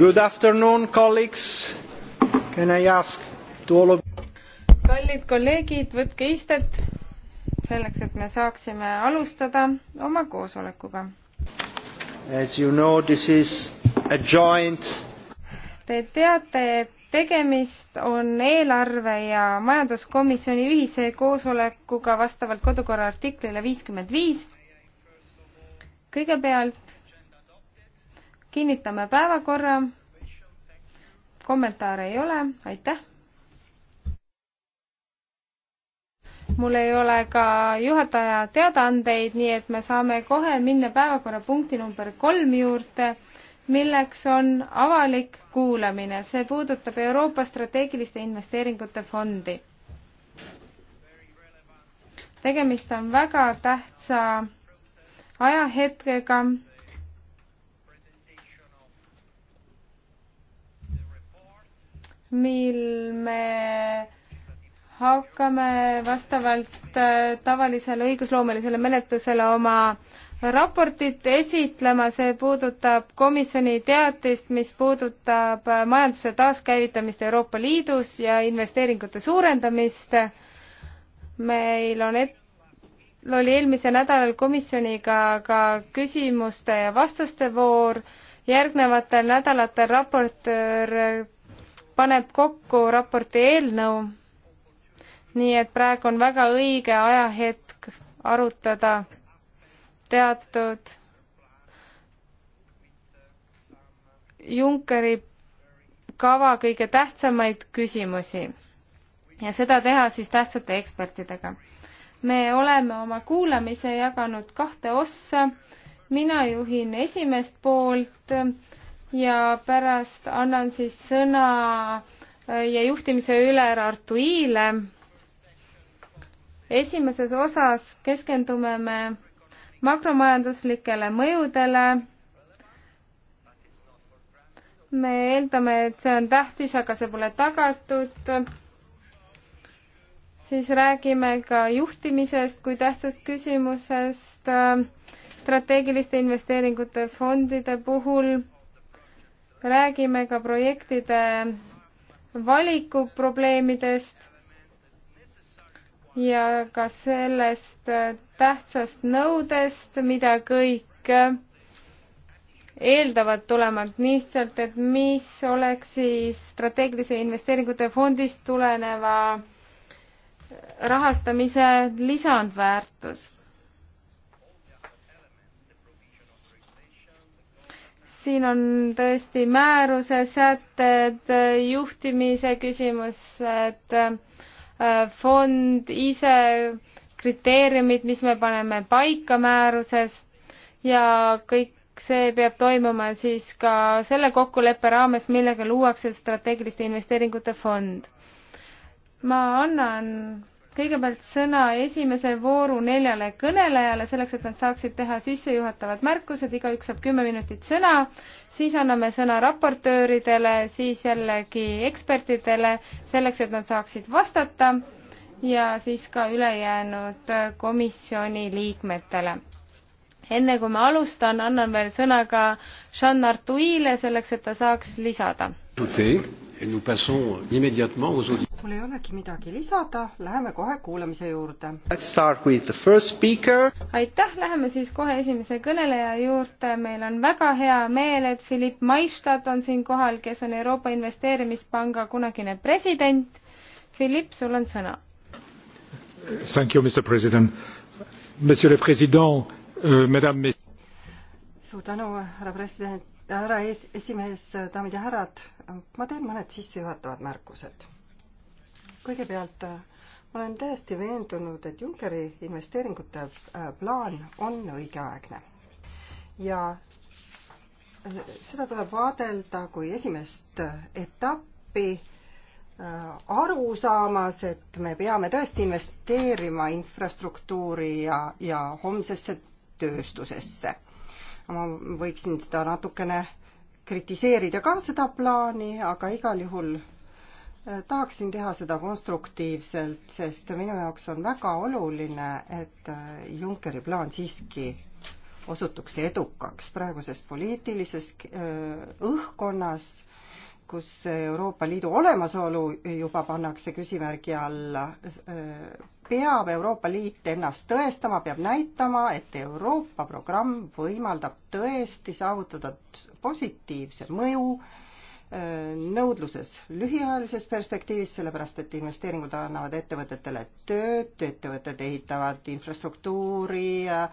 Good afternoon, colleagues. Can I ask to all of kallid kolleegid, võtke istet selleks, et me saaksime alustada oma koosolekuga. As you know, this is a joint. Te teate, et tegemist on eelarve ja majanduskomisjoni ühise koosolekuga vastavalt kodukorra artiklile viiskümmend viis. kõigepealt kinnitame päevakorra kommentaare ei ole, aitäh. mul ei ole ka juhataja teadaandeid, nii et me saame kohe minna päevakorrapunkti number kolm juurde, milleks on avalik kuulamine. see puudutab Euroopa strateegiliste investeeringute fondi. tegemist on väga tähtsa ajahetkega mil me hakkame vastavalt äh, tavalisele õigusloomelisele menetlusele oma raportit esitlema, see puudutab komisjoni teatist, mis puudutab äh, majanduse taaskäivitamist Euroopa Liidus ja investeeringute suurendamist. meil on et-, oli eelmisel nädalal komisjoniga ka küsimuste ja vastuste voor, järgnevatel nädalatel raportöör paneb kokku raporti eelnõu, nii et praegu on väga õige ajahetk arutada teatud Junckeri kava kõige tähtsamaid küsimusi ja seda teha siis tähtsate ekspertidega. me oleme oma kuulamise jaganud kahte ossa, mina juhin esimest poolt ja pärast annan siis sõna äh, ja juhtimise üle Artuiile. esimeses osas keskendume me makromajanduslikele mõjudele. me eeldame, et see on tähtis, aga see pole tagatud. siis räägime ka juhtimisest kui tähtsast küsimusest äh, strateegiliste investeeringute fondide puhul räägime ka projektide valikuprobleemidest ja ka sellest tähtsast nõudest, mida kõik eeldavad tulemalt lihtsalt, et mis oleks siis strateegilise investeeringute fondist tuleneva rahastamise lisandväärtus siin on tõesti määruse sätted, juhtimise küsimused, fond ise, kriteeriumid, mis me paneme paika määruses ja kõik see peab toimuma siis ka selle kokkuleppe raames, millega luuakse strateegiliste investeeringute fond. ma annan kõigepealt sõna esimese vooru neljale kõnelejale, selleks et nad saaksid teha sissejuhatavad märkused, igaüks saab kümme minutit sõna, siis anname sõna raportööridele, siis jällegi ekspertidele, selleks et nad saaksid vastata ja siis ka ülejäänud komisjoni liikmetele. enne kui ma alustan, annan veel sõna ka Jean Artuile, selleks et ta saaks lisada mul ei olegi midagi lisada, läheme kohe kuulamise juurde. aitäh, läheme siis kohe esimese kõneleja juurde, meil on väga hea meel, et Philipp Maistad on siin kohal, kes on Euroopa Investeerimispanga kunagine president. Philipp, sul on sõna. Thank you, Mr President. Monsieur le President, euh, Madame suur tänu, härra president, härra ees, esimees, daamid ja härrad, ma teen mõned sissejuhatavad märkused. kõigepealt ma olen täiesti veendunud, et Junckeri investeeringute äh, plaan on õigeaegne ja äh, seda tuleb vaadelda kui esimest äh, etappi aru saamas, et me peame tõesti investeerima infrastruktuuri ja, ja homsesse tööstusesse ma võiksin seda natukene kritiseerida ka seda plaani, aga igal juhul äh, tahaksin teha seda konstruktiivselt, sest minu jaoks on väga oluline, et äh, Junckeri plaan siiski osutuks edukaks praeguses poliitilises äh, õhkkonnas, kus Euroopa Liidu olemasolu juba pannakse küsimärgi alla peab Euroopa Liit ennast tõestama, peab näitama, et Euroopa programm võimaldab tõesti saavutada positiivse mõju äh, nõudluses lühiajalises perspektiivis, sellepärast et investeeringud annavad ettevõtetele tööd, ettevõtted ehitavad infrastruktuuri, äh,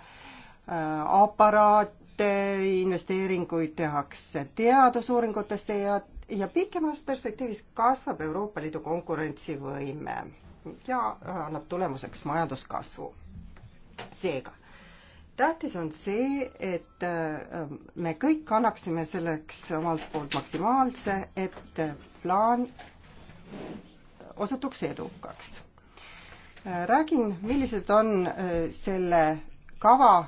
aparaate, investeeringuid tehakse teadusuuringutesse ja, ja pikemas perspektiivis kasvab Euroopa Liidu konkurentsivõime ja äh, annab tulemuseks majanduskasvu. seega, tähtis on see, et äh, me kõik annaksime selleks omalt poolt maksimaalse, et plaan osutuks edukaks. Äh, räägin, millised on selle kava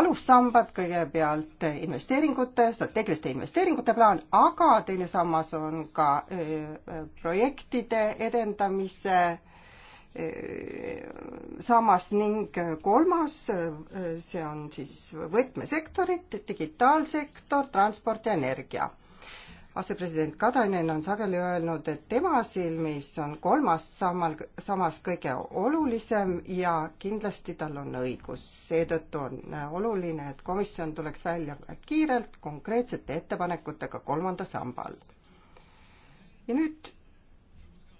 alussambad, kõigepealt investeeringute, strateegiliste investeeringute plaan, aga teine sammas on ka äh, projektide edendamise äh, sammas ning kolmas, äh, see on siis võtmesektorid, digitaalsektor, transport ja energia asepresident Katainen on sageli öelnud, et tema silmis on kolmas sammal, samas kõige olulisem ja kindlasti tal on õigus. seetõttu on oluline, et komisjon tuleks välja kiirelt konkreetsete ettepanekutega kolmanda sambal. ja nüüd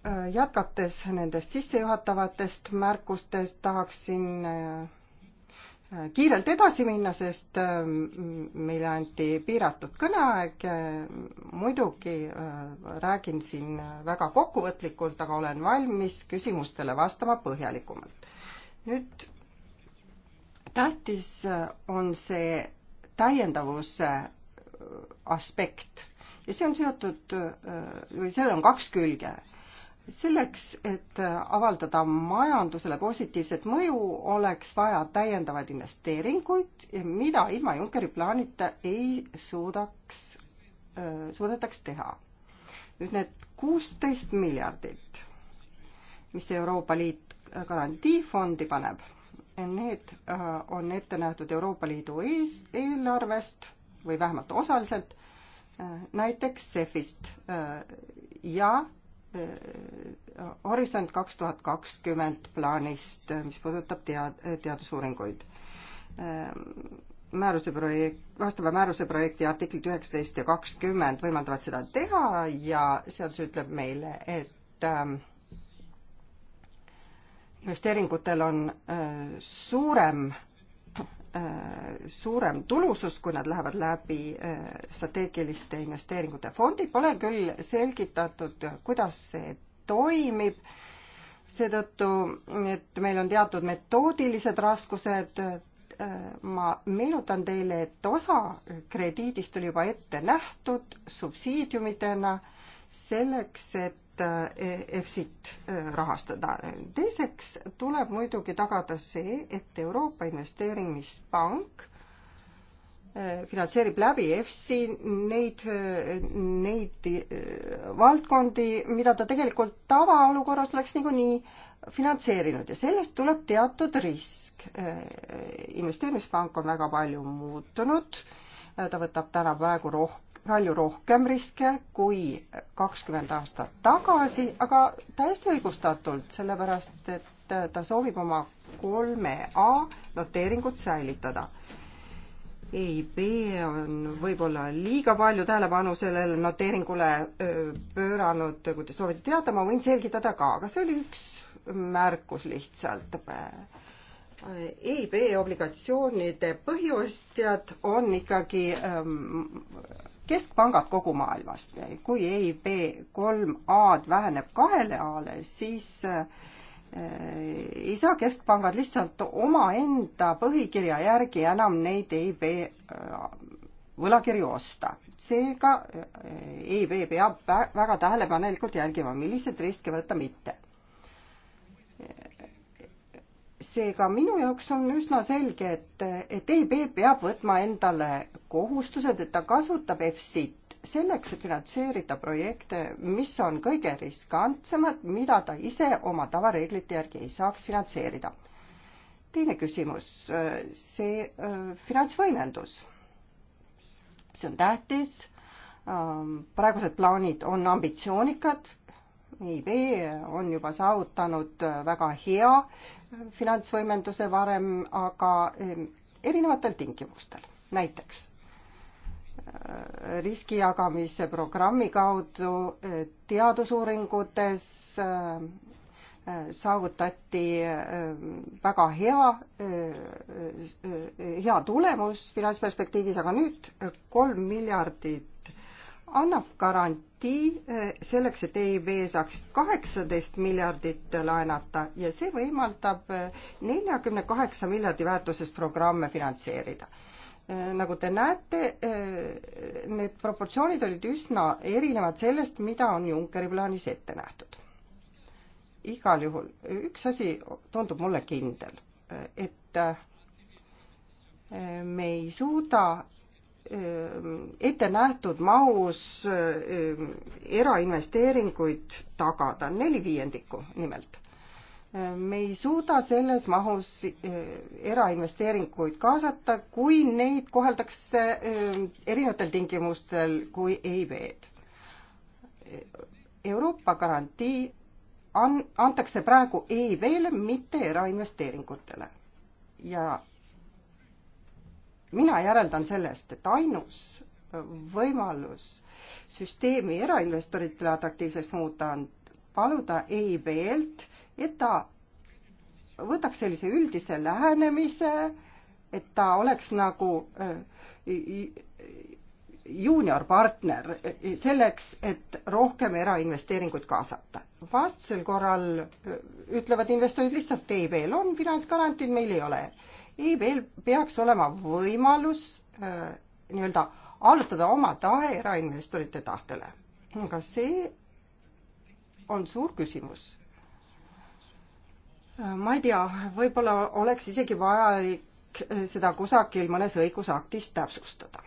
äh, jätkates nendest sissejuhatavatest märkustest tahaksin äh, kiirelt edasi minna, sest äh, meile anti piiratud kõneaeg. muidugi äh, räägin siin väga kokkuvõtlikult, aga olen valmis küsimustele vastama põhjalikumalt. nüüd tähtis äh, on see täiendavuse aspekt ja see on seotud või sellel on kaks külge selleks, et avaldada majandusele positiivset mõju, oleks vaja täiendavaid investeeringuid, mida ilma Junckeri plaanita ei suudaks, äh, suudetaks teha. nüüd need kuusteist miljardit, mis Euroopa Liit garantiifondi paneb, need äh, on ette nähtud Euroopa Liidu ees, eelarvest või vähemalt osaliselt, äh, näiteks CEF-ist ja Äh, äh, Horisont kaks tuhat kakskümmend plaanist, äh, mis puudutab tead-, teadusuuringuid. määruse projekt, vastava määruse projekti artiklid üheksateist ja kakskümmend võimaldavad seda teha ja seadus ütleb meile, et investeeringutel on suurem Äh, suurem tulusus, kui nad lähevad läbi äh, strateegiliste investeeringute fondi. Pole küll selgitatud, kuidas see toimib, seetõttu, et meil on teatud metoodilised raskused. Äh, ma meenutan teile, et osa krediidist oli juba ette nähtud subsiidiumidena selleks, et Eh, EFSit eh, rahastada. teiseks tuleb muidugi tagada see, et Euroopa Investeerimispank eh, finantseerib läbi EFSi neid, neid valdkondi, mida ta tegelikult tavaolukorras oleks niikuinii finantseerinud ja sellest tuleb teatud risk. investeerimispank on väga palju muutunud, ta võtab täna praegu rohkem palju rohkem riske kui kakskümmend aastat tagasi, aga täiesti õigustatult, sellepärast et ta soovib oma kolme A noteeringut säilitada. EIB on võib-olla liiga palju tähelepanu sellele noteeringule pööranud, kui te soovite teada, ma võin selgitada ka, aga see oli üks märkus lihtsalt. EIB obligatsioonide põhiostjad on ikkagi ähm, keskpangad kogu maailmast. kui EIB kolm A-d väheneb kahele A-le, siis eh, ei saa keskpangad lihtsalt omaenda põhikirja järgi enam neid EIB eh, võlakirju osta. seega eh, EIB peab väga tähelepanelikult jälgima, milliseid riske võtta mitte. seega minu jaoks on üsna selge, et, et EIB peab võtma endale kohustused, et ta kasutab EFSit selleks, et finantseerida projekte, mis on kõige riskantsemad, mida ta ise oma tavareeglite järgi ei saaks finantseerida. teine küsimus, see äh, finantsvõimendus. see on tähtis. Ähm, praegused plaanid on ambitsioonikad, IB e on juba saavutanud äh, väga hea finantsvõimenduse varem, aga ehm, erinevatel tingimustel. näiteks äh, riski jagamise programmi kaudu äh, teadusuuringutes äh, saavutati väga hea, hea tulemus finantsperspektiivis, aga nüüd kolm miljardit annab garant-, garantii eh, selleks, et EIB saaks kaheksateist miljardit laenata ja see võimaldab eh, neljakümne kaheksa miljardi väärtuses programme finantseerida. Eh, nagu te näete, need proportsioonid olid üsna erinevad sellest, mida on Junckeri plaanis ette nähtud. igal juhul üks asi tundub mulle kindel, et me ei suuda Ehm, ette nähtud mahus ehm, erainvesteeringuid tagada, neli viiendikku nimelt. Ehm, me ei suuda selles mahus erainvesteeringuid kaasata, kui neid koheldakse erinevatel tingimustel kui EIB-d. Euroopa garantii an-, antakse praegu EIB-le, mitte erainvesteeringutele. ja mina järeldan sellest, et ainus võimalus süsteemi erainvestoritele atraktiivseks muuta on paluda EIB-lt, et ta võtaks sellise üldise lähenemise, et ta oleks nagu äh, juuniorpartner äh, selleks, et rohkem erainvesteeringuid kaasata. vastasel korral äh, ütlevad investorid lihtsalt, EIB-l on finantsgarantiid, meil ei ole EIB-l peaks olema võimalus äh, nii-öelda allutada oma tahe erainvestorite tahtele. aga see on suur küsimus äh,. ma ei tea, võib-olla oleks isegi vajalik äh, seda kusagil mõnes õigusaktis täpsustada.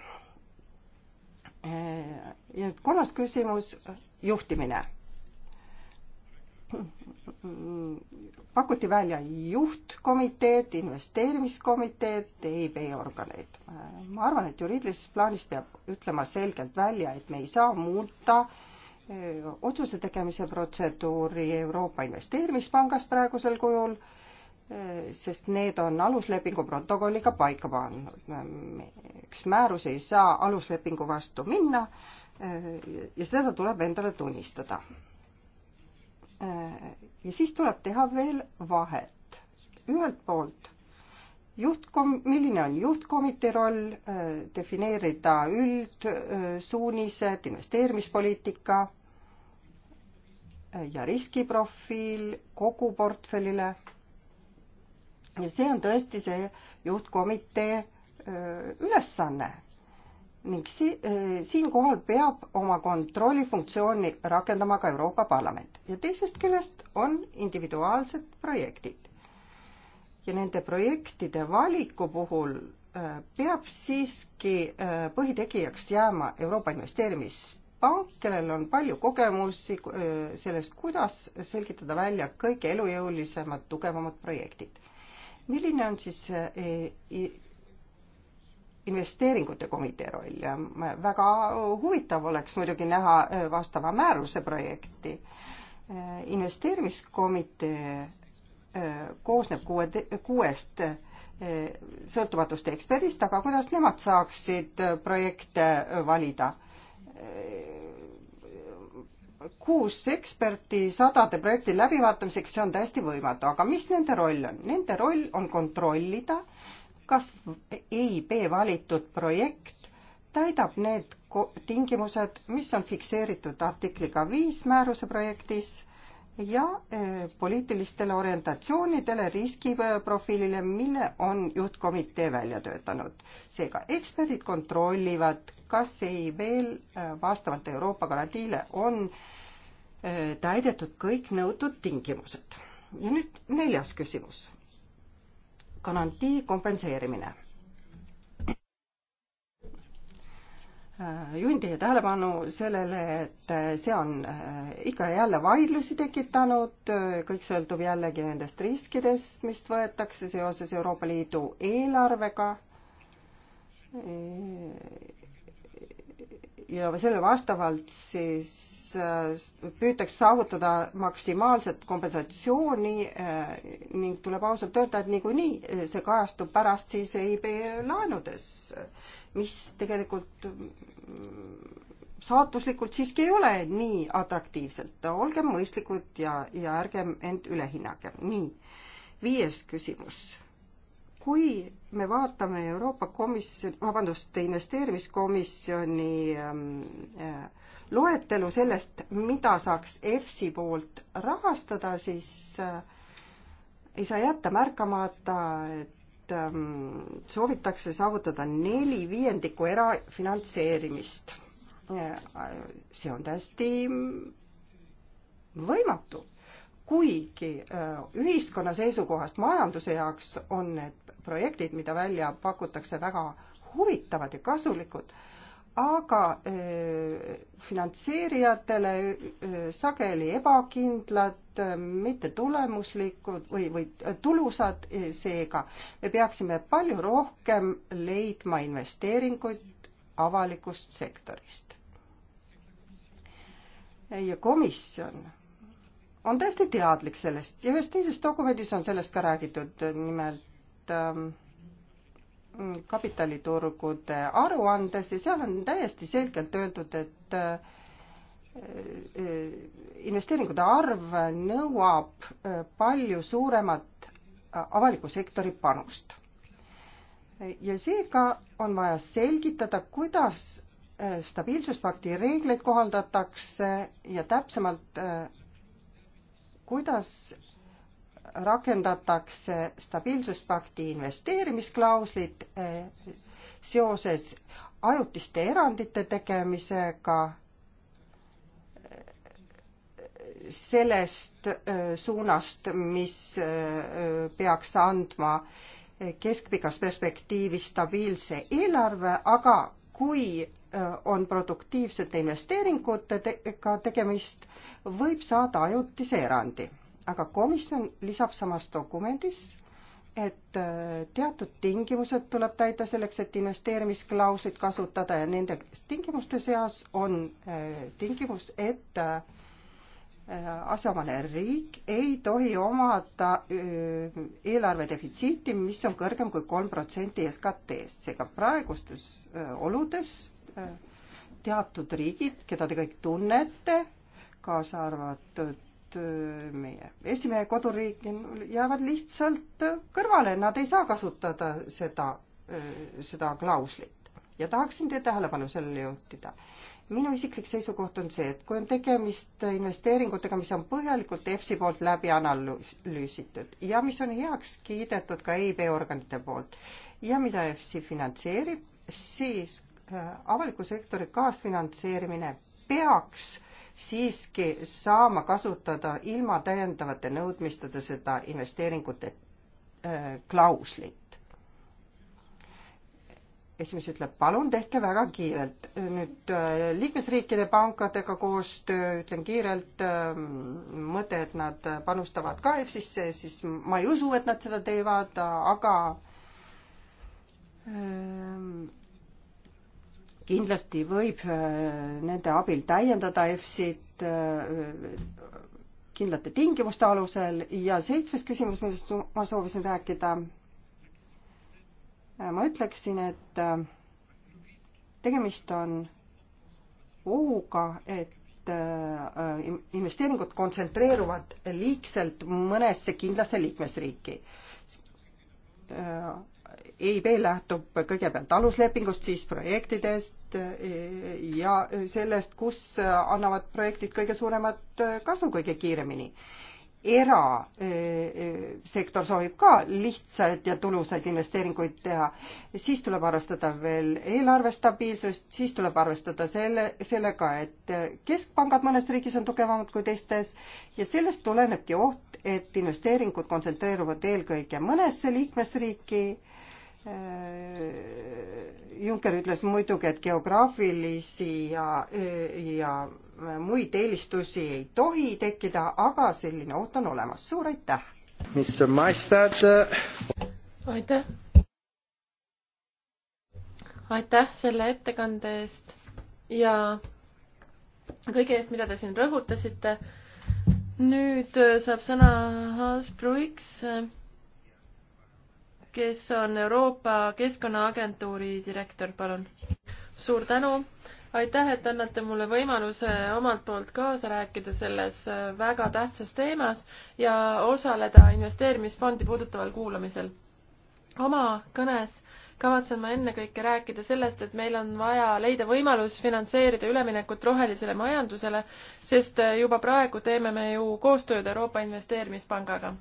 Äh, ja nüüd kolmas küsimus, juhtimine pakuti välja juhtkomiteed, investeerimiskomiteed, EIB organeid. ma arvan, et juriidilises plaanis peab ütlema selgelt välja, et me ei saa muuta eh, otsuse tegemise protseduuri Euroopa Investeerimispangas praegusel kujul, eh, sest need on aluslepingu protokolliga paika pannud. üks määrus ei saa aluslepingu vastu minna eh, ja seda tuleb endale tunnistada Äh, ja siis tuleb teha veel vahet. ühelt poolt juhtkom-, milline on juhtkomitee roll, äh, defineerida üldsuunised, äh, investeerimispoliitika ja riskiprofiil kogu portfellile. ja see on tõesti see juhtkomitee ülesanne ning si-, eh, siinkohal peab oma kontrollifunktsiooni rakendama ka Euroopa Parlament. ja teisest küljest on individuaalsed projektid. ja nende projektide valiku puhul eh, peab siiski eh, põhitegijaks jääma Euroopa Investeerimispank, kellel on palju kogemusi sellest, kuidas selgitada välja kõige elujõulisemad, tugevamad projektid. milline on siis investeeringute komitee roll ja väga huvitav oleks muidugi näha äh, vastava määruse projekti. Äh, investeerimiskomitee äh, koosneb kuue, kuuest sõltumatust eksperdist, aga kuidas nemad saaksid projekte valida? kuus eksperti sadade projekti läbivaatamiseks, see on täiesti võimatu, aga mis nende roll on? Nende roll on kontrollida äh, kas EIB valitud projekt täidab need tingimused, mis on fikseeritud artikliga viis määruse projektis ja eh, poliitilistele orientatsioonidele, riskiprofiilile, mille on juhtkomitee välja töötanud. seega eksperdid kontrollivad, kas EIB-l eh, vastavalt Euroopa garantiile on eh, täidetud kõik nõutud tingimused. ja nüüd neljas küsimus garantii kompenseerimine. juhin teie tähelepanu sellele, et see on äh, ikka ja jälle vaidlusi tekitanud, äh, kõik sõltub jällegi nendest riskidest, mis võetakse seoses Euroopa Liidu eelarvega äh, ja selle vastavalt siis Äh, püütakse saavutada maksimaalset kompensatsiooni äh, ning tuleb ausalt öelda, et niikuinii äh, see kajastub pärast siis EIB laenudes, mis tegelikult mm, saatuslikult siiski ei ole nii atraktiivselt. olgem mõistlikud ja, ja ärgem end üle hinnagem. nii, viies küsimus kui me vaatame Euroopa Komisjoni, vabandust, investeerimiskomisjoni ähm, äh, loetelu sellest, mida saaks EFSI poolt rahastada, siis äh, ei saa jätta märkamata, et ähm, soovitakse saavutada neli viiendikku erafinantseerimist. Äh, see on täiesti võimatu kuigi ühiskonna seisukohast majanduse jaoks on need projektid, mida välja pakutakse, väga huvitavad ja kasulikud, aga äh, finantseerijatele äh, sageli ebakindlad äh,, mittetulemuslikud või, või äh, tulusad, äh, seega me peaksime palju rohkem leidma investeeringuid avalikust sektorist. ja komisjon on täiesti teadlik sellest ja ühes teises dokumendis on sellest ka räägitud, nimelt Ähm, kapitaliturgude aruandes ja seal on täiesti selgelt öeldud, et äh, äh, investeeringute arv nõuab äh, palju suuremat avaliku sektori panust. ja seega on vaja selgitada, kuidas stabiilsuspakti reegleid kohaldatakse ja täpsemalt, kuidas rakendatakse stabiilsuspakti investeerimisklauslit eh, seoses ajutiste erandite tegemisega eh, sellest eh, suunast, mis peaks andma keskpikas perspektiivis stabiilse eelarve, aga kui on produktiivsete investeeringutega tegemist, võib saada ajutise erandi aga komisjon lisab samas dokumendis, et äh, teatud tingimused tuleb täida selleks, et investeerimisklausid kasutada ja nende tingimuste seas on äh, tingimus, et äh, asjaomane riik ei tohi omada eelarve defitsiiti, mis on kõrgem kui kolm protsenti SKT-st, seega praegustes oludes teatud riigid, keda te kõik tunnete, kaasa arvatud Äh, meie, Eesti meie koduriiki jäävad lihtsalt kõrvale, nad ei saa kasutada seda, äh, seda klauslit. ja tahaksin teie tähelepanu sellele juhtida. minu isiklik seisukoht on see, et kui on tegemist investeeringutega, mis on põhjalikult EFSI poolt läbi analüüsitud ja mis on heaks kiidetud ka EIB organite poolt ja mida EFSI finantseerib, siis äh, avaliku sektori kaasfinantseerimine peaks äh, siiski saama kasutada ilma täiendavate nõudmisteta seda investeeringute äh, klauslit. esimees ütleb, palun tehke väga kiirelt. nüüd äh, liikmesriikide pankadega koostöö, ütlen kiirelt, ähm, mõte, et nad panustavad ka EFSisse, siis ma ei usu, et nad seda teevad, aga ähm, kindlasti võib äh, nende abil täiendada EFSit äh, kindlate tingimuste alusel ja seitsmes küsimus, millest ma soovisin rääkida. Äh, ma ütleksin, et tegemist on ohuga, et investeeringud kontsentreeruvad liigselt mõnesse kindlasse liikmesriiki EIB lähtub kõigepealt aluslepingust, siis projektidest e, ja sellest, kus annavad projektid kõige suuremat kasu kõige kiiremini. erasektor e, e, soovib ka lihtsaid ja tulusaid investeeringuid teha, siis tuleb arvestada veel eelarve stabiilsust, siis tuleb arvestada selle, sellega, et keskpangad mõnes riigis on tugevamad kui teistes ja sellest tulenebki oht, et investeeringud kontsentreeruvad eelkõige mõnesse liikmesriiki Äh, Juncker ütles muidugi, et geograafilisi ja, äh, ja muid eelistusi ei tohi tekkida, aga selline oht on olemas. suur aitäh! Äh, aitäh! aitäh selle ettekande eest ja kõige eest, mida te siin rõhutasite. nüüd saab sõna Hans Bruiks kes on Euroopa Keskkonnaagentuuri direktor, palun. suur tänu, aitäh, et annate mulle võimaluse omalt poolt kaasa rääkida selles äh, väga tähtsas teemas ja osaleda investeerimisfondi puudutaval kuulamisel. oma kõnes äh, kavatsen ma ennekõike rääkida sellest, et meil on vaja leida võimalus finantseerida üleminekut rohelisele majandusele, sest juba praegu teeme me ju koostööd Euroopa Investeerimispangaga.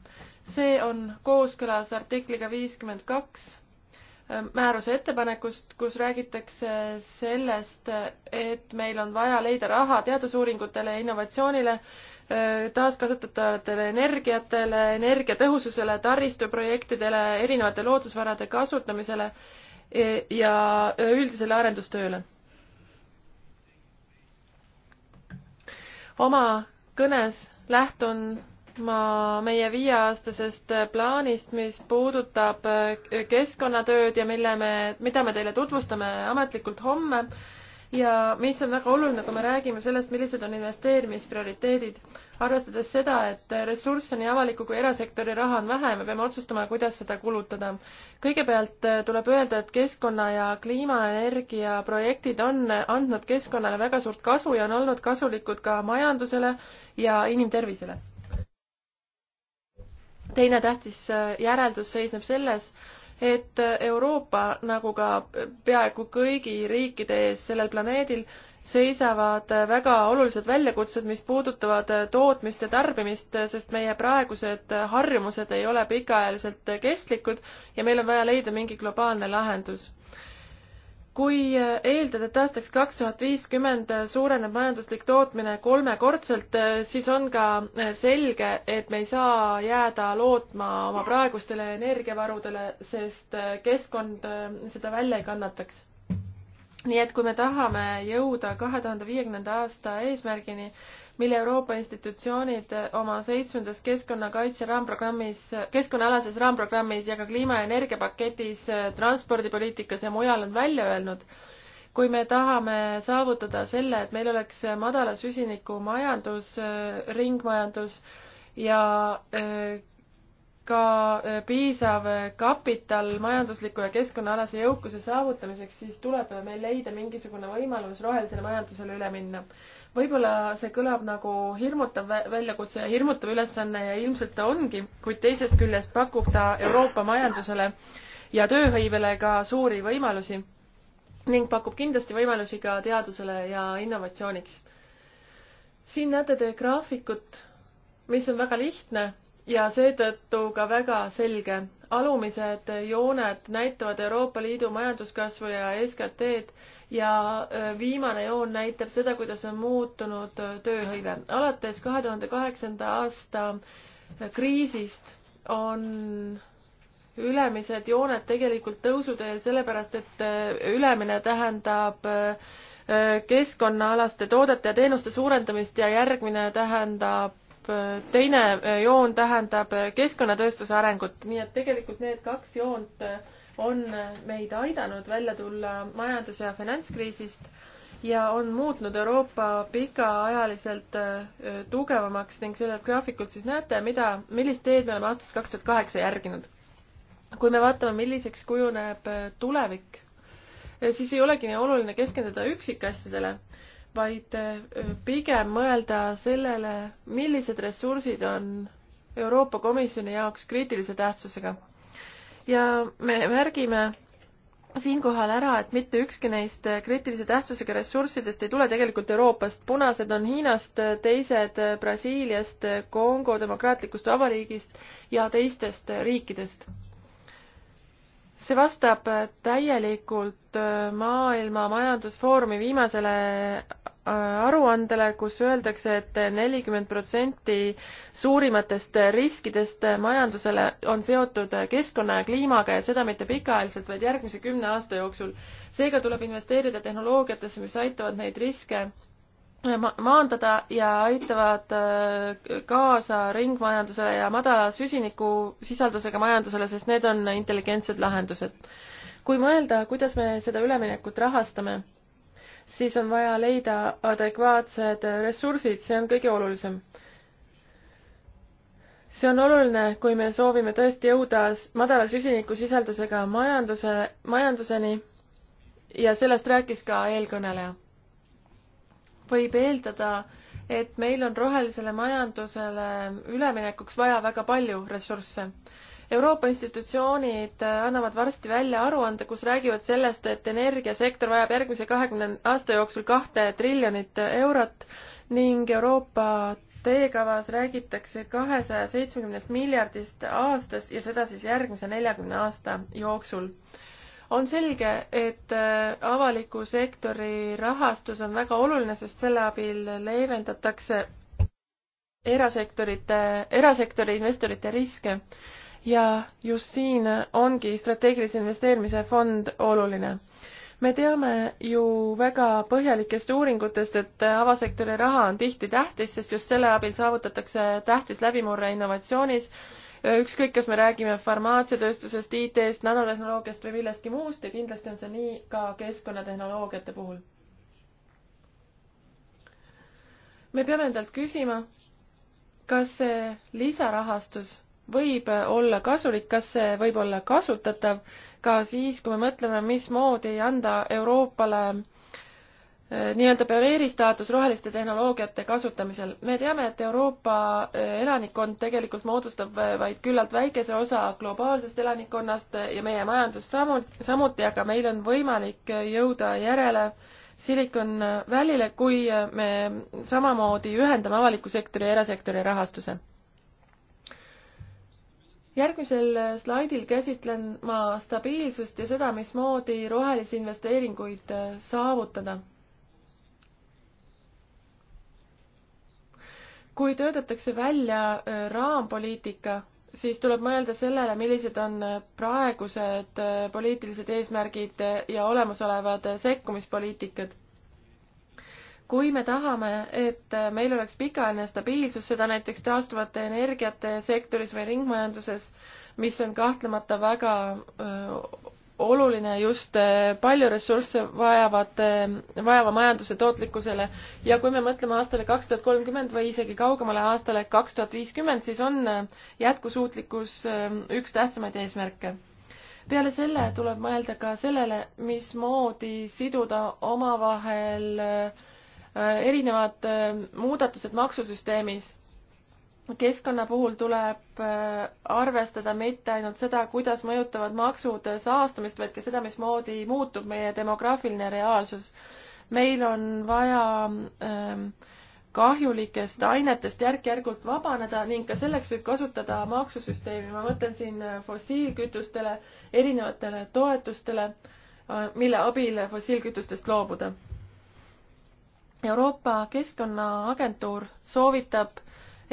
see on kooskõlas artikliga viiskümmend kaks äh, määruse ettepanekust, kus räägitakse sellest, et meil on vaja leida raha teadusuuringutele ja innovatsioonile Äh, taaskasutatavatele energiatele, energiatõhususele, taristuprojektidele, erinevate loodusvarade kasutamisele e, ja üldisele arendustööle. oma kõnes lähtun ma meie viieaastasest plaanist, mis puudutab äh, keskkonnatööd ja mille me, mida me teile tutvustame ametlikult homme ja mis on väga oluline, kui me räägime sellest, millised on investeerimisprioriteedid, arvestades seda, et ressursse nii avaliku kui erasektori raha on vähe, me peame otsustama, kuidas seda kulutada. kõigepealt äh, tuleb öelda, et keskkonna ja kliimaenergia projektid on andnud keskkonnale väga suurt kasu ja on olnud kasulikud ka majandusele ja inimtervisele. teine tähtis äh, järeldus seisneb selles, et Euroopa, nagu ka peaaegu kõigi riikide ees sellel planeedil, seisavad väga olulised väljakutsed, mis puudutavad tootmist ja tarbimist, sest meie praegused harjumused ei ole pikaajaliselt kestlikud ja meil on vaja leida mingi globaalne lahendus kui eeldada, et aastaks kaks tuhat viiskümmend suureneb majanduslik tootmine kolmekordselt, siis on ka selge, et me ei saa jääda lootma oma praegustele energiavarudele, sest keskkond seda välja ei kannataks. nii et kui me tahame jõuda kahe tuhande viiekümnenda aasta eesmärgini, mille Euroopa institutsioonid oma seitsmendas keskkonnakaitse raamprogrammis, keskkonnaalases raamprogrammis ja ka kliima- ja energiapaketis, äh, transpordipoliitikas ja mujal on välja öelnud, kui me tahame saavutada selle, et meil oleks madala süsiniku majandus, äh, ringmajandus ja äh, ka piisav kapital majandusliku ja keskkonnaalase jõukuse saavutamiseks, siis tuleb meil leida mingisugune võimalus rohelisele majandusele üle minna võib-olla see kõlab nagu hirmutav väljakutse ja hirmutav ülesanne ja ilmselt ta ongi, kuid teisest küljest pakub ta Euroopa majandusele ja tööhõivele ka suuri võimalusi ning pakub kindlasti võimalusi ka teadusele ja innovatsiooniks. siin näete te graafikut, mis on väga lihtne ja seetõttu ka väga selge. alumised jooned näitavad Euroopa Liidu majanduskasvu ja SKT-d ja viimane joon näitab seda, kuidas on muutunud tööhõive. alates kahe tuhande kaheksanda aasta kriisist on ülemised jooned tegelikult tõusuteel, sellepärast et ülemine tähendab keskkonnaalaste toodete ja teenuste suurendamist ja järgmine tähendab teine joon tähendab keskkonnatööstuse arengut, nii et tegelikult need kaks joont on meid aidanud välja tulla majandus- ja finantskriisist ja on muutnud Euroopa pikaajaliselt äh, tugevamaks ning sellelt graafikult siis näete, mida, millist teed me oleme aastast kaks tuhat kaheksa järginud. kui me vaatame, milliseks kujuneb äh, tulevik, äh, siis ei olegi nii oluline keskenduda üksikasjadele, vaid pigem mõelda sellele, millised ressursid on Euroopa Komisjoni jaoks kriitilise tähtsusega ja me märgime siinkohal ära, et mitte ükski neist kriitilise tähtsusega ressurssidest ei tule tegelikult Euroopast. punased on Hiinast, teised Brasiiliast, Kongo Demokraatlikust Vabariigist ja teistest riikidest. see vastab täielikult Maailma Majandusfoorumi viimasele aruandele, kus öeldakse et, et nelikümmend protsenti suurimatest riskidest majandusele on seotud keskkonna ja kliimaga ja seda mitte pikaajaliselt, vaid järgmise kümne aasta jooksul. seega tuleb investeerida tehnoloogiatesse, mis aitavad neid riske ma maandada ja aitavad äh, kaasa ringmajandusele ja madala süsinikusisaldusega majandusele, sest need on intelligentsed lahendused. kui mõelda, kuidas me seda üleminekut rahastame siis on vaja leida adekvaatsed ressursid, see on kõige olulisem. see on oluline, kui me soovime tõesti jõuda madala süsinikusisaldusega majanduse, majanduseni ja sellest rääkis ka eelkõneleja. võib eeldada, et meil on rohelisele majandusele üleminekuks vaja väga palju ressursse Euroopa institutsioonid äh, annavad varsti välja aruande, kus räägivad sellest, et energiasektor vajab järgmise kahekümne aasta jooksul kahte triljonit eurot ning Euroopa teekavas räägitakse kahesaja seitsmekümnest miljardist aastas ja seda siis järgmise neljakümne aasta jooksul on selge, et äh, avaliku sektori rahastus on väga oluline, sest selle abil leevendatakse erasektorite, erasektori investorite riske ja just siin ongi strateegilise investeerimise fond oluline. me teame ju väga põhjalikest uuringutest, et avasektori raha on tihti tähtis, sest just selle abil saavutatakse tähtis läbimurre innovatsioonis, ükskõik, kas me räägime farmaatsiatööstusest, IT-st, nanotehnoloogiast või millestki muust ja kindlasti on see nii ka keskkonnatehnoloogiate puhul. me peame endalt küsima, kas see lisarahastus võib äh, olla kasulik, kas see võib olla kasutatav ka siis, kui me mõtleme, mismoodi anda Euroopale äh, nii-öelda pioneeri staatus roheliste tehnoloogiate kasutamisel. me teame, et Euroopa äh, elanikkond tegelikult moodustab vaid küllalt väikese osa globaalsest elanikkonnast ja meie majandus samuti, samuti, aga meil on võimalik jõuda järele Silicon Valley'le, kui me samamoodi ühendame avaliku sektori ja erasektori rahastuse järgmisel äh, slaidil käsitlen ma stabiilsust ja seda, mismoodi rohelisi investeeringuid äh, saavutada. kui töötatakse välja äh, raampoliitika, siis tuleb mõelda sellele, millised on praegused poliitilised eesmärgid ja olemasolevad sekkumispoliitikad kui me tahame, et meil oleks pikaajaline stabiilsus, seda näiteks taastuvate energiate sektoris või ringmajanduses, mis on kahtlemata väga öö, oluline just palju ressursse vajavate, vajava majanduse tootlikkusele ja kui me mõtleme aastale kaks tuhat kolmkümmend või isegi kaugemale aastale kaks tuhat viiskümmend, siis on jätkusuutlikkus üks tähtsamaid eesmärke peale selle tuleb mõelda ka sellele, mismoodi siduda omavahel äh, erinevad äh, muudatused maksusüsteemis. keskkonna puhul tuleb äh, arvestada mitte ainult seda, kuidas mõjutavad maksud saastamist, vaid ka seda, mismoodi muutub meie demograafiline reaalsus. meil on vaja ähm, kahjulikest ainetest järk-järgult vabaneda ning ka selleks võib kasutada maksusüsteemi, ma mõtlen siin äh, fossiilkütustele, erinevatele toetustele, mille abil fossiilkütustest loobuda Euroopa Keskkonnaagentuur soovitab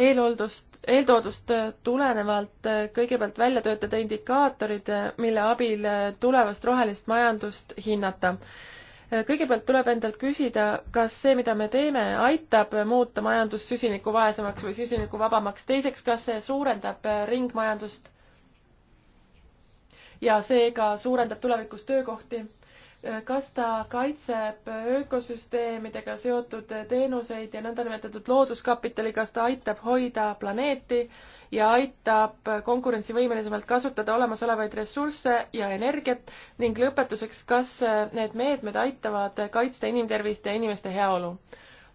eeloldust, eeltoodust tulenevalt kõigepealt välja töötada indikaatorid, mille abil tulevast rohelist majandust hinnata. kõigepealt tuleb endalt küsida, kas see, mida me teeme, aitab muuta majandust süsinikuvaesemaks või süsinikuvabamaks, teiseks, kas see suurendab ringmajandust ja seega suurendab tulevikus töökohti kas ta kaitseb ökosüsteemidega seotud teenuseid ja nõndanimetatud looduskapitali, kas ta aitab hoida planeeti ja aitab konkurentsivõimelisemalt kasutada olemasolevaid ressursse ja energiat ning lõpetuseks, kas need meetmed aitavad kaitsta inimtervist ja inimeste heaolu?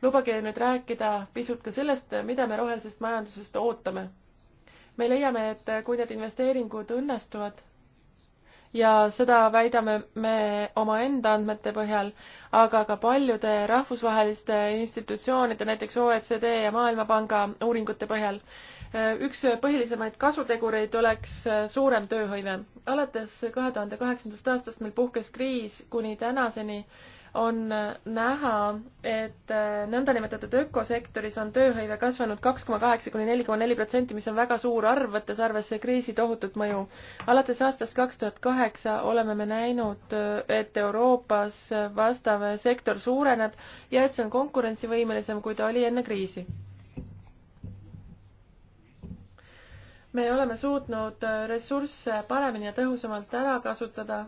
lubage nüüd rääkida pisut ka sellest, mida me rohelisest majandusest ootame. me leiame, et kui need investeeringud õnnestuvad, ja seda väidame me omaenda andmete põhjal, aga ka paljude rahvusvaheliste institutsioonide, näiteks OECD ja Maailmapanga uuringute põhjal. üks põhilisemaid kasutegureid oleks suurem tööhõive. alates kahe tuhande kaheksandast aastast meil puhkes kriis kuni tänaseni on näha, et äh, nõndanimetatud ökosektoris on tööhõive kasvanud kaks koma kaheksa kuni neli koma neli protsenti, mis on väga suur arv, võttes arvesse kriisi tohutut mõju. alates aastast kaks tuhat kaheksa oleme me näinud, äh, et Euroopas vastav sektor suureneb ja et see on konkurentsivõimelisem, kui ta oli enne kriisi me oleme suutnud äh, ressursse paremini ja tõhusamalt ära kasutada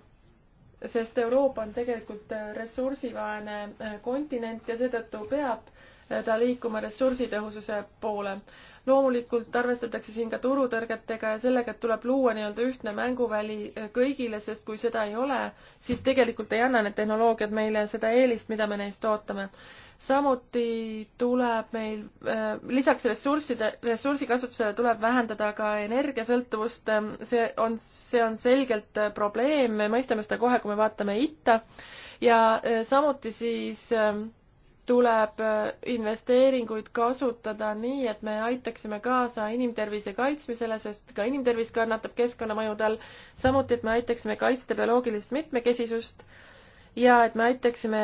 sest Euroopa on tegelikult äh, ressursivaene äh, kontinent ja seetõttu peab äh, ta liikuma ressursitõhususe poole. loomulikult arvestatakse siin ka turutõrgetega ja sellega, et tuleb luua nii-öelda ühtne mänguväli kõigile, sest kui seda ei ole, siis tegelikult ei anna need tehnoloogiad meile seda eelist, mida me neist ootame samuti tuleb meil äh, lisaks ressursside, ressursikasutusele tuleb vähendada ka energiasõltuvust, see on, see on selgelt äh, probleem, me mõistame seda kohe, kui me vaatame itta ja äh, samuti siis tuleb investeeringuid kasutada nii, et me aitaksime kaasa inimtervise kaitsmisele, sest ka inimtervis kannatab keskkonnamõjude all, samuti, et me aitaksime kaitsta bioloogilist mitmekesisust ja et me aitaksime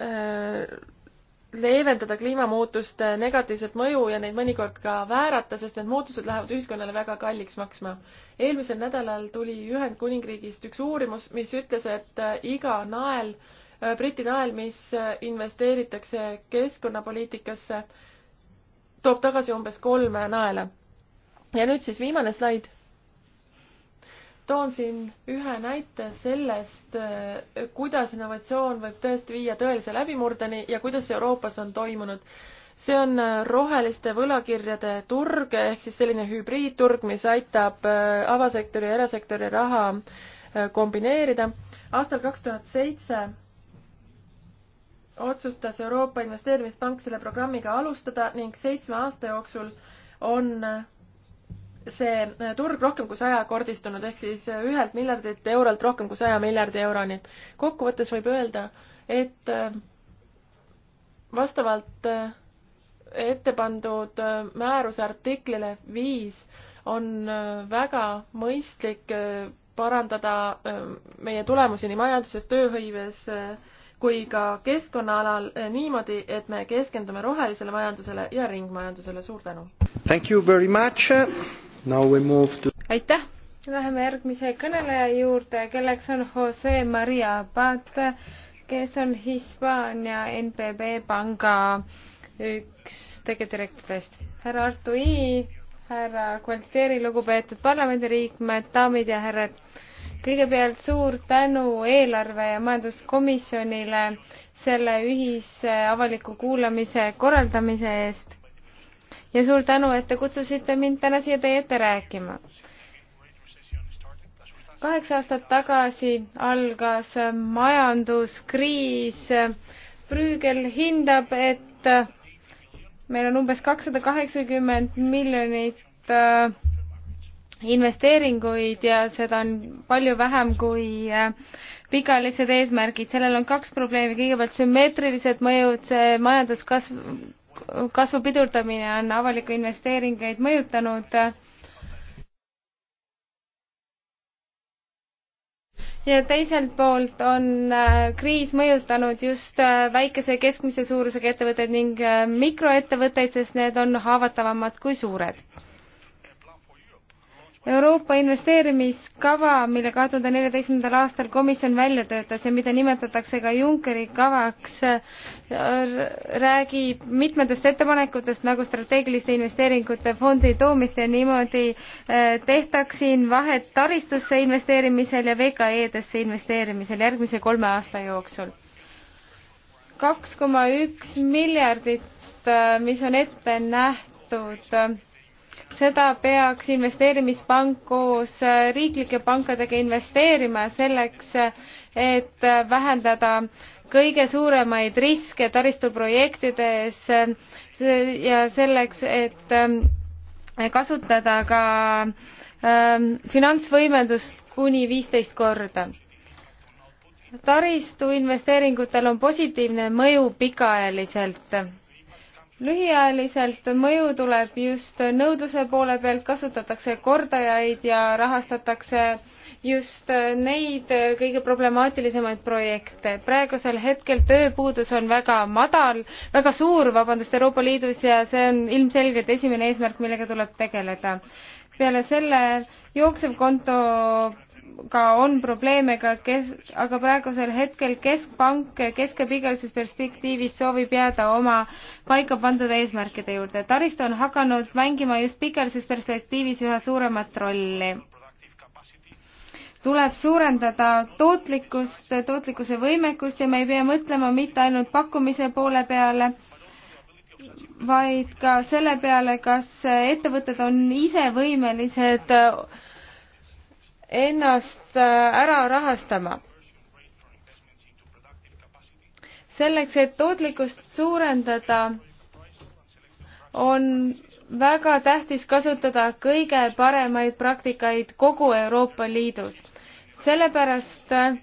Äh, leevendada kliimamuutuste negatiivset mõju ja neid mõnikord ka väärata, sest need muutused lähevad ühiskonnale väga kalliks maksma. eelmisel nädalal tuli Ühendkuningriigist üks uurimus, mis ütles, et äh, iga nael, äh, Briti nael, mis investeeritakse keskkonnapoliitikasse, toob tagasi umbes kolme naela. ja nüüd siis viimane slaid toon siin ühe näite sellest, eh, kuidas innovatsioon võib tõesti viia tõelise läbimurdeni ja kuidas Euroopas on toimunud. see on eh, roheliste võlakirjade turg ehk siis selline hübriidturg, mis aitab eh, avasektori ja erasektori raha kombineerida. aastal kaks tuhat seitse otsustas Euroopa Investeerimispank selle programmiga alustada ning seitsme aasta jooksul on see äh, turg rohkem kui sajakordistunud ehk siis äh, ühelt miljardilt eurolt rohkem kui saja miljardi euroni. kokkuvõttes võib öelda, et äh, vastavalt ette pandud määruse artiklile viis on väga mõistlik parandada meie tulemusi nii majanduses, tööhõives kui ka keskkonnaalal niimoodi, et me keskendume rohelisele majandusele ja ringmajandusele. suur tänu! Thank you very much! To... aitäh, läheme järgmise kõneleja juurde, kelleks on Jose Maria Pate, kes on Hispaania NPB panga üks tegevdirektoritest. härra Artu I, härra Gualtieri, lugupeetud parlamendiliikmed, daamid ja härrad. kõigepealt suur tänu eelarve ja majanduskomisjonile selle ühise avaliku kuulamise korraldamise eest ja suur tänu, et te kutsusite mind täna siia teie ette rääkima. kaheksa aastat tagasi algas majanduskriis. Brügel hindab, et meil on umbes kakssada kaheksakümmend miljonit äh, investeeringuid ja seda on palju vähem kui äh, pikaajalised eesmärgid, sellel on kaks probleemi, kõigepealt sümmeetrilised mõjud, see majanduskasv kasvu pidurdamine on avalikku investeeringuid mõjutanud. ja teiselt poolt on äh, kriis mõjutanud just äh, väikese ja keskmise suurusega ettevõtteid ning äh, mikroettevõtteid, sest need on haavatavamad kui suured Euroopa investeerimiskava, mille kahe tuhande neljateistkümnendal aastal komisjon välja töötas ja mida nimetatakse ka Junckeri kavaks, äh, räägib mitmetest ettepanekutest nagu strateegiliste investeeringute fondi toomist ja niimoodi äh, tehtaks siin vahet taristusse investeerimisel ja VKE-desse investeerimisel järgmise kolme aasta jooksul. kaks koma üks miljardit, äh, mis on ette nähtud seda peaks investeerimispank koos äh, riiklike pankadega investeerima selleks, et vähendada kõige suuremaid riske taristuprojektides äh, ja selleks, et äh, kasutada ka ähm, finantsvõimendust kuni viisteist korda. taristuinvesteeringutel on positiivne mõju pikaajaliselt lühiajaliselt mõju tuleb just nõudluse poole pealt, kasutatakse kordajaid ja rahastatakse just neid kõige problemaatilisemaid projekte. praegusel hetkel tööpuudus on väga madal, väga suur, vabandust, Euroopa Liidus ja see on ilmselgelt esimene eesmärk, millega tuleb tegeleda. peale selle jooksev konto ka on probleeme, aga kes, aga praegusel hetkel Keskpank keskpikalises perspektiivis soovib jääda oma paika pandud eesmärkide juurde. taristu on hakanud mängima just pikalises perspektiivis üha suuremat rolli. tuleb suurendada tootlikkust, tootlikkuse võimekust ja me ei pea mõtlema mitte ainult pakkumise poole peale, vaid ka selle peale, kas ettevõtted on ise võimelised ennast äh, ära rahastama. selleks, et tootlikkust suurendada, on väga tähtis kasutada kõige paremaid praktikaid kogu Euroopa Liidus. sellepärast äh,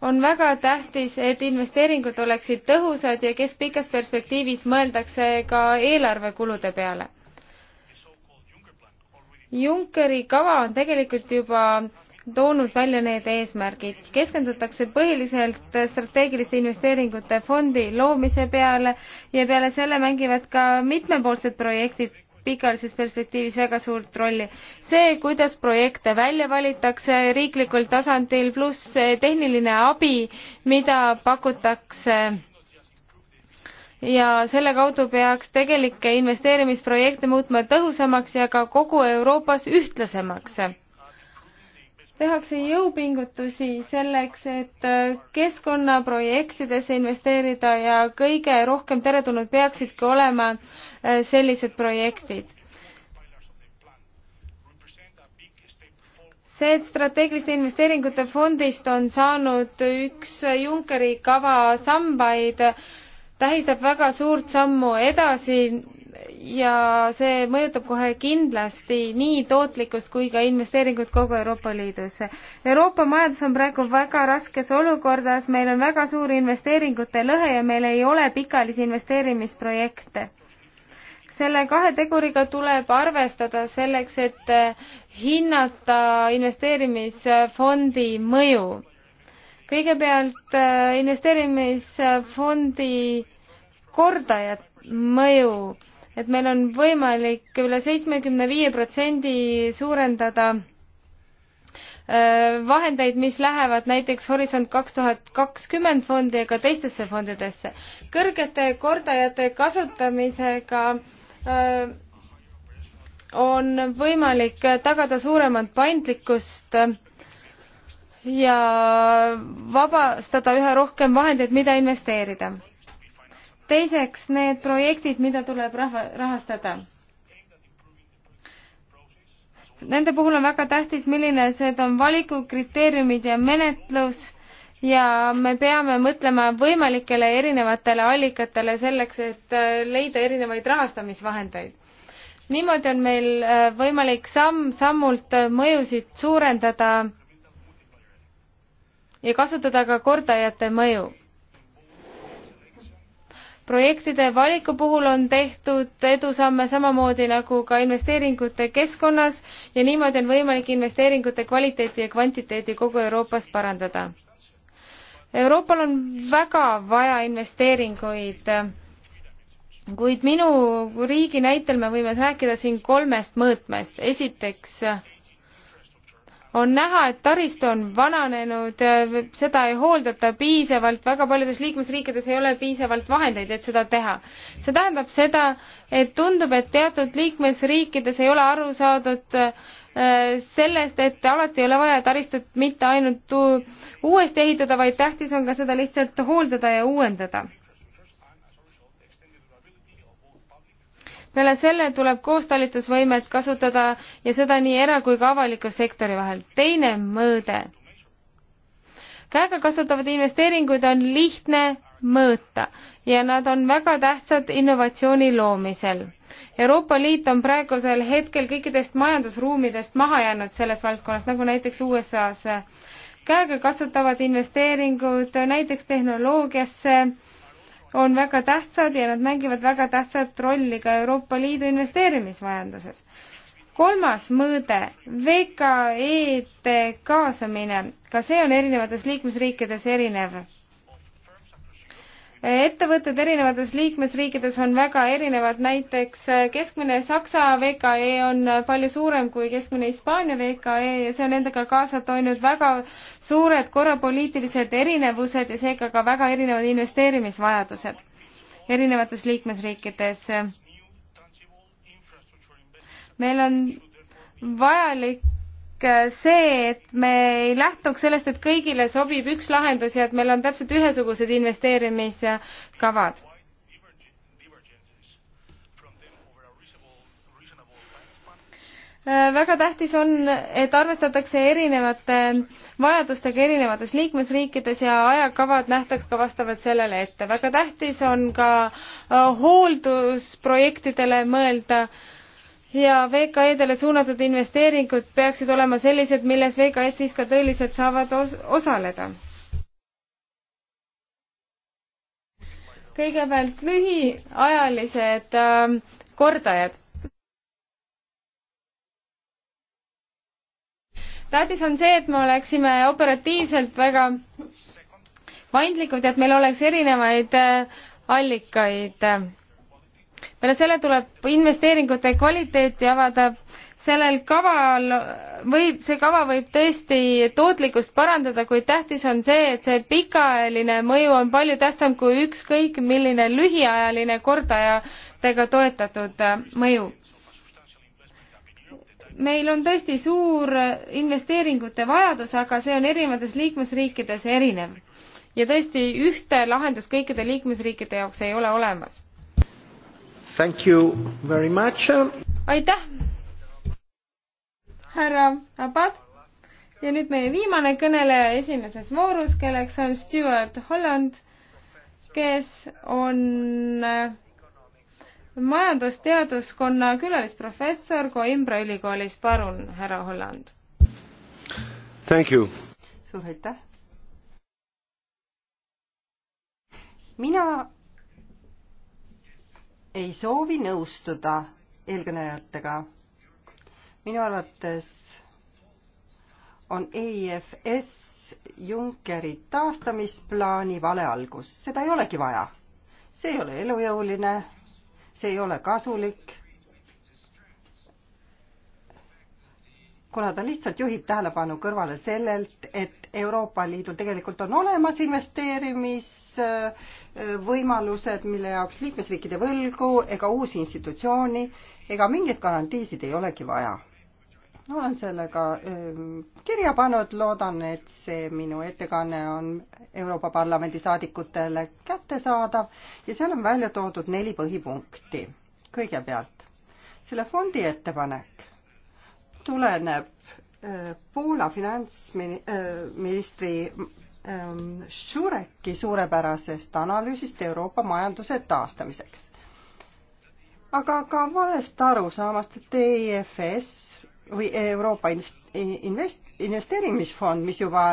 on väga tähtis, et investeeringud oleksid tõhusad ja kes pikas perspektiivis mõeldakse ka eelarvekulude peale Junckeri kava on tegelikult juba toonud välja need eesmärgid. keskendutakse põhiliselt strateegiliste investeeringute fondi loomise peale ja peale selle mängivad ka mitmepoolsed projektid pikaajalises perspektiivis väga suurt rolli. see, kuidas projekte välja valitakse riiklikul tasandil, pluss tehniline abi, mida pakutakse ja selle kaudu peaks tegelikke investeerimisprojekte muutma tõhusamaks ja ka kogu Euroopas ühtlasemaks. tehakse jõupingutusi selleks, et keskkonnaprojektidesse investeerida ja kõige rohkem teretulnud peaksidki olema äh, sellised projektid. see, et strateegiliste investeeringute fondist on saanud üks Junckeri kava sambaid, tähistab väga suurt sammu edasi ja see mõjutab kohe kindlasti nii tootlikkust kui ka investeeringuid kogu Euroopa Liidus. Euroopa majandus on praegu väga raskes olukordas, meil on väga suur investeeringute lõhe ja meil ei ole pikaajalisi investeerimisprojekte. selle kahe teguriga tuleb arvestada selleks, et hinnata investeerimisfondi mõju kõigepealt äh, investeerimisfondi kordajat mõju, et meil on võimalik üle seitsmekümne viie protsendi suurendada äh, vahendeid, mis lähevad näiteks Horisont kaks tuhat kakskümmend fondi ega teistesse fondidesse. kõrgete kordajate kasutamisega äh, on võimalik tagada suuremat paindlikkust ja vabastada üha rohkem vahendeid, mida investeerida. teiseks, need projektid, mida tuleb rahva, rahastada. Nende puhul on väga tähtis, milline see on valikukriteeriumid ja menetlus ja me peame mõtlema võimalikele erinevatele allikatele selleks, et äh, leida erinevaid rahastamisvahendeid niimoodi on meil äh, võimalik samm-sammult äh, mõjusid suurendada ja kasutada ka kordajate mõju. projektide valiku puhul on tehtud edusamme samamoodi nagu ka investeeringute keskkonnas ja niimoodi on võimalik investeeringute kvaliteeti ja kvantiteeti kogu Euroopas parandada. Euroopal on väga vaja investeeringuid, kuid minu riigi näitel me võime rääkida siin kolmest mõõtmest. esiteks on näha, et taristu on vananenud, äh, seda ei hooldata piisavalt, väga paljudes liikmesriikides ei ole piisavalt vahendeid, et seda teha. see tähendab seda, et tundub, et teatud liikmesriikides ei ole aru saadud äh, sellest, et alati ei ole vaja taristut mitte ainult uuesti ehitada, vaid tähtis on ka seda lihtsalt hooldada ja uuendada peale selle tuleb koostalitusvõimet kasutada ja seda nii era- kui ka avaliku sektori vahel. teine mõõde. käegakasutavad investeeringuid on lihtne mõõta ja nad on väga tähtsad innovatsiooni loomisel. Euroopa Liit on praegusel hetkel kõikidest majandusruumidest maha jäänud selles valdkonnas, nagu näiteks USA-s. käegakasutavad investeeringud näiteks tehnoloogiasse on väga tähtsad ja nad mängivad väga tähtsat rolli ka Euroopa Liidu investeerimismajanduses. kolmas mõõde, VKE-de kaasamine, ka see on erinevates liikmesriikides erinev ettevõtted erinevates liikmesriikides on väga erinevad, näiteks äh, keskmine Saksa VKE on äh, palju suurem kui keskmine Hispaania VKE ja see on endaga kaasa toonud väga suured korrapoliitilised erinevused ja seega ka väga erinevad investeerimisvajadused erinevates liikmesriikides. meil on vajalik Äh, see, et me ei lähtuks sellest, et kõigile sobib üks lahendus ja et meil on täpselt ühesugused investeerimiskavad. Äh, väga tähtis on, et arvestatakse erinevate vajadustega erinevates liikmesriikides ja ajakavad nähtaks ka vastavalt sellele ette. väga tähtis on ka äh, hooldusprojektidele mõelda äh, ja VKE-dele suunatud investeeringud peaksid olema sellised, milles VKE-d siis ka tõeliselt saavad os osaleda. kõigepealt lühiajalised äh, kordajad tähtis on see, et me oleksime operatiivselt väga paindlikud ja et meil oleks erinevaid äh, allikaid peale selle tuleb investeeringute kvaliteeti avada, sellel kaval võib, see kava võib tõesti tootlikkust parandada, kuid tähtis on see, et see pikaajaline mõju on palju tähtsam kui ükskõik milline lühiajaline kordajatega toetatud mõju. meil on tõesti suur investeeringute vajadus, aga see on erinevates liikmesriikides erinev ja tõesti ühte lahendust kõikide liikmesriikide jaoks ei ole olemas Thank you very much. aitäh, härra Abad. ja nüüd meie viimane kõneleja esimeses voorus, kelleks on Stewart Holland, kes on äh, majandusteaduskonna külalisprofessor Coimbra ülikoolis. palun, härra Holland. Thank you. suur aitäh. mina ei soovi nõustuda eelkõnelejatega. minu arvates on EIFS Junckeri taastamisplaani vale algus, seda ei olegi vaja. see ei ole elujõuline, see ei ole kasulik kuna ta lihtsalt juhib tähelepanu kõrvale sellelt, et Euroopa Liidul tegelikult on olemas investeerimisvõimalused, mille jaoks liikmesriikide võlgu ega uusi institutsiooni ega mingeid garantiisid ei olegi vaja. olen sellega ähm, kirja pannud, loodan, et see minu ettekanne on Euroopa Parlamendi saadikutele kättesaadav ja seal on välja toodud neli põhipunkti. kõigepealt selle fondi ettepanek tuleneb äh, Poola finantsministri äh, Šureki ähm, suurepärasest analüüsist Euroopa majanduse taastamiseks. aga ka valest arusaamast, et EIFS või Euroopa invest-, investeerimisfond, mis juba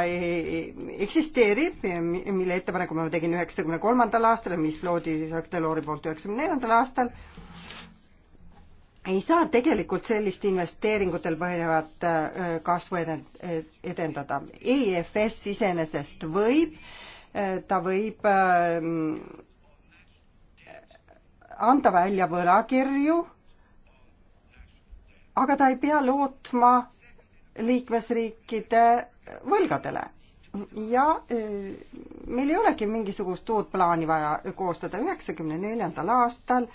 eksisteerib, mille ettepaneku ma tegin üheksakümne kolmandal aastal ja mis loodi Jacques Delors'i poolt üheksakümne neljandal aastal, ei saa tegelikult sellist investeeringutel põhinevat äh, kasvu edendada. EFS iseenesest võib, äh, ta võib äh, anda välja võlakirju, aga ta ei pea lootma liikmesriikide võlgadele. ja meil ei olegi mingisugust uut plaani vaja koostada. üheksakümne neljandal aastal äh,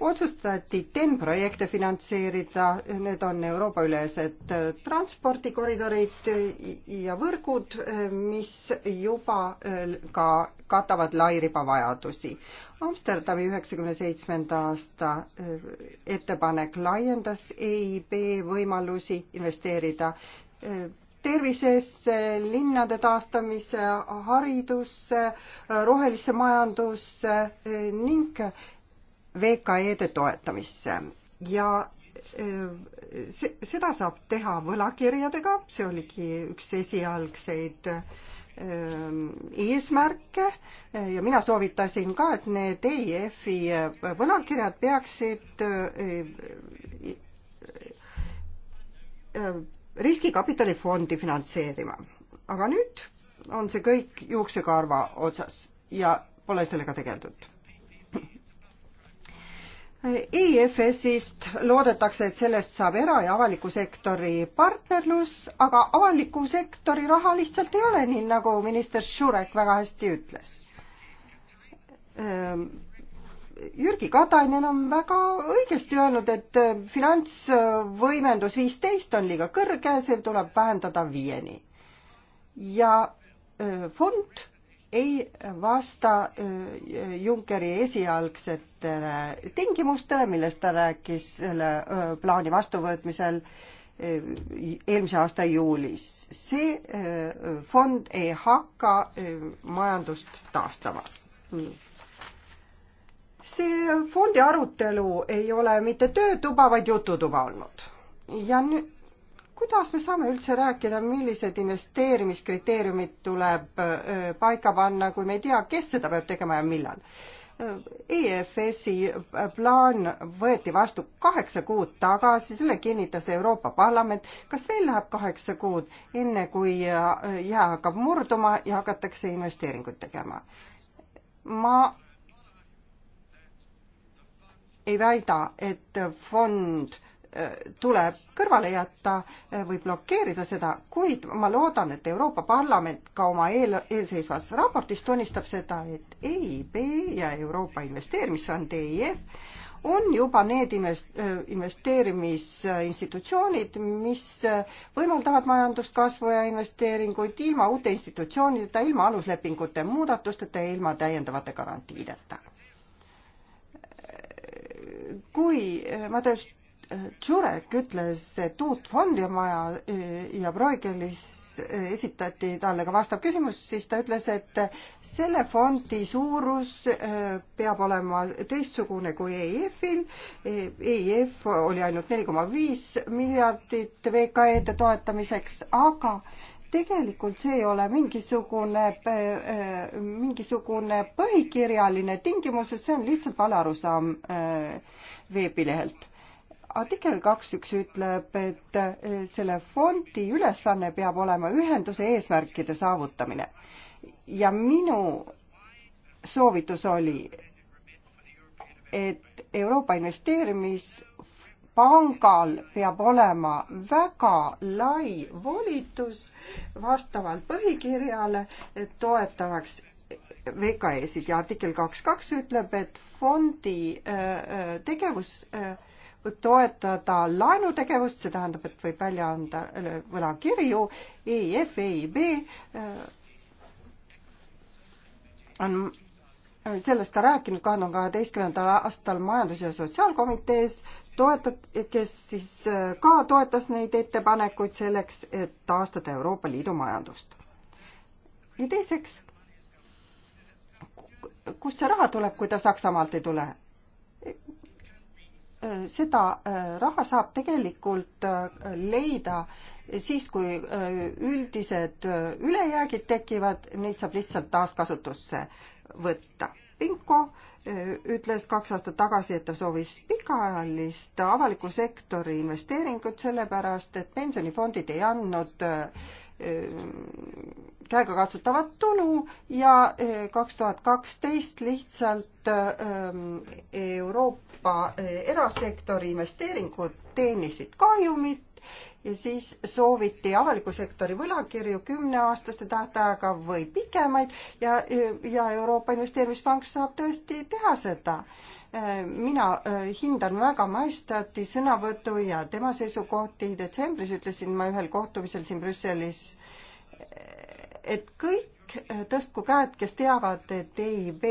otsustati TEN-projekte finantseerida, need on Euroopa-ülesed transpordikoridorid ja võrgud, mis juba ka katavad lairiba vajadusi. Amsterdami üheksakümne seitsmenda aasta ettepanek laiendas EIB võimalusi investeerida tervisesse, linnade taastamisse, haridusse, rohelisse majandusse ning VKE-de toetamisse ja see, seda saab teha võlakirjadega, see oligi üks esialgseid eesmärke ja mina soovitasin ka, et need EIF-i võlakirjad peaksid riskikapitalifondi finantseerima. aga nüüd on see kõik juuksekarva otsas ja pole sellega tegeldud EFS-ist loodetakse, et sellest saab era- ja avaliku sektori partnerlus, aga avaliku sektori raha lihtsalt ei ole, nii nagu minister Šurek väga hästi ütles. Ehm, Jürgi Katainen on väga õigesti öelnud, et äh, finantsvõimendus viisteist on liiga kõrge, see tuleb vähendada viieni. ja äh, fond ei vasta äh, Junckeri esialgsetele tingimustele, millest ta rääkis selle äh, plaani vastuvõtmisel äh, eelmise aasta juulis. see fond ei hakka majandust taastama. see fondi arutelu ei ole mitte töötuba, vaid jututuba olnud. ja nüüd kuidas me saame üldse rääkida, millised investeerimiskriteeriumid tuleb paika panna, kui me ei tea, kes seda peab tegema ja millal? EFS-i plaan võeti vastu kaheksa kuud tagasi, selle kinnitas Euroopa Parlament. kas veel läheb kaheksa kuud, enne kui jää hakkab murduma ja hakatakse investeeringuid tegema? ma ei väida, et fond äh, tuleb kõrvale jätta või blokeerida seda, kuid ma loodan, et Euroopa Parlament ka oma eel, eelseisvas raportis tunnistab seda, et EIB ja Euroopa Investeerimisfond EIF on juba need invest-, investeerimisinstitutsioonid, mis võimaldavad majanduskasvu ja investeeringuid ilma uute institutsioonideta, ilma aluslepingute muudatusteta ja ilma täiendavate garantiideta. kui ma tõesti Tšurek ütles, et uut fondi on vaja e, ja Bruegelis esitati talle ka vastav küsimus, siis ta ütles, et selle fondi suurus e, peab olema teistsugune kui EIF-il. E EIF oli ainult neli koma viis miljardit VKE-de toetamiseks, aga tegelikult see ei ole mingisugune, mingisugune põhikirjaline tingimus, sest see on lihtsalt vale arusaam veebilehelt artikkel kaks üks ütleb, et eh, selle fondi ülesanne peab olema ühenduse eesmärkide saavutamine ja minu soovitus oli, et Euroopa Investeerimispangal peab olema väga lai volitus vastavalt põhikirjale, toetamaks VKE-sid ja artikkel kaks kaks ütleb, et fondi eh, eh, tegevus äh, võib toetada laenutegevust, see tähendab, et võib välja anda äh, võlakirju, EIF, EIB äh, on äh, sellest ka rääkinud kahe tuhande kaheteistkümnendal aastal Majandus- ja Sotsiaalkomitees, toetat-, kes siis ka toetas neid ettepanekuid selleks, et taastada Euroopa Liidu majandust. ja teiseks, kust see raha tuleb, kui ta Saksamaalt ei tule? Äh, seda äh, raha saab tegelikult äh, leida siis, kui üldised ülejäägid tekivad, neid saab lihtsalt taaskasutusse võtta. Pinko ütles kaks aastat tagasi, et ta soovis pikaajalist avaliku sektori investeeringut, sellepärast et pensionifondid ei andnud käegakatsutavat tulu ja eh, kaks tuhat kaksteist lihtsalt eh, Euroopa eh, erasektori investeeringud teenisid kahjumit ja siis sooviti avaliku sektori võlakirju kümneaastaste tähtajaga või pikemaid ja, ja Euroopa Investeerimispank saab tõesti teha seda Äh, mina äh, hindan väga Maistati sõnavõtu ja tema seisukohti. detsembris ütlesin ma ühel kohtumisel siin Brüsselis, et kõik äh, tõstku käed, kes teavad, et EIB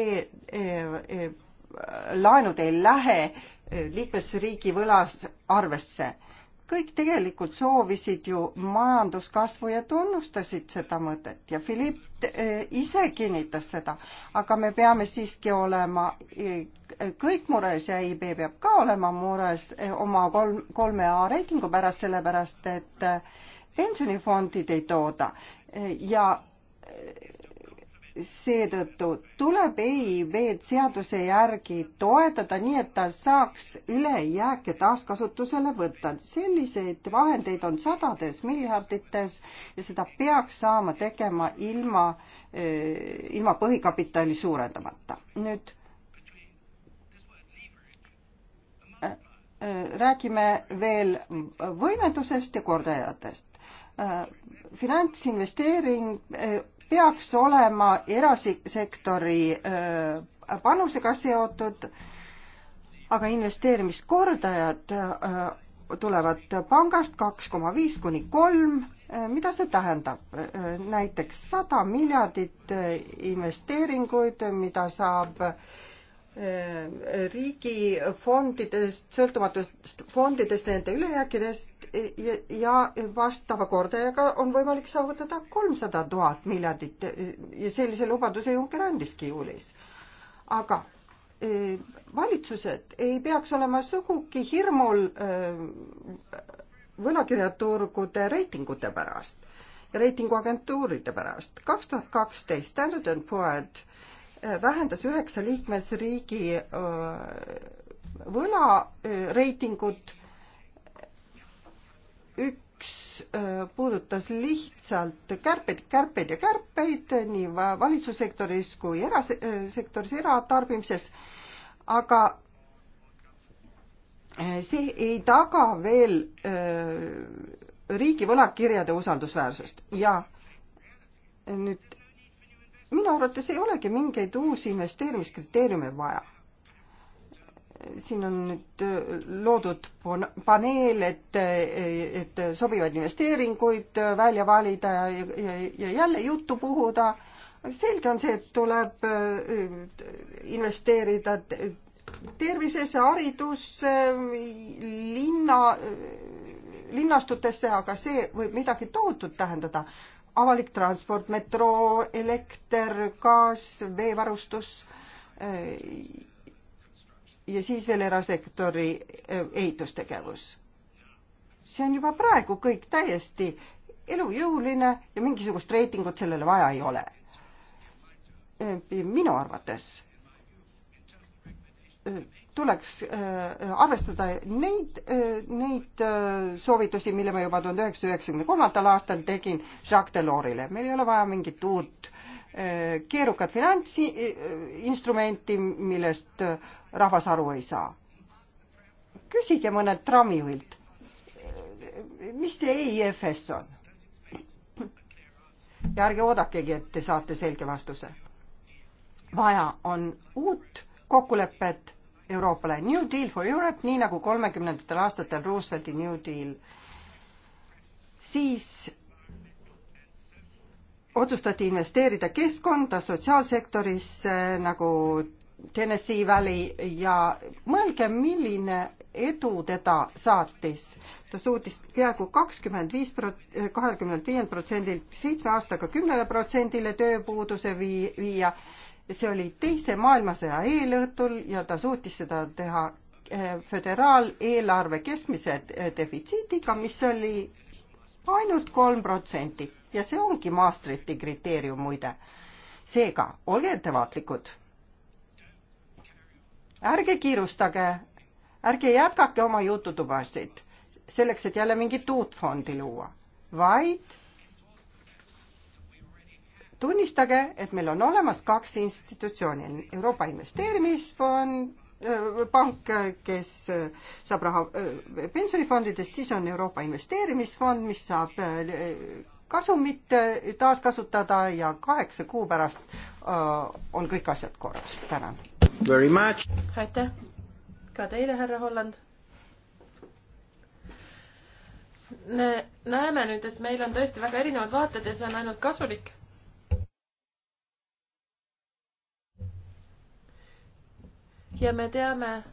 laenud ei lähe liikmesriigi võlas arvesse kõik tegelikult soovisid ju majanduskasvu ja tunnustasid seda mõtet ja Philipp eh, ise kinnitas seda, aga me peame siiski olema eh, kõik mures ja EIB peab ka olema mures eh, oma kolm, kolme A reitingu pärast, sellepärast et pensionifondid ei tooda ja seetõttu tuleb EIV-d seaduse järgi toetada nii, et ta saaks ülejääke taaskasutusele võtta. selliseid vahendeid on sadades miljardites ja seda peaks saama tegema ilma, eh, ilma põhikapitali suurendamata. nüüd eh, eh, räägime veel võimendusest ja kordajatest finantsinvesteering peaks olema erasektori äh, panusega seotud, aga investeerimiskordajad äh, tulevad pangast kaks koma viis kuni kolm. Äh, mida see tähendab? näiteks sada miljardit investeeringuid, mida saab riigifondidest, sõltumatutest fondidest ja nende ülejääkidest ja vastava kordajaga on võimalik saavutada kolmsada tuhat miljardit ja sellise lubaduse Juncker andiski juulis. aga e, valitsused ei peaks olema sugugi hirmul e, võlakirjaturgude reitingute pärast, reitinguagentuuride pärast. kaks tuhat kaksteist Standard and Poor'd e, vähendas üheksa liikmesriigi võlareitingut üks puudutas lihtsalt kärpeid, kärpeid ja kärpeid nii valitsussektoris kui erasektoris, eratarbimises, aga see ei taga veel riigi võlakirjade usaldusväärsust ja nüüd minu arvates ei olegi mingeid uusi investeerimiskriteeriume vaja siin on nüüd äh, loodud paneel, et, äh, et sobivaid investeeringuid äh, välja valida ja, ja, ja jälle juttu puhuda. selge on see, et tuleb investeerida tervisesse, haridusse, linna, linnastutesse, aga see võib midagi tohutut tähendada. avalik transport, metroo, elekter, gaas, veevarustus ja siis veel erasektori eh, ehitustegevus. see on juba praegu kõik täiesti elujõuline ja mingisugust reitingut sellele vaja ei ole. Eh, minu arvates eh, tuleks arvestada neid, neid soovitusi, mille ma juba tuhande üheksasaja üheksakümne kolmandal aastal tegin Jacques Delorsile. meil ei ole vaja mingit uut Eh, keerukat finantsinstrumenti, eh, millest rahvas aru ei saa. küsige mõnelt trammijuhilt, eh, mis see EIFS on? ja ärge oodakegi, et te saate selge vastuse. vaja on uut kokkulepet Euroopale, New Deal for Europe, nii nagu kolmekümnendatel aastatel Roosevelti New Deal. siis otsustati investeerida keskkonda, sotsiaalsektorisse nagu Tennessee Valley ja mõelge, milline edu teda saatis. ta suutis peaaegu kakskümmend viis prot-, kahekümnelt viielt protsendilt seitsme aastaga kümnele protsendile tööpuuduse vii-, viia. see oli teise maailmasõja eelõhtul ja ta suutis seda teha eh, föderaaleelarve keskmise eh, defitsiitiga, mis oli ainult kolm protsenti ja see ongi Maastrichti kriteerium muide. seega, olge ettevaatlikud. ärge kiirustage, ärge jätkake oma jututubasid selleks, et jälle mingit uut fondi luua, vaid tunnistage, et meil on olemas kaks institutsiooni, Euroopa Investeerimisfond, pank, kes saab raha pensionifondidest, siis on Euroopa Investeerimisfond, mis saab kasumit äh, taaskasutada ja kaheksa kuu pärast äh, on kõik asjad korras. tänan. aitäh ka teile, härra Holland. me näeme nüüd, et meil on tõesti väga erinevad vaated ja see on ainult kasulik ja me teame,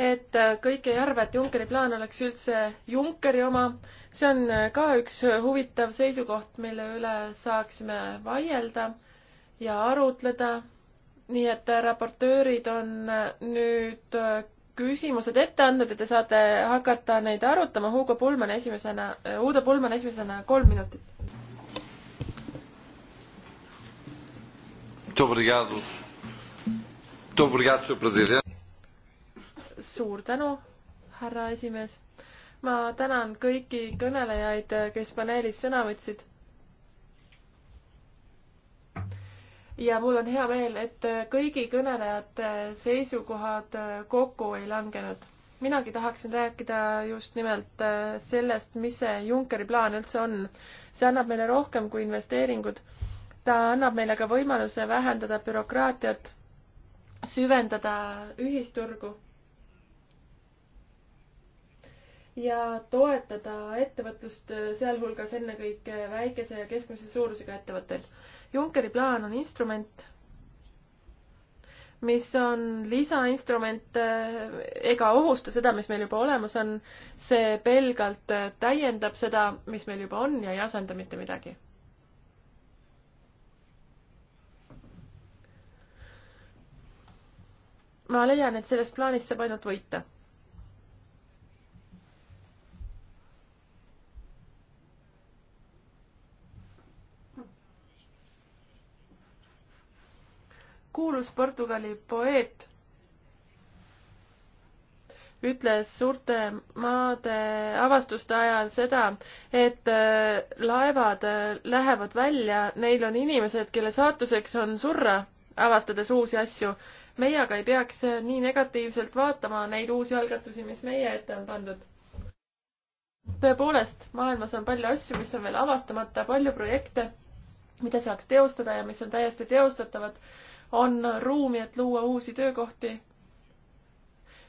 et äh, kõik ei arva, et Junckeri plaan oleks üldse Junckeri oma. see on äh, ka üks huvitav seisukoht, mille üle saaksime vaielda ja arutleda. nii et äh, raportöörid on nüüd küsimused ette andnud ja te saate hakata neid arutama. Hugo Pulman esimesena, Uudo Pulman esimesena kolm minutit. Muito obrigado. Muito obrigado, Sr. Presidente suur tänu, härra esimees. ma tänan kõiki kõnelejaid, kes paneelis sõna võtsid ja mul on hea meel, et kõigi kõnelejate seisukohad kokku ei langenud. minagi tahaksin rääkida just nimelt sellest, mis see Junckeri plaan üldse on. see annab meile rohkem kui investeeringud. ta annab meile ka võimaluse vähendada bürokraatiat, süvendada ühisturgu ja toetada ettevõtlust, äh, sealhulgas ennekõike väikese ja keskmise suurusega ettevõtteid. Junckeri plaan on instrument, mis on lisainstrument äh, ega ohusta seda, mis meil juba olemas on, see pelgalt äh, täiendab seda, mis meil juba on ja ei asenda mitte midagi. ma leian, et sellest plaanist saab ainult võita kuulus Portugali poeet ütles suurte maade avastuste ajal seda, et äh, laevad äh, lähevad välja, neil on inimesed, kelle saatuseks on surra, avastades uusi asju. meie aga ei peaks äh, nii negatiivselt vaatama neid uusi algatusi, mis meie ette on pandud. tõepoolest, maailmas on palju asju, mis on veel avastamata, palju projekte, mida saaks teostada ja mis on täiesti teostatavad on ruumi, et luua uusi töökohti,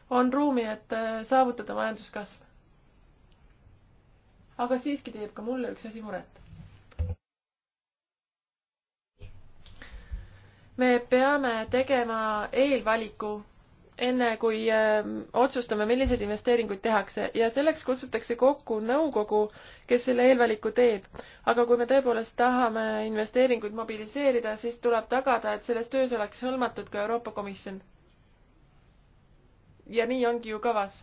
on ruumi, et äh, saavutada majanduskasv. aga siiski teeb ka mulle üks asi muret. me peame tegema eelvaliku enne kui ähm, otsustame, milliseid investeeringuid tehakse ja selleks kutsutakse kokku nõukogu, kes selle eelvaliku teeb. aga kui me tõepoolest tahame investeeringuid mobiliseerida, siis tuleb tagada, et selles töös oleks hõlmatud ka Euroopa Komisjon. ja nii ongi ju kavas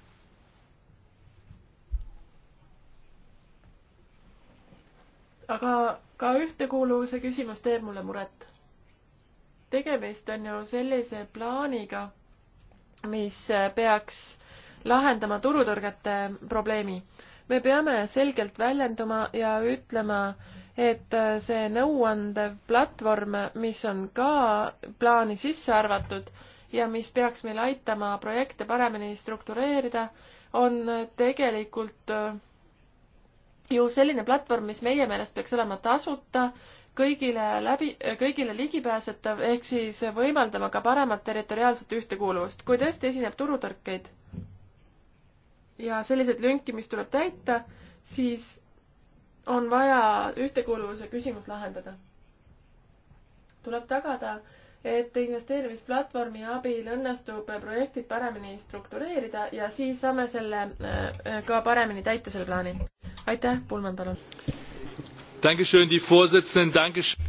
aga ka ühtekuuluvuse küsimus teeb mulle muret. tegemist on ju sellise plaaniga mis peaks lahendama turutõrgete probleemi. me peame selgelt väljenduma ja ütlema, et see nõuandev platvorm, mis on ka plaani sisse arvatud ja mis peaks meil aitama projekte paremini struktureerida, on tegelikult ju selline platvorm, mis meie meelest peaks olema tasuta kõigile läbi, kõigile ligipääsetav, ehk siis võimaldama ka paremat territoriaalset ühtekuuluvust. kui tõesti esineb turutõrkeid ja selliseid lünki, mis tuleb täita, siis on vaja ühtekuuluvuse küsimus lahendada. tuleb tagada, et investeerimisplatvormi abil õnnestub projektid paremini struktureerida ja siis saame selle äh, ka paremini täita, selle plaani. aitäh, Pulman, palun!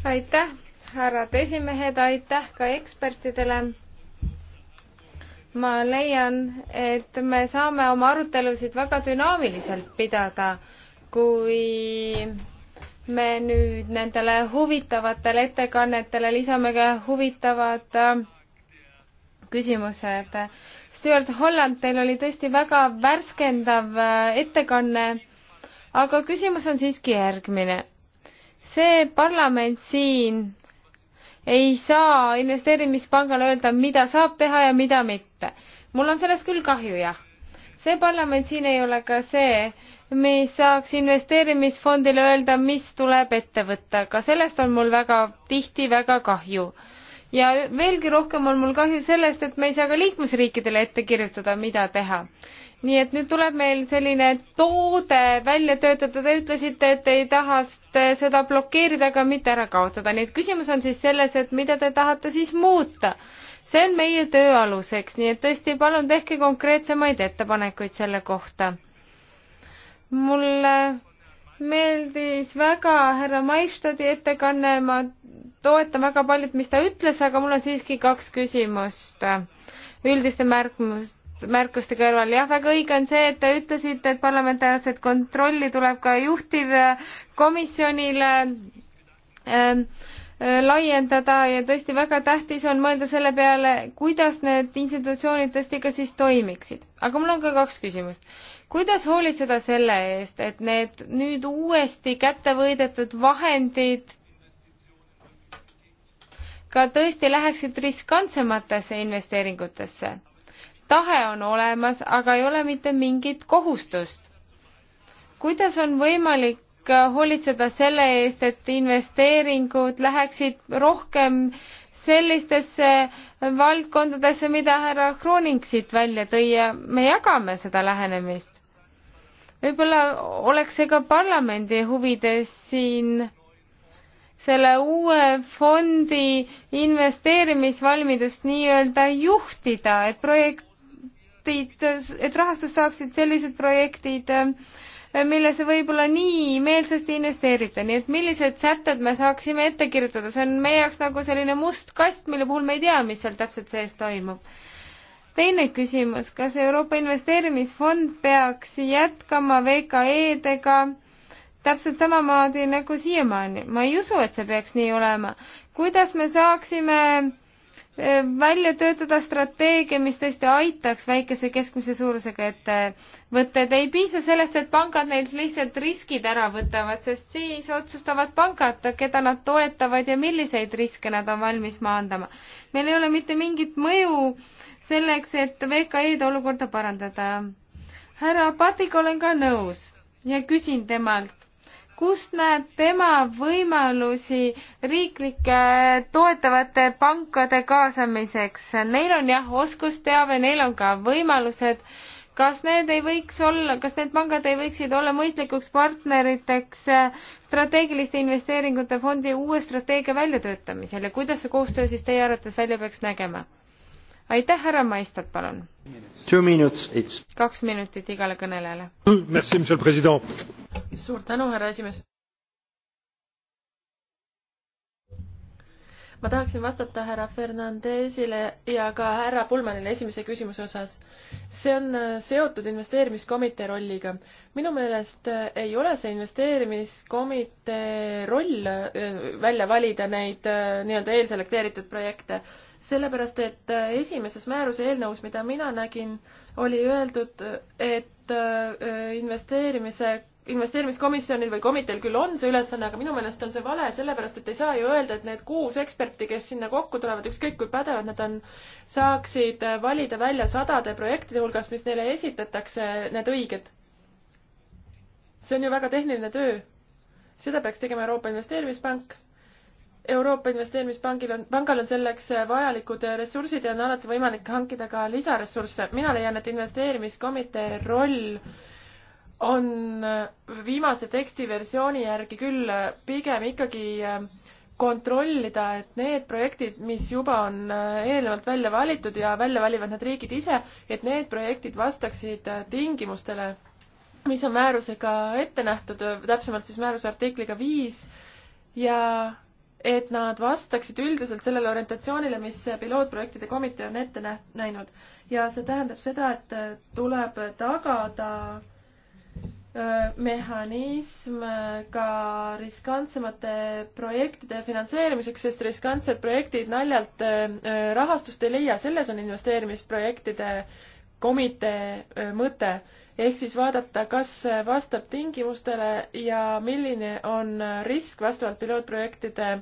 aitäh, härrad esimehed, aitäh ka ekspertidele. ma leian, et me saame oma arutelusid väga dünaamiliselt pidada, kui me nüüd nendele huvitavatele ettekannetele lisame ka huvitavad äh, küsimused. Stewart Holland, teil oli tõesti väga värskendav äh, ettekanne, aga küsimus on siiski järgmine see parlament siin ei saa investeerimispangale öelda, mida saab teha ja mida mitte. mul on sellest küll kahju, jah. see parlament siin ei ole ka see, mis saaks investeerimisfondile öelda, mis tuleb ette võtta, ka sellest on mul väga tihti väga kahju. ja veelgi rohkem on mul kahju sellest, et me ei saa ka liikmesriikidele ette kirjutada, mida teha nii et nüüd tuleb meil selline toode välja töötada, te ütlesite, et ei taha seda blokeerida ega mitte ära kaotada, nii et küsimus on siis selles, et mida te tahate siis muuta. see on meie töö aluseks, nii et tõesti, palun tehke konkreetsemaid ettepanekuid selle kohta. mulle meeldis väga härra Maistadi ettekanne, ma toetan väga paljut, mis ta ütles, aga mul on siiski kaks küsimust üldiste märkmuste märkuste kõrval, jah, väga õige on see, et te ütlesite, et parlamentaarset kontrolli tuleb ka juhtivkomisjonile ähm, äh, laiendada ja tõesti väga tähtis on mõelda selle peale, kuidas need institutsioonid tõesti ka siis toimiksid. aga mul on ka kaks küsimust. kuidas hoolitseda selle eest, et need nüüd uuesti kätte võidetud vahendid ka tõesti läheksid riskantsematesse investeeringutesse? tahe on olemas, aga ei ole mitte mingit kohustust. kuidas on võimalik äh, hoolitseda selle eest, et investeeringud läheksid rohkem sellistesse valdkondadesse, mida härra Krooning siit välja tõi ja me jagame seda lähenemist. võib-olla oleks see ka parlamendi huvides siin selle uue fondi investeerimisvalmidust nii-öelda juhtida, et projekt projektid, et rahastust saaksid sellised projektid, millesse võib-olla nii meelsasti investeerida, nii et millised sätted me saaksime ette kirjutada, see on meie jaoks nagu selline must kast, mille puhul me ei tea, mis seal täpselt sees toimub. teine küsimus, kas Euroopa Investeerimisfond peaks jätkama VKE-dega täpselt samamoodi nagu siiamaani? ma ei usu, et see peaks nii olema. kuidas me saaksime Eh, välja töötada strateegia, mis tõesti aitaks väikese keskmise suurusega ettevõtteid. Eh, ei piisa sellest, et pangad neilt lihtsalt riskid ära võtavad, sest siis otsustavad pangad, keda nad toetavad ja milliseid riske nad on valmis maandama. meil ei ole mitte mingit mõju selleks, et VKE-de olukorda parandada. härra Patiga olen ka nõus ja küsin temalt, kust näeb tema võimalusi riiklike toetavate pankade kaasamiseks? Neil on jah oskusteave, neil on ka võimalused. kas need ei võiks olla, kas need pangad ei võiksid olla mõistlikuks partneriteks strateegiliste investeeringute fondi uue strateegia väljatöötamisel ja kuidas see koostöö siis teie arvates välja peaks nägema? aitäh, härra Maistat, palun. kaks minutit igale kõnelejale. Merci, monsieur president suur tänu, härra esimees. ma tahaksin vastata härra Fernandesile ja ka härra Pulmanile esimese küsimuse osas. see on äh, seotud investeerimiskomitee rolliga. minu meelest äh, ei ole see investeerimiskomitee roll äh, välja valida neid nii-öelda eelselekteeritud projekte, sellepärast et esimeses määruse eelnõus, mida mina nägin, oli öeldud, et investeerimise investeerimiskomisjonil või komiteel küll on see ülesanne, aga minu meelest on see vale, sellepärast et ei saa ju öelda, et need kuus eksperti, kes sinna kokku tulevad, ükskõik kui pädevad nad on, saaksid valida välja sadade projektide hulgast, mis neile esitatakse, need õiged. see on ju väga tehniline töö. seda peaks tegema Euroopa Investeerimispank. Euroopa Investeerimispangil on, pangal on selleks vajalikud ressursid ja on alati võimalik hankida ka lisaressursse. mina leian, et investeerimiskomitee roll on äh, viimase tekstiversiooni järgi küll äh, pigem ikkagi äh, kontrollida, et need projektid, mis juba on eelnevalt välja valitud ja välja valivad need riigid ise, et need projektid vastaksid tingimustele, mis on määrusega ette nähtud, täpsemalt siis määruse artikliga viis ja et nad vastaksid üldiselt sellele orientatsioonile, mis pilootprojektide komitee on ette näinud. ja see tähendab seda, et tuleb tagada mehhanism äh, ka riskantsemate projektide finantseerimiseks, sest riskantsed projektid naljalt äh, äh, rahastust ei leia, selles on investeerimisprojektide komitee mõte. ehk siis vaadata, kas vastab tingimustele ja milline on risk vastavalt pilootprojektide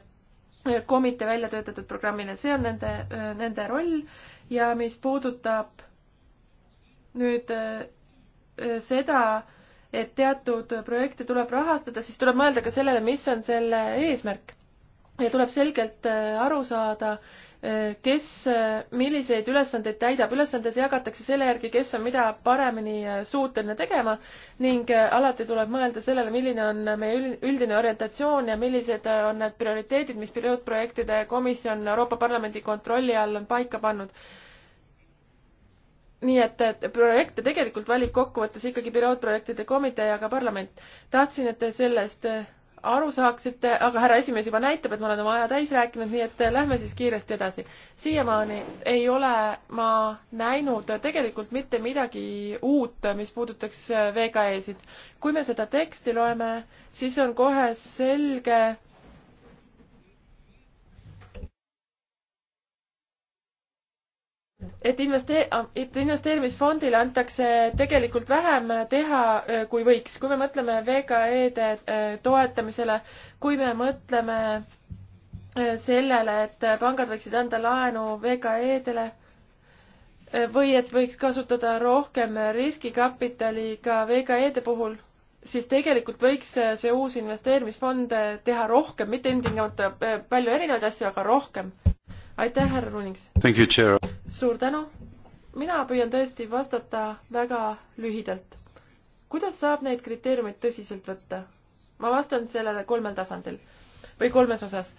komitee välja töötatud programmile, see on nende, nende roll ja mis puudutab nüüd seda, et teatud projekte tuleb rahastada, siis tuleb mõelda ka sellele, mis on selle eesmärk. ja tuleb selgelt äh, aru saada, äh, kes äh, milliseid ülesandeid täidab, ülesanded jagatakse selle järgi, kes on mida paremini suuteline tegema ning alati tuleb mõelda sellele, milline on meie üldine orientatsioon ja millised on need prioriteedid, mis pilootprojektide komisjon Euroopa Parlamendi kontrolli all on paika pannud nii et, et projekte tegelikult valib kokkuvõttes ikkagi pilootprojektide komitee ja ka parlament. tahtsin, et te sellest äh, aru saaksite, aga härra esimees juba näitab, et ma olen oma aja täis rääkinud, nii et äh, lähme siis kiiresti edasi. siiamaani ei ole ma näinud tegelikult mitte midagi uut, mis puudutaks äh, VKE-sid. kui me seda teksti loeme, siis on kohe selge, et investee-, et investeerimisfondile antakse tegelikult vähem teha, äh, kui võiks, kui me mõtleme VKE-de äh, toetamisele, kui me mõtleme äh, sellele, et pangad võiksid anda laenu VKE-dele või et võiks kasutada rohkem riskikapitali ka VKE-de puhul, siis tegelikult võiks see uus investeerimisfond teha rohkem, mitte ilmtingimata palju erinevaid asju, aga rohkem aitäh, härra Runings! suur tänu! mina püüan tõesti vastata väga lühidalt. kuidas saab neid kriteeriumeid tõsiselt võtta? ma vastan sellele kolmel tasandil või kolmes osas.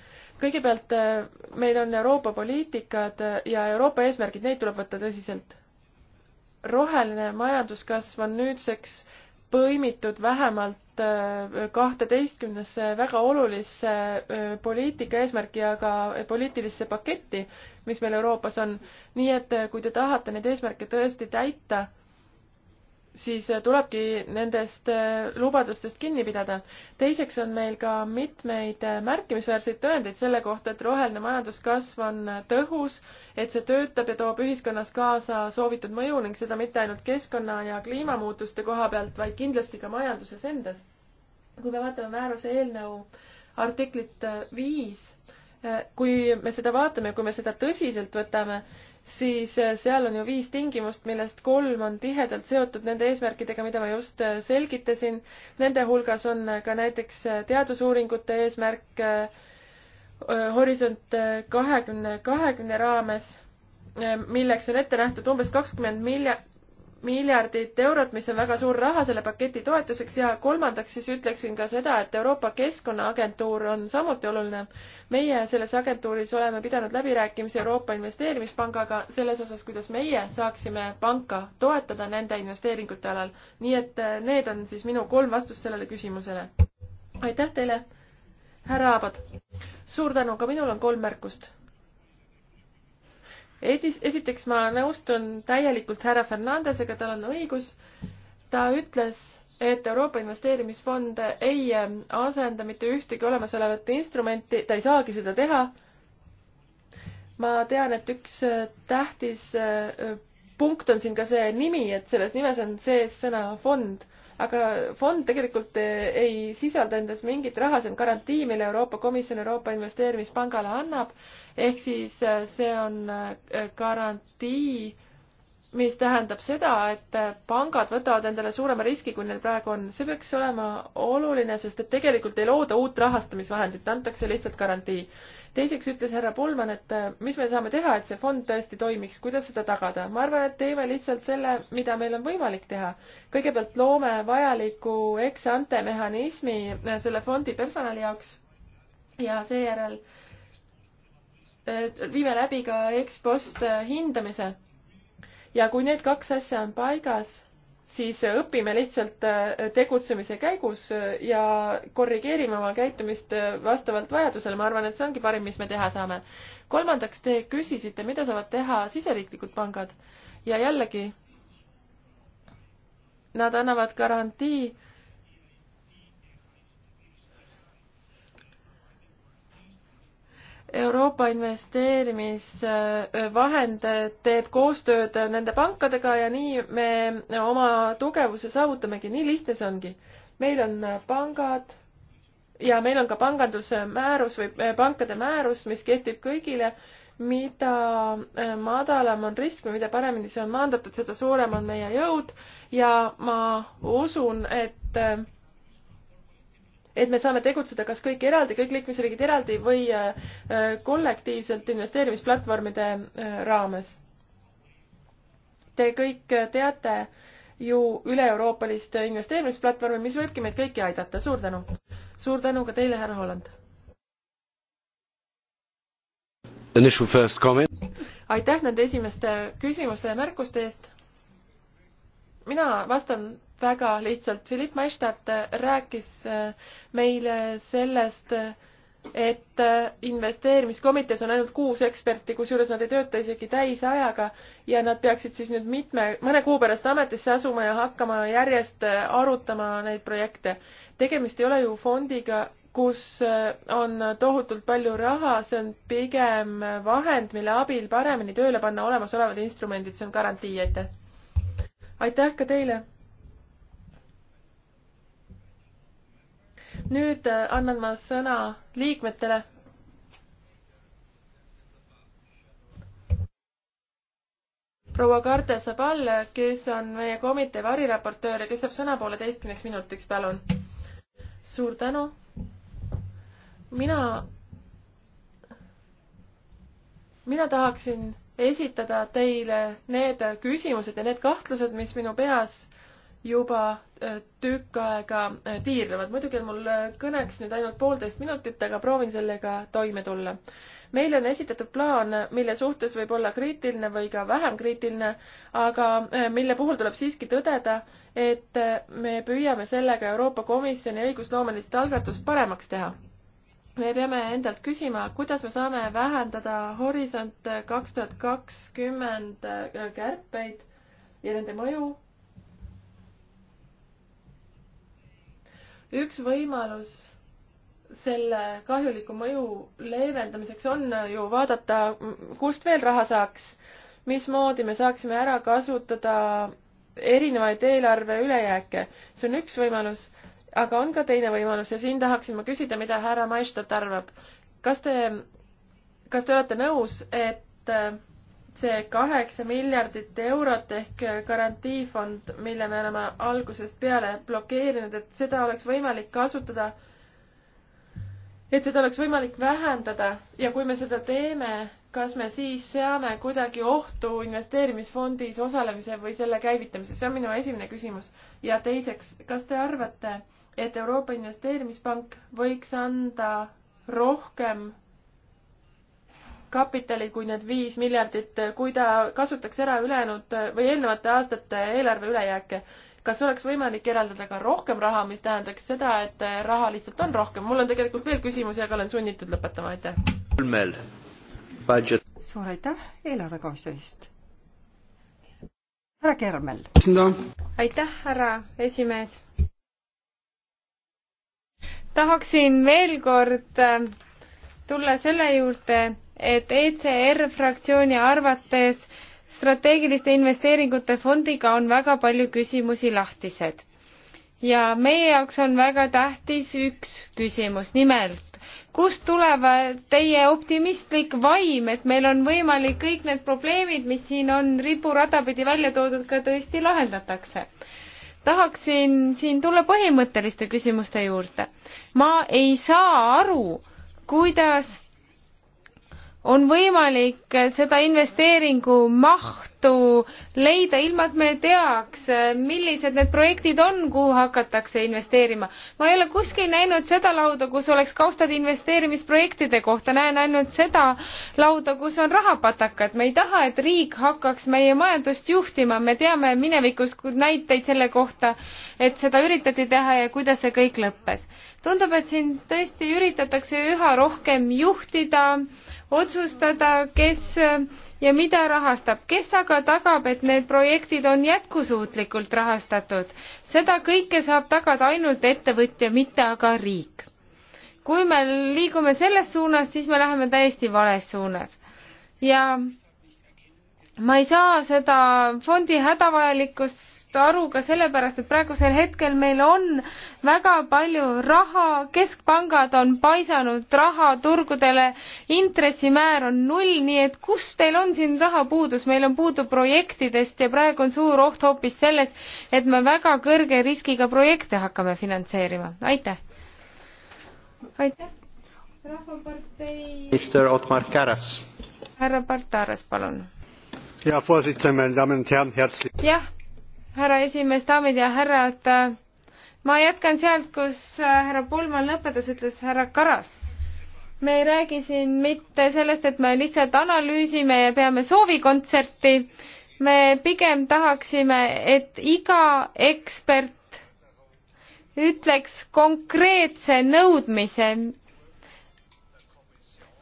kõigepealt äh, meil on Euroopa poliitikad ja Euroopa eesmärgid, neid tuleb võtta tõsiselt. roheline majanduskasv on nüüdseks põimitud vähemalt Äh, kahteteistkümnesse väga olulisse äh, poliitika eesmärki ja ka poliitilisse paketti, mis meil Euroopas on. nii et äh, kui te tahate neid eesmärke tõesti täita, siis äh, tulebki nendest äh, lubadustest kinni pidada. teiseks on meil ka mitmeid äh, märkimisväärseid tõendeid selle kohta, et roheline majanduskasv on tõhus, et see töötab ja toob ühiskonnas kaasa soovitud mõju ning seda mitte ainult keskkonna ja kliimamuutuste koha pealt, vaid kindlasti ka majanduses endas. kui me vaatame määruse eelnõu artiklit viis, kui me seda vaatame, kui me seda tõsiselt võtame, siis äh, seal on ju viis tingimust, millest kolm on tihedalt seotud nende eesmärkidega, mida ma just äh, selgitasin. Nende hulgas on äh, ka näiteks teadusuuringute eesmärk Horisont kahekümne kahekümne raames, milleks on ette nähtud umbes kakskümmend milja-, miljardit eurot, mis on väga suur raha selle paketi toetuseks ja kolmandaks siis ütleksin ka seda, et Euroopa Keskkonnaagentuur on samuti oluline. meie selles agentuuris oleme pidanud läbirääkimisi Euroopa Investeerimispangaga selles osas, kuidas meie saaksime panka toetada nende investeeringute alal. nii et äh, need on siis minu kolm vastust sellele küsimusele. aitäh teile, härra Aabad! suur tänu, ka minul on kolm märkust Edis, esiteks ma nõustun täielikult härra Fernandesega, tal on õigus. ta ütles, et Euroopa Investeerimisfond ei ähm, asenda mitte ühtegi olemasolevat instrumenti, ta ei saagi seda teha. ma tean, et üks äh, tähtis äh, punkt on siin ka see nimi, et selles nimes on sees sõna fond aga fond tegelikult eh, ei sisalda endas mingit raha, see on garantii, mille Euroopa Komisjon Euroopa Investeerimispangale annab, ehk siis eh, see on eh, garantii äh, mis tähendab seda, et pangad võtavad endale suurema riski, kui neil praegu on. see peaks olema oluline, sest et tegelikult ei looda uut rahastamisvahendit, antakse lihtsalt garantii. teiseks ütles härra Pullman, et äh, mis me saame teha, et see fond tõesti toimiks, kuidas seda tagada. ma arvan, et teeme lihtsalt selle, mida meil on võimalik teha. kõigepealt loome vajaliku ex-ante mehhanismi äh, selle fondi personali jaoks ja seejärel äh, viime läbi ka ex-post hindamise ja kui need kaks asja on paigas, siis õpime lihtsalt äh, tegutsemise käigus äh, ja korrigeerime oma käitumist äh, vastavalt vajadusele. ma arvan, et see ongi parim, mis me teha saame. kolmandaks, te küsisite, mida saavad teha siseriiklikud pangad ja jällegi, nad annavad garantii Euroopa investeerimisvahend teeb koostööd nende pankadega ja nii me oma tugevuse saavutamegi, nii lihtne see ongi. meil on pangad ja meil on ka panganduse määrus või eh, pankade määrus, mis kehtib kõigile, mida eh, madalam on risk või mida paremini see on maandatud, seda suurem on meie jõud ja ma usun, et eh, et me saame tegutseda kas kõik eraldi, kõik liikmesriigid eraldi või äh, äh, kollektiivselt investeerimisplatvormide äh, raames. Te kõik teate ju üle-euroopalist investeerimisplatvormi, mis võibki meid kõiki aidata, suur tänu! suur tänu ka teile, härra Holland! aitäh nende esimeste küsimuste ja märkuste eest! mina vastan väga lihtsalt. Philipp Maistat rääkis äh, meile sellest, et äh, investeerimiskomitees on ainult kuus eksperti, kusjuures nad ei tööta isegi täisajaga ja nad peaksid siis nüüd mitme, mõne kuu pärast ametisse asuma ja hakkama järjest äh, arutama neid projekte. tegemist ei ole ju fondiga, kus on tohutult palju raha, see on pigem vahend, mille abil paremini tööle panna olemasolevad instrumendid, see on garantii, aitäh! aitäh ka teile! nüüd äh, annan ma sõna liikmetele. proua Karte Sabal, kes on meie komitee variraportöör ja kes saab sõna pooleteistkümneks minutiks, palun. suur tänu. mina, mina tahaksin esitada teile need küsimused ja need kahtlused, mis minu peas juba äh, tükk aega äh, tiirlevad. muidugi on mul äh, kõneks nüüd ainult poolteist minutit, aga proovin sellega toime tulla. meile on esitatud plaan, mille suhtes võib olla kriitiline või ka vähem kriitiline, aga mille puhul tuleb siiski tõdeda, et me püüame sellega Euroopa Komisjoni õigusloomelist algatust paremaks teha me peame endalt küsima, kuidas me saame vähendada Horisont kaks tuhat kakskümmend kärpeid ja nende mõju üks võimalus selle kahjuliku mõju leevendamiseks on ju vaadata, kust veel raha saaks, mismoodi me saaksime ära kasutada erinevaid eelarve ülejääke. see on üks võimalus, aga on ka teine võimalus ja siin tahaksin ma küsida, mida härra Maistat arvab. kas te, kas te olete nõus, et see kaheksa miljardit eurot ehk garantiifond, mille me oleme algusest peale blokeerinud, et seda oleks võimalik kasutada, et seda oleks võimalik vähendada ja kui me seda teeme, kas me siis seame kuidagi ohtu investeerimisfondis osalemise või selle käivitamise, see on minu esimene küsimus. ja teiseks, kas te arvate, et Euroopa Investeerimispank võiks anda rohkem kapitali kui need viis miljardit, kui ta kasutaks ära ülejäänud või eelnevate aastate eelarve ülejääke. kas oleks võimalik eraldada ka rohkem raha, mis tähendaks seda, et raha lihtsalt on rohkem? mul on tegelikult veel küsimusi, aga olen sunnitud lõpetama, aitäh. suur aitäh eelarvekomisjonist. härra Kermel no.. aitäh, härra esimees. tahaksin veel kord äh, tulla selle juurde, et ECR fraktsiooni arvates strateegiliste investeeringute fondiga on väga palju küsimusi lahtised ja meie jaoks on väga tähtis üks küsimus, nimelt kust tuleb teie optimistlik vaim, et meil on võimalik kõik need probleemid, mis siin on riburadapidi välja toodud, ka tõesti lahendatakse? tahaksin siin tulla põhimõtteliste küsimuste juurde. ma ei saa aru, kuidas on võimalik seda investeeringu mahtu leida, ilma et me teaks, millised need projektid on, kuhu hakatakse investeerima. ma ei ole kuskil näinud seda lauda, kus oleks kaustad investeerimisprojektide kohta, näen ainult seda lauda, kus on rahapatakad. me ei taha, et riik hakkaks meie majandust juhtima, me teame minevikus näiteid selle kohta, et seda üritati teha ja kuidas see kõik lõppes. tundub, et siin tõesti üritatakse üha rohkem juhtida otsustada, kes ja mida rahastab, kes aga tagab, et need projektid on jätkusuutlikult rahastatud. seda kõike saab tagada ainult ettevõtja, mitte aga riik. kui me liigume selles suunas, siis me läheme täiesti vales suunas. ja ma ei saa seda fondi hädavajalikkust aru ka sellepärast, et praegusel hetkel meil on väga palju raha, keskpangad on paisanud raha turgudele, intressimäär on null, nii et kus teil on siin rahapuudus, meil on puudu projektidest ja praegu on suur oht hoopis selles, et me väga kõrge riskiga projekte hakkame finantseerima, aitäh. aitäh. rahvapartei. minister Otmar Käras. härra Partaras, palun jah, härra esimees, daamid ja härrad, ma jätkan sealt, kus äh, härra Pullmann lõpetas, ütles härra Karas. me ei räägi siin mitte sellest, et me lihtsalt analüüsime ja peame soovikontserti, me pigem tahaksime, et iga ekspert ütleks konkreetse nõudmise,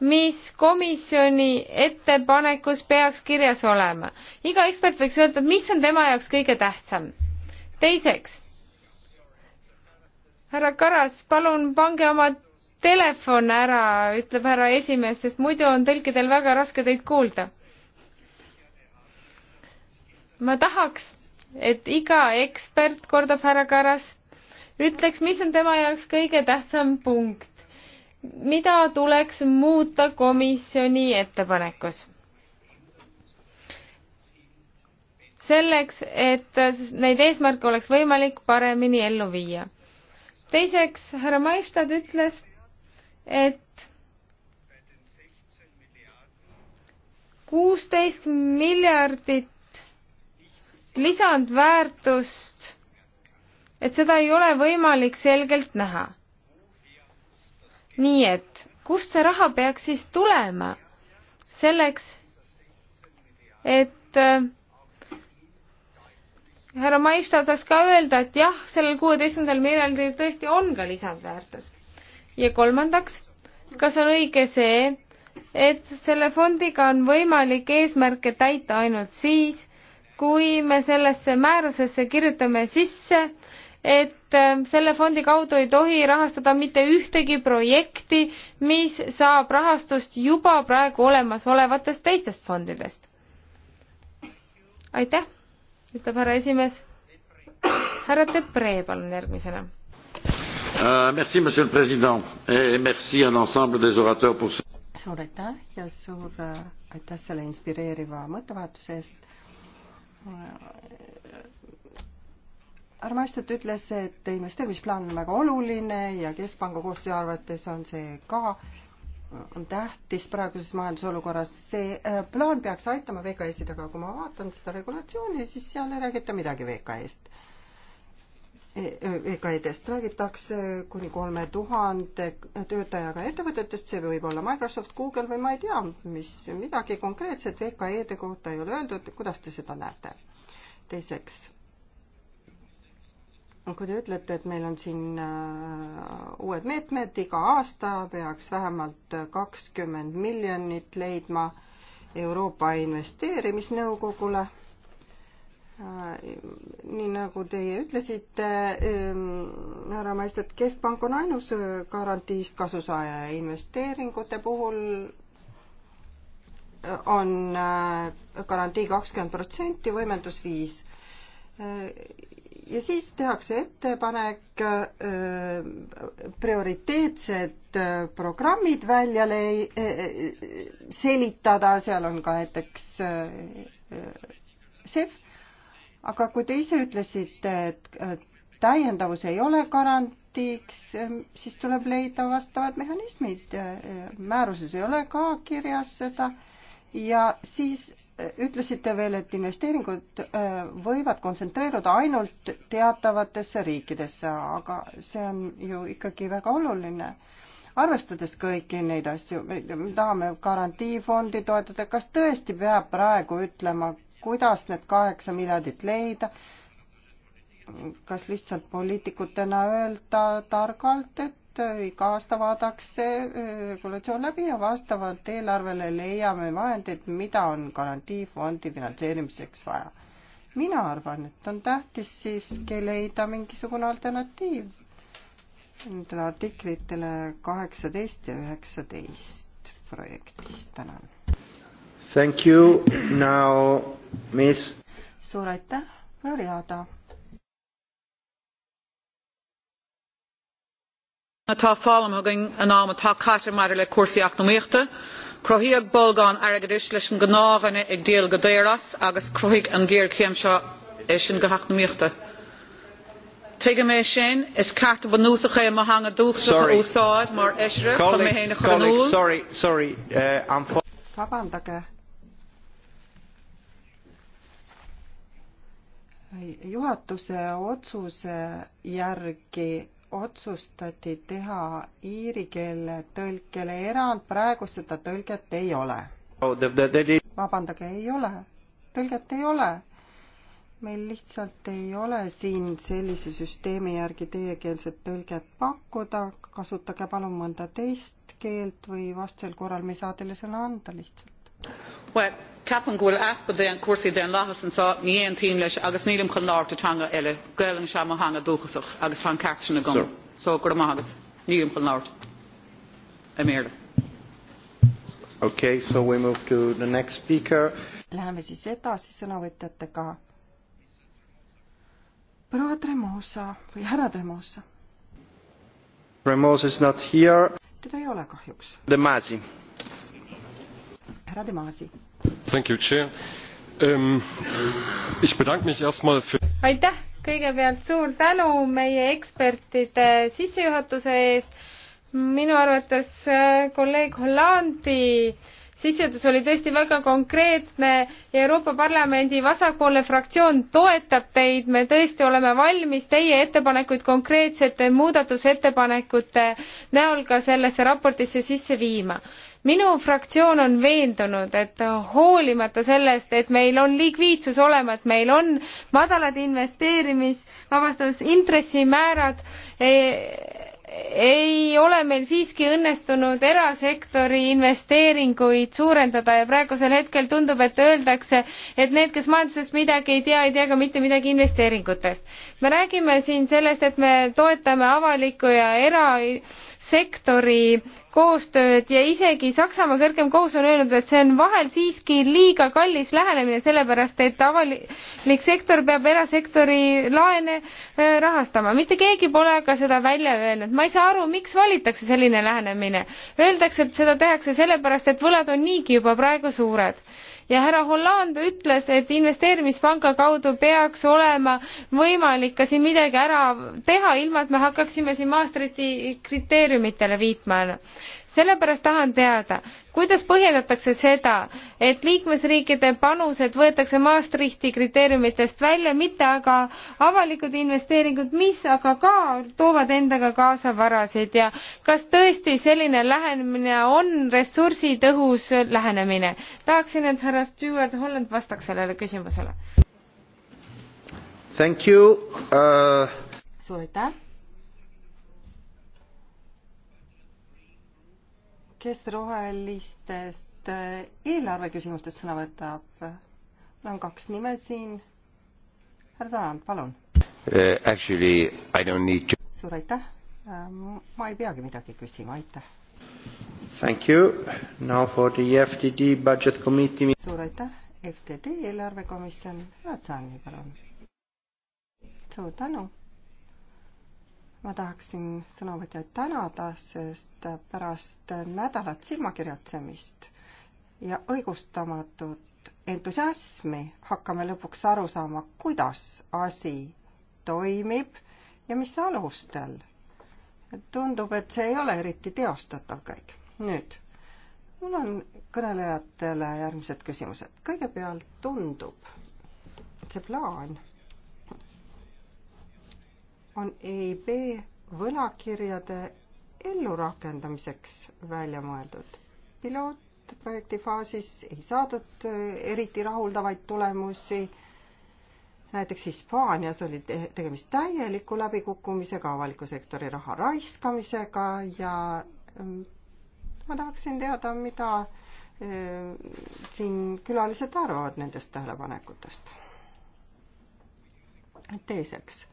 mis komisjoni ettepanekus peaks kirjas olema. iga ekspert võiks öelda, mis on tema jaoks kõige tähtsam. teiseks, härra Karas, palun pange oma telefon ära, ütleb härra esimees, sest muidu on tõlkidel väga raske teid kuulda. ma tahaks, et iga ekspert, kordab härra Karas, ütleks, mis on tema jaoks kõige tähtsam punkt mida tuleks muuta komisjoni ettepanekus? selleks, et neid eesmärke oleks võimalik paremini ellu viia. teiseks, härra Maistad ütles, et kuusteist miljardit lisandväärtust, et seda ei ole võimalik selgelt näha nii et kust see raha peaks siis tulema selleks, et äh, härra Maistad saaks ka öelda, et jah, sellel kuueteistkümnendal miljardil tõesti on ka lisandväärtus. ja kolmandaks, kas on õige see, et selle fondiga on võimalik eesmärke täita ainult siis, kui me sellesse määrusesse kirjutame sisse et äh, selle fondi kaudu ei tohi rahastada mitte ühtegi projekti, mis saab rahastust juba praegu olemasolevatest teistest fondidest. aitäh, ütleb härra esimees. härra Depree, palun järgmisena Uh, merci, monsieur le président et merci à l'ensemble des orateurs pour ce suur aitäh ja suur äh, aitäh selle inspireeriva mõttevahetuse eest härra Maistet ütles, et investeerimisplaan on väga oluline ja Keskpanga koostöö arvates on see ka on tähtis praeguses majandusolukorras. see äh, plaan peaks aitama VKS-id, aga kui ma vaatan seda regulatsiooni, siis seal ei räägita midagi VKS-t. E, e, VKE-dest räägitakse kuni kolme tuhande töötajaga ettevõtetest, see võib olla Microsoft, Google või ma ei tea, mis, midagi konkreetset VKE-de kohta ei ole öeldud, kuidas te seda näete? teiseks kui te ütlete, et meil on siin äh, uued meetmed, iga aasta peaks vähemalt kakskümmend miljonit leidma Euroopa Investeerimisnõukogule, äh, nii nagu teie ütlesite, ähm, härra Maistet, Keskpank on ainus äh, garantiist kasusaaja ja investeeringute puhul on garantii kakskümmend protsenti, võimendus viis ja siis tehakse ettepanek äh, prioriteetsed äh, programmid välja äh, selitada, seal on ka näiteks SEF, aga kui te ise ütlesite, et täiendavus ei ole garantiiks, siis tuleb leida vastavad mehhanismid. määruses ei ole ka kirjas seda ja siis ütlesite veel, et investeeringud äh, võivad kontsentreeruda ainult teatavatesse riikidesse, aga see on ju ikkagi väga oluline. arvestades kõiki neid asju, me tahame garantiifondi toetada, kas tõesti peab praegu ütlema, kuidas need kaheksa miljardit leida? kas lihtsalt poliitikutena öelda targalt, et Äh, iga aasta vaadakse äh, regulatsioon läbi ja vastavalt eelarvele leiame vahendid, mida on garantiifondi finantseerimiseks vaja. mina arvan, et on tähtis siiski leida mingisugune alternatiiv nendele artiklitele kaheksateist ja üheksateist projektis, tänan. Thank you, now miss. suur aitäh, Floriada atá fálamthagainn an am atá caiite mar le cuasaíach nóíochta cruthaíodh bolgán airgeadis leis an gnáhanna ag déal go déras agus cruthaigh an ggéir chéim seo sin go heachnaíochta. Tuige mé sin is carta banúsacha a hanga dúsa úsáid mar eisire chu mé héna chuú. Sorry, sorry, uh, I'm Vabandage. juhatuse otsuse järgi otsustati teha iiri keele tõlkele erand, praegu seda tõlget ei ole. Oh, vabandage, ei ole, tõlget ei ole. meil lihtsalt ei ole siin sellise süsteemi järgi teiekeelset tõlget pakkuda, kasutage palun mõnda teist keelt või vastasel korral me ei saa teile sõna anda lihtsalt. Well, ceapan ghfuil aspa dé an cuasaí den láthas an sá ní éon tíim leis agus nílim chun láir atanga eile gaalann se mo hanga dúchasach agus fan ceartsin na gom. Só gur mágad nílim chun láir a méle. Okay, so we move to the next speaker. Läheme siis edasi sõnavõtjatega. proua Tremosa või härra Tremosa. Tremosa is not here. teda ei ole kahjuks. Demasi härra Demasi. Um, for... aitäh, kõigepealt suur tänu meie ekspertide sissejuhatuse eest. minu arvates äh, kolleeg Hollandi sissejuhatus oli tõesti väga konkreetne ja Euroopa Parlamendi vasakpoolne fraktsioon toetab teid, me tõesti oleme valmis teie ettepanekuid konkreetsete muudatusettepanekute näol ka sellesse raportisse sisse viima minu fraktsioon on veendunud, et hoolimata sellest, et meil on likviidsus olema, et meil on madalad investeerimis, vabandust, intressimäärad, eh, ei ole meil siiski õnnestunud erasektori investeeringuid suurendada ja praegusel hetkel tundub, et öeldakse, et need, kes majandusest midagi ei tea, ei tea ka mitte midagi investeeringutest. me räägime siin sellest, et me toetame avalikku ja era- sektori koostööd ja isegi Saksamaa kõrgem kohus on öelnud, et see on vahel siiski liiga kallis lähenemine, sellepärast et avalik sektor peab erasektori laene äh, rahastama. mitte keegi pole aga seda välja öelnud. ma ei saa aru, miks valitakse selline lähenemine. Öeldakse, et seda tehakse sellepärast, et võlad on niigi juba praegu suured ja härra Hollande ütles, et investeerimispanga kaudu peaks olema võimalik ka siin midagi ära teha, ilma et me hakkaksime siin Maastrichti kriteeriumitele viitma sellepärast tahan teada, kuidas põhjendatakse seda, et liikmesriikide panused võetakse Maastrichti kriteeriumitest välja, mitte aga avalikud investeeringud, mis aga ka toovad endaga kaasa varasid ja kas tõesti selline lähenemine on ressursitõhus lähenemine? tahaksin, et härra Stewart Holland vastaks sellele küsimusele. Thank you uh.... suur aitäh kes rohelistest äh, eelarve küsimustest sõna võtab? mul on kaks nime siin. härra Tarand, palun uh,. Actually I don't need to. suur aitäh. Äh, ma ei peagi midagi küsima, aitäh. Thank you. Now for the FTD budget committee. suur aitäh. FTD eelarvekomisjon, Raatsaani, palun. suur tänu ma tahaksin sõnavõtjaid tänada, sest pärast nädalat silmakirjatsemist ja õigustamatut entusiasmi hakkame lõpuks aru saama, kuidas asi toimib ja mis alustel. tundub, et see ei ole eriti teostatav kõik. nüüd, mul on kõnelejatele järgmised küsimused. kõigepealt tundub, see plaan on EIB võlakirjade ellurakendamiseks välja mõeldud. pilootprojekti faasis ei saadud äh, eriti rahuldavaid tulemusi. näiteks Hispaanias oli tegemist täieliku läbikukkumisega, avaliku sektori raha raiskamisega ja ähm, ma tahaksin teada, mida äh, siin külalised arvavad nendest tähelepanekutest. teiseks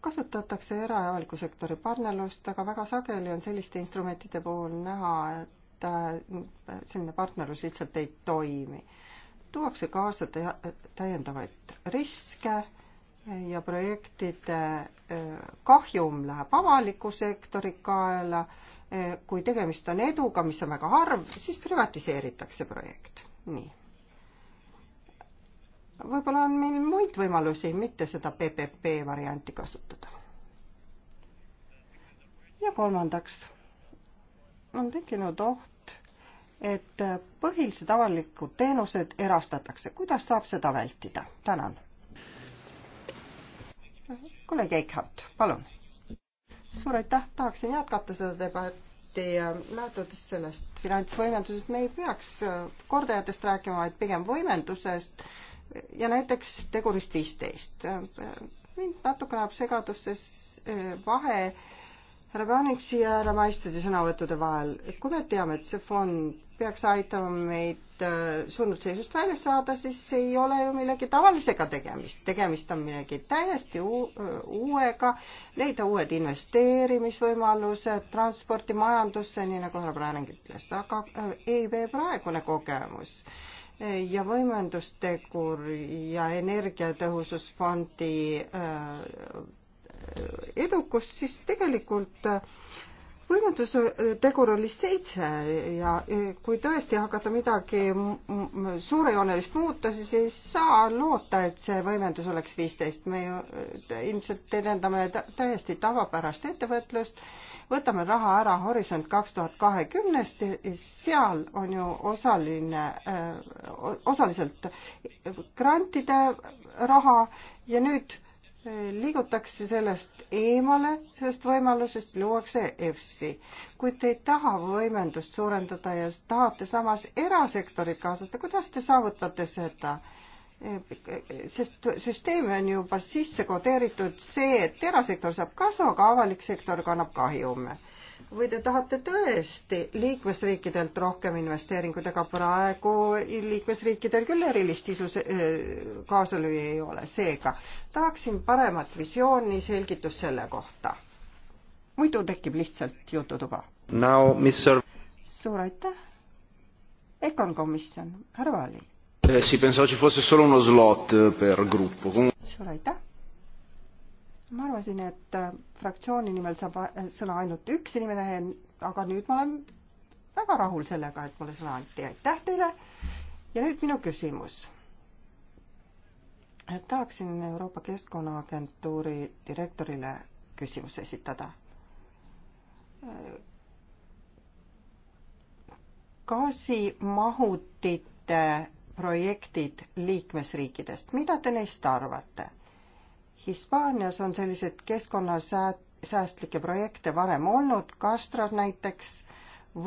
kasutatakse era- ja avaliku sektori partnerlust, aga väga sageli on selliste instrumentide puhul näha, et äh, selline partnerlus lihtsalt ei toimi. tuuakse kaasa täiendavaid riske ja projektide äh, kahjum läheb avaliku sektori kaela. Äh, kui tegemist on eduga, mis on väga harv, siis privatiseeritakse projekt. nii võib-olla on meil muid võimalusi, mitte seda PPP varianti kasutada. ja kolmandaks on tekkinud oht, et põhilised avalikud teenused erastatakse. kuidas saab seda vältida? tänan. kolleeg Eichhardt, palun. suur aitäh, tahaksin jätkata seda debatti eriti lähtudes sellest finantsvõimendusest, me ei peaks kordajatest rääkima, vaid pigem võimendusest, ja näiteks tegurist viisteist. mind natukene ajab segaduses eh, vahe härra Paniksi ja härra Maistese sõnavõttude vahel, et kui me teame, et see fond peaks aitama meid eh, surnud seisust välja saada, siis ei ole ju millegi tavalisega tegemist, tegemist on millegi täiesti uuega, leida uued investeerimisvõimalused transporti, majandusse, nii nagu härra Prääning ütles, aga EIB eh, e praegune kogemus äh, ja võimendustegur ja energiatõhususfondi äh, edukus, siis tegelikult äh, võimendustegur oli seitse ja kui tõesti hakata midagi suurejoonelist muuta, siis ei saa loota, et see võimendus oleks viisteist. me ju äh, ilmselt edendame täiesti tavapärast ettevõtlust võtame raha ära Horisont kaks tuhat kahekümnest, seal on ju osaline, äh, osaliselt grantide raha ja nüüd äh, liigutakse sellest eemale, sellest võimalusest luuakse EFSI. kuid te ei taha võimendust suurendada ja tahate samas erasektorit kaasata, kuidas te saavutate seda? sest süsteemi on juba sisse kodeeritud see, et erasektor saab kasu, aga avalik sektor kannab kahjume. või te tahate tõesti liikmesriikidelt rohkem investeeringuid, aga praegu liikmesriikidel küll erilist isu kaasalüüa ei ole, seega tahaksin paremat visiooni, selgitust selle kohta. muidu tekib lihtsalt jututuba. suur aitäh. Econ komisjon, härra Vali Eh, si pensavo ci fosse solo uno slot eh, per gruppo. suur aitäh. ma arvasin, et eh, fraktsiooni nimel saab sõna ainult üks inimene, aga nüüd ma olen väga rahul sellega, et mulle sõna anti. aitäh teile. ja nüüd minu küsimus. tahaksin Euroopa Keskkonnaagentuuri direktorile küsimuse esitada gaasimahutite projektid liikmesriikidest, mida te neist arvate? Hispaanias on selliseid keskkonnasäästlikke projekte varem olnud, Castro näiteks,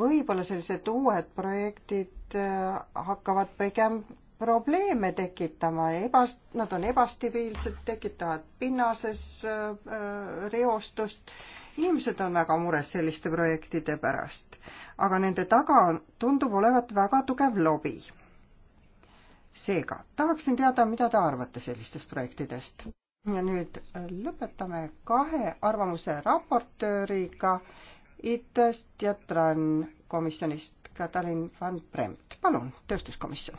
võib-olla sellised uued projektid äh, hakkavad pigem probleeme tekitama, ebast-, nad on ebastabiilsed, tekitavad pinnases äh, äh, reostust, inimesed on väga mures selliste projektide pärast. aga nende taga on, tundub olevat väga tugev lobi seega tahaksin teada, mida te arvate sellistest projektidest. ja nüüd äh, lõpetame kahe arvamuse raportööriga ITES-t ja TRAN komisjonist, Katalin van Bremt, palun, tööstuskomisjon.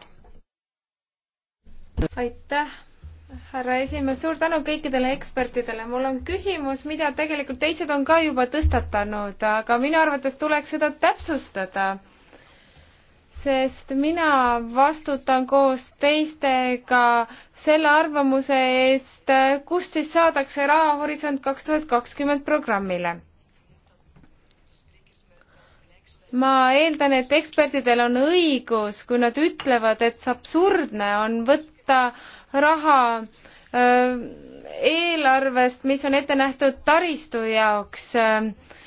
aitäh härra esimees, suur tänu kõikidele ekspertidele. mul on küsimus, mida tegelikult teised on ka juba tõstatanud, aga minu arvates tuleks seda täpsustada sest mina vastutan koos teistega selle arvamuse eest, kust siis saadakse raha Horisont kaks tuhat kakskümmend programmile. ma eeldan, et ekspertidel on õigus, kui nad ütlevad, et absurdne on võtta raha öö, äh, eelarvest, mis on ette nähtud taristu jaoks öö, äh,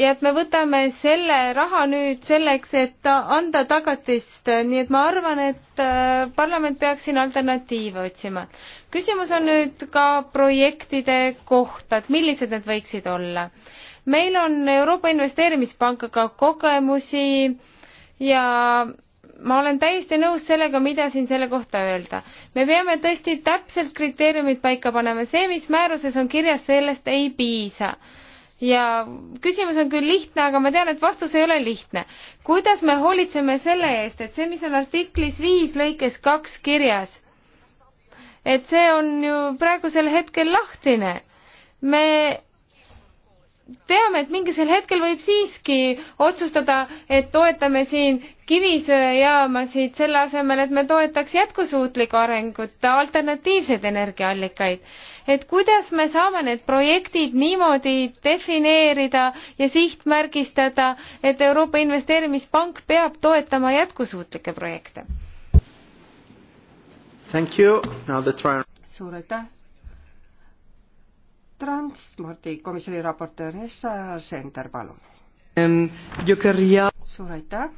ja et me võtame selle raha nüüd selleks, et anda tagatist, nii et ma arvan, et äh, parlament peaks siin alternatiive otsima. küsimus on nüüd ka projektide kohta, et millised need võiksid olla. meil on Euroopa Investeerimispankaga kogemusi ja ma olen täiesti nõus sellega, mida siin selle kohta öelda. me peame tõesti täpselt kriteeriumid paika panema, see, mis määruses on kirjas, sellest ei piisa ja küsimus on küll lihtne, aga ma tean, et vastus ei ole lihtne. kuidas me hoolitseme selle eest, et see, mis on artiklis viis lõikes kaks kirjas, et see on ju praegusel hetkel lahtine. me teame, et mingisel hetkel võib siiski otsustada, et toetame siin kivisöejaamasid selle asemel, et me toetaks jätkusuutlikku arengut, alternatiivseid energiaallikaid et kuidas me saame need projektid niimoodi defineerida ja sihtmärgistada, et Euroopa Investeerimispank peab toetama jätkusuutlikke projekte? suur aitäh! transpordikomisjoni raportöör Essa Sender, palun um,. suur aitäh!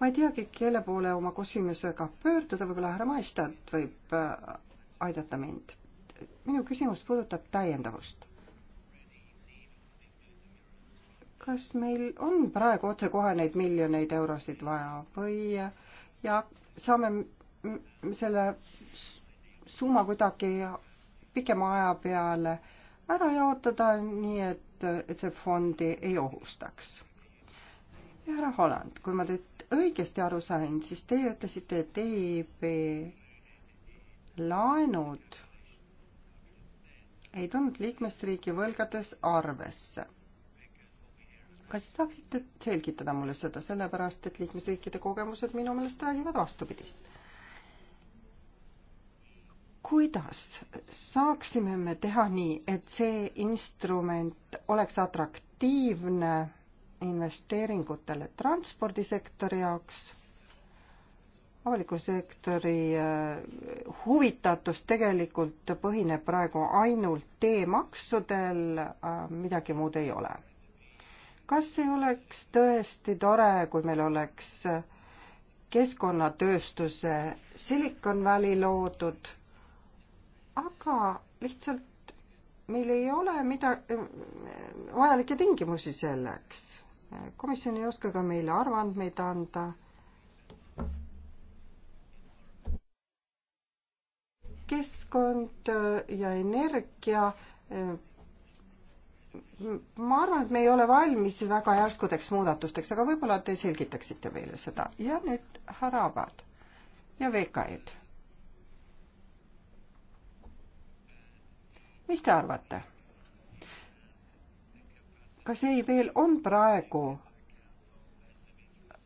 ma ei teagi, kelle poole oma küsimusega pöörduda, võib-olla härra Maistat võib äh, aidata mind. minu küsimus puudutab täiendavust. kas meil on praegu otsekohe neid miljoneid eurosid vaja või äh, ja saame selle summa kuidagi pikema aja peale ära jaotada, nii et, et see fondi ei ohustaks? härra Holland, kui ma teid õigesti aru sain, siis teie ütlesite, et EIB laenud ei tulnud liikmesriigi võlgades arvesse. kas saaksite selgitada mulle seda, sellepärast et liikmesriikide kogemused minu meelest räägivad vastupidist? kuidas saaksime me teha nii, et see instrument oleks atraktiivne investeeringutele transpordisektori jaoks. avaliku sektori äh, huvitatus tegelikult põhineb praegu ainult teemaksudel, äh, midagi muud ei ole. kas ei oleks tõesti tore, kui meil oleks äh, keskkonnatööstuse Silicon Valley loodud, aga lihtsalt meil ei ole mida, vajalikke tingimusi selleks komisjon ei oska ka meile arvandmeid anda. keskkond äh, ja energia. Äh, ma arvan, et me ei ole valmis väga järskudeks muudatusteks, aga võib-olla te selgitaksite meile seda ja nüüd haravad ja VKE-d. mis te arvate? kas EIB-l on praegu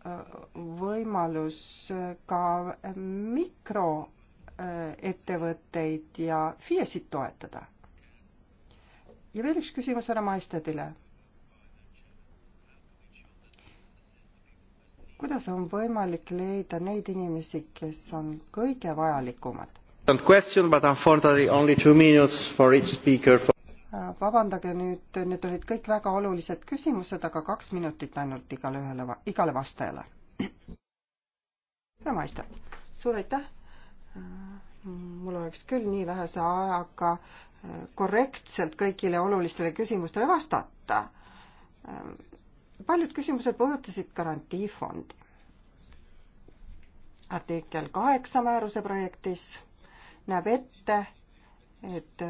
äh, võimalus äh, ka mikroettevõtteid ja FIE-sid toetada? ja veel üks küsimus härra Maistedile. kuidas on võimalik leida neid inimesi, kes on kõige vajalikumad? question but unfortunately only two minutes for each speaker. For Äh, vabandage nüüd, need olid kõik väga olulised küsimused, aga kaks minutit ainult igale ühele, igale vastajale. härra Maister, suur aitäh. Äh, mul oleks küll nii vähese ajaga äh, korrektselt kõigile olulistele küsimustele vastata. paljud küsimused puudutasid garantiifondi. artikkel kaheksa määruse projektis näeb ette, et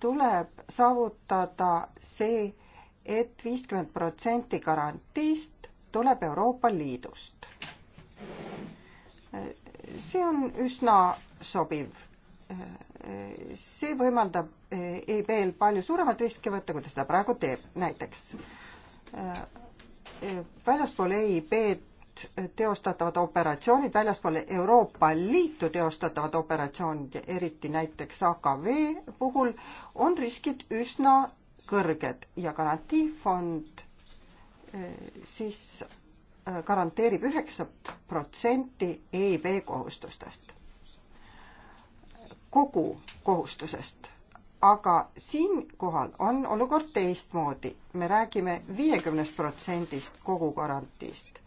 tuleb saavutada see et, et viiskümmend protsenti garantiist tuleb Euroopa Liidust. see on üsna sobiv. see võimaldab EIB-l palju suuremat riski võtta, kui ta seda praegu teeb, näiteks väljaspool EIB-d Liidust teostatavad operatsioonid, väljaspool Euroopa Liitu teostatavad operatsioonid, eriti näiteks AKV puhul, on riskid üsna kõrged ja garantiifond eh, siis eh, garanteerib üheksa protsenti EIB kohustustest, kogu kohustusest aga siinkohal on olukord teistmoodi. me räägime viiekümnest protsendist kogu garantiist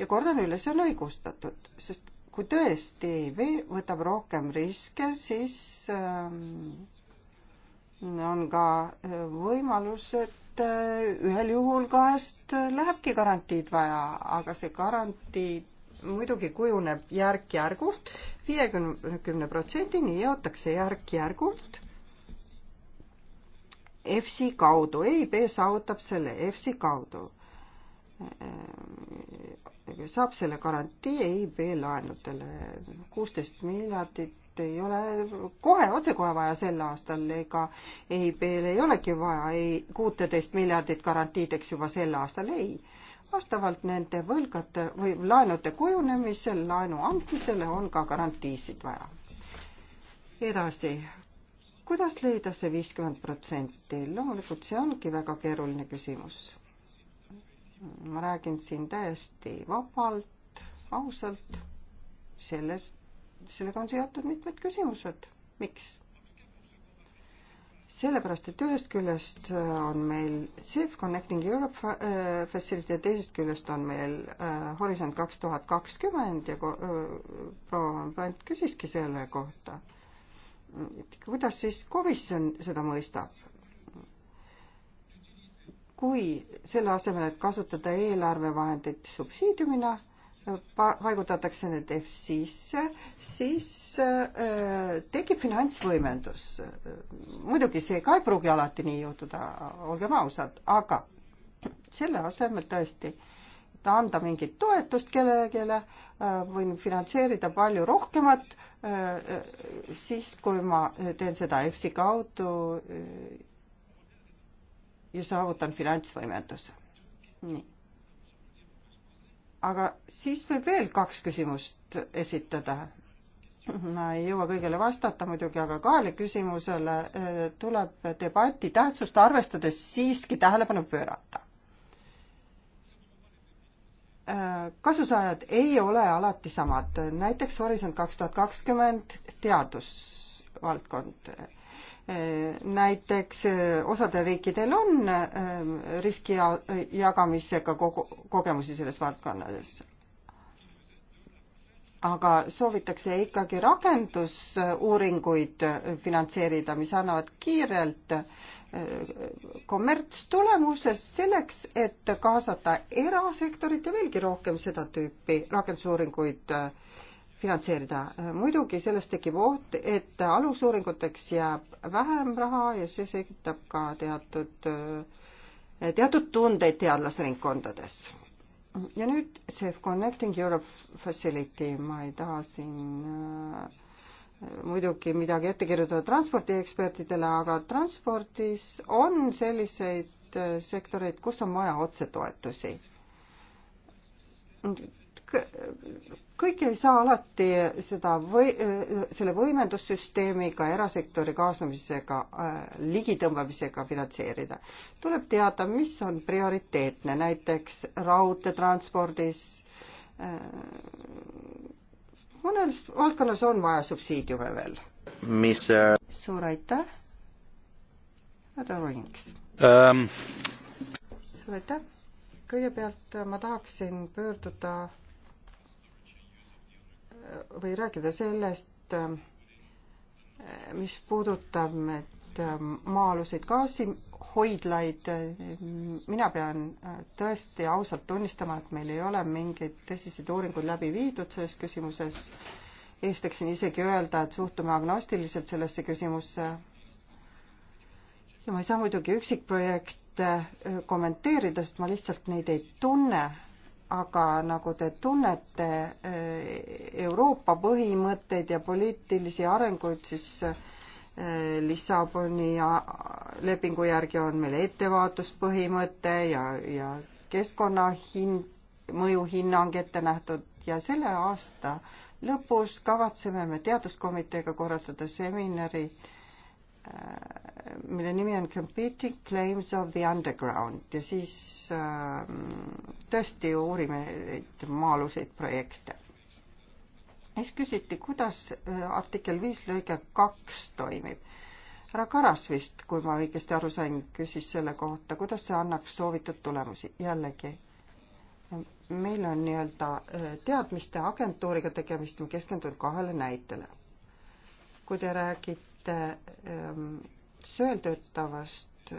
ja kordan üle, see on õigustatud, sest kui tõesti EIB võtab rohkem riske, siis ähm, on ka äh, võimalus, et äh, ühel juhul kahest lähebki garantiid vaja, aga see garantii muidugi kujuneb järk-järgult, viiekümne protsendini jõutakse järk-järgult EFSI kaudu, EIB saavutab selle EFSI kaudu. Äh, saab selle garantii EIB laenudele. kuusteist miljardit ei ole kohe, otsekohe vaja sel aastal ega EIB-l ei olegi vaja ei kuuteteist miljardit garantiideks juba sel aastal, ei. vastavalt nende võlgade või laenude kujunemisel, laenu andmisele on ka garantiisid vaja. edasi, kuidas leida see viiskümmend protsenti? loomulikult see ongi väga keeruline küsimus ma räägin siin täiesti vabalt, ausalt, sellest, sellega on seotud mitmed küsimused. miks? sellepärast, et ühest küljest on meil SIF Connecting Europe äh, Facility ja teisest küljest on meil äh, Horisont kaks tuhat kakskümmend ja äh, proua Van Brandt küsiski selle kohta. kuidas siis komisjon seda mõistab? kui selle asemel, et kasutada eelarvevahendeid subsiidiumina, paigutatakse need EFSisse, siis äh, tekib finantsvõimendus. muidugi see ka ei pruugi alati nii juhtuda, olgem ausad, aga selle asemel tõesti, et anda mingit toetust kellelegi, äh, võin finantseerida palju rohkemat, äh, siis kui ma teen seda EFSi kaudu ja saavutan finantsvõimenduse. nii. aga siis võib veel kaks küsimust esitada. ma ei jõua kõigele vastata muidugi, aga kahele küsimusele eh, tuleb debati tähtsust arvestades siiski tähelepanu pöörata. Eh, kasusaajad ei ole alati samad, näiteks Horisont kaks tuhat kakskümmend teadusvaldkond näiteks eh, osadel riikidel on eh, riski jagamisega kogemusi selles valdkonnas. aga soovitakse ikkagi rakendusuuringuid eh, finantseerida, mis annavad kiirelt kommertstulemuses selleks, et kaasata erasektorit ja veelgi rohkem seda tüüpi rakendusuuringuid äh, finantseerida. muidugi sellest tekib oht, et alusuuringuteks jääb vähem raha ja see sekitab ka teatud, teatud tundeid teadlasringkondades. ja nüüd see Connecting Europe Facility, ma ei taha siin äh, muidugi midagi ette kirjutada transpordiekspertidele, aga transpordis on selliseid äh, sektoreid, kus on vaja otsetoetusi kõik ei saa alati seda või selle võimendussüsteemiga, erasektori kaasamisega, äh, ligitõmbamisega finantseerida. tuleb teada, mis on prioriteetne, näiteks raudteetranspordis. Äh, mõnes valdkonnas on vaja subsiidiume veel. mis? Äh, suur aitäh. härra Roings um.... Ähm. suur aitäh. kõigepealt ma tahaksin pöörduda või rääkida sellest, mis puudutab maa-aluseid gaasihoidlaid, mina pean tõesti ausalt tunnistama, et meil ei ole mingeid tõsiseid uuringuid läbi viidud selles küsimuses. eelistaksin isegi öelda, et suhtume agnostiliselt sellesse küsimusse. ja ma ei saa muidugi üksikprojekte kommenteerida, sest ma lihtsalt neid ei tunne aga nagu te tunnete eh, Euroopa põhimõtteid ja poliitilisi arenguid, siis eh, Lissaboni lepingu järgi on meil ettevaatuspõhimõte ja, ja keskkonna hin-, mõjuhinnang ette nähtud ja selle aasta lõpus kavatseme me teaduskomiteega korraldada seminari äh, Äh, mille nimi on Competing Claims of the Underground ja siis ähm, tõesti uurime neid maa-aluseid projekte. siis küsiti, kuidas äh, artikkel viis lõige kaks toimib. härra Karas vist, kui ma õigesti aru sain, küsis selle kohta, kuidas see annaks soovitud tulemusi. jällegi, meil on nii-öelda äh, teadmiste agentuuriga tegemist, me keskendume kahele näitele. kui te räägite räägite ähm, söel töötavast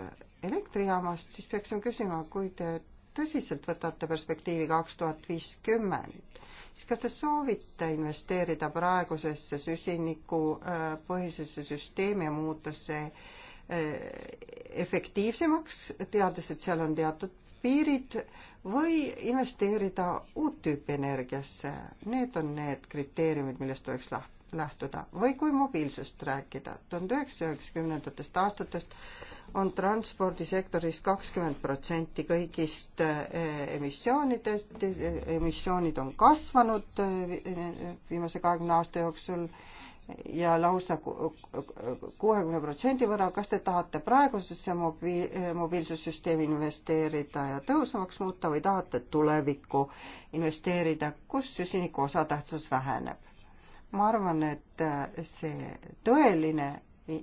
elektrijaamast, siis peaksime küsima, kui te tõsiselt võtate perspektiivi kaks tuhat viiskümmend, siis kas te soovite investeerida praegusesse süsinikupõhisesse äh, süsteemi ja muuta see äh, efektiivsemaks, teades, et seal on teatud piirid või investeerida uut tüüpi energiasse. Need on need kriteeriumid, millest tuleks lahti lähtuda või kui mobiilsust rääkida, tuhande üheksasaja üheksakümnendatest aastatest on transpordisektoris kakskümmend protsenti kõigist eh, emissioonidest, emissioonid on kasvanud eh, viimase kahekümne aasta jooksul ja lausa kuuekümne protsendi võrra, kas te tahate praegusesse mobiil, mobiilsussüsteemi investeerida ja tõhusamaks muuta või tahate tulevikku investeerida, kus süsiniku osatähtsus väheneb? ma arvan, et äh, see tõeline äh,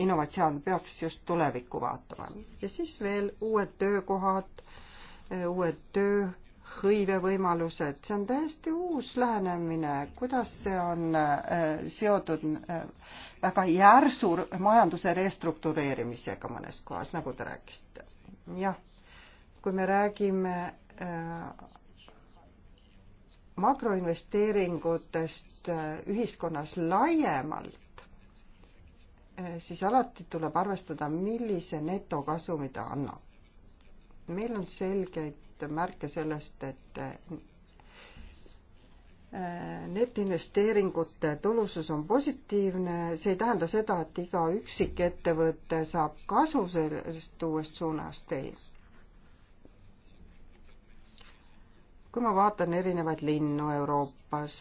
innovatsioon peaks just tulevikku vaatama. ja siis veel uued töökohad, äh, uued tööhõivevõimalused, see on täiesti uus lähenemine, kuidas see on seotud väga järsu majanduse restruktureerimisega mõnes kohas, nagu te rääkisite. jah, kui me räägime makroinvesteeringutest äh, ühiskonnas laiemalt, äh, siis alati tuleb arvestada, millise netokasumi ta annab. meil on selgeid märke sellest, et äh, netoinvesteeringute tulusus on positiivne, see ei tähenda seda, et iga üksik ettevõte saab kasu sellest uuest suunast, ei kui ma vaatan erinevaid linnu Euroopas,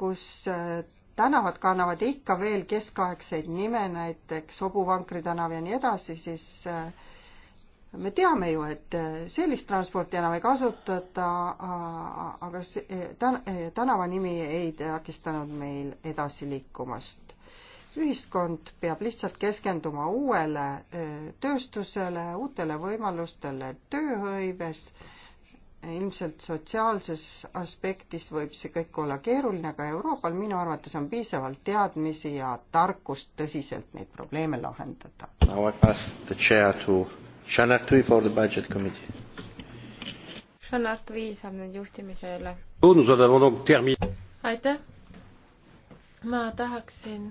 kus tänavad kannavad ikka veel keskaegseid nime, näiteks Hobuvankri tänav ja nii edasi, siis äh, me teame ju, et äh, sellist transporti enam ei kasutata, aga see tänava nimi ei takistanud meil edasi liikumast ühiskond peab lihtsalt keskenduma uuele eh, tööstusele, uutele võimalustele tööhõives, ilmselt sotsiaalses aspektis võib see kõik olla keeruline, aga Euroopal minu arvates on piisavalt teadmisi ja tarkust tõsiselt neid probleeme lahendada. Jean-Artvi saab nüüd juhtimise üle. aitäh! ma tahaksin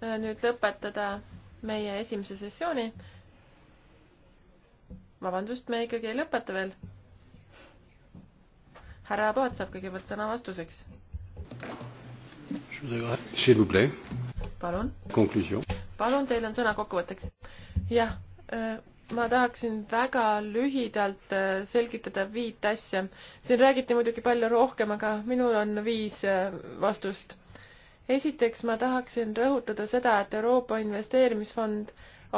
nüüd lõpetada meie esimese sessiooni. vabandust, me ikkagi ei lõpeta veel. härra Paat saab kõigepealt sõna vastuseks. palun. palun, teil on sõna kokkuvõtteks. jah, äh, ma tahaksin väga lühidalt äh, selgitada viit asja. siin räägiti muidugi palju rohkem, aga minul on viis äh, vastust esiteks ma tahaksin rõhutada seda, et Euroopa Investeerimisfond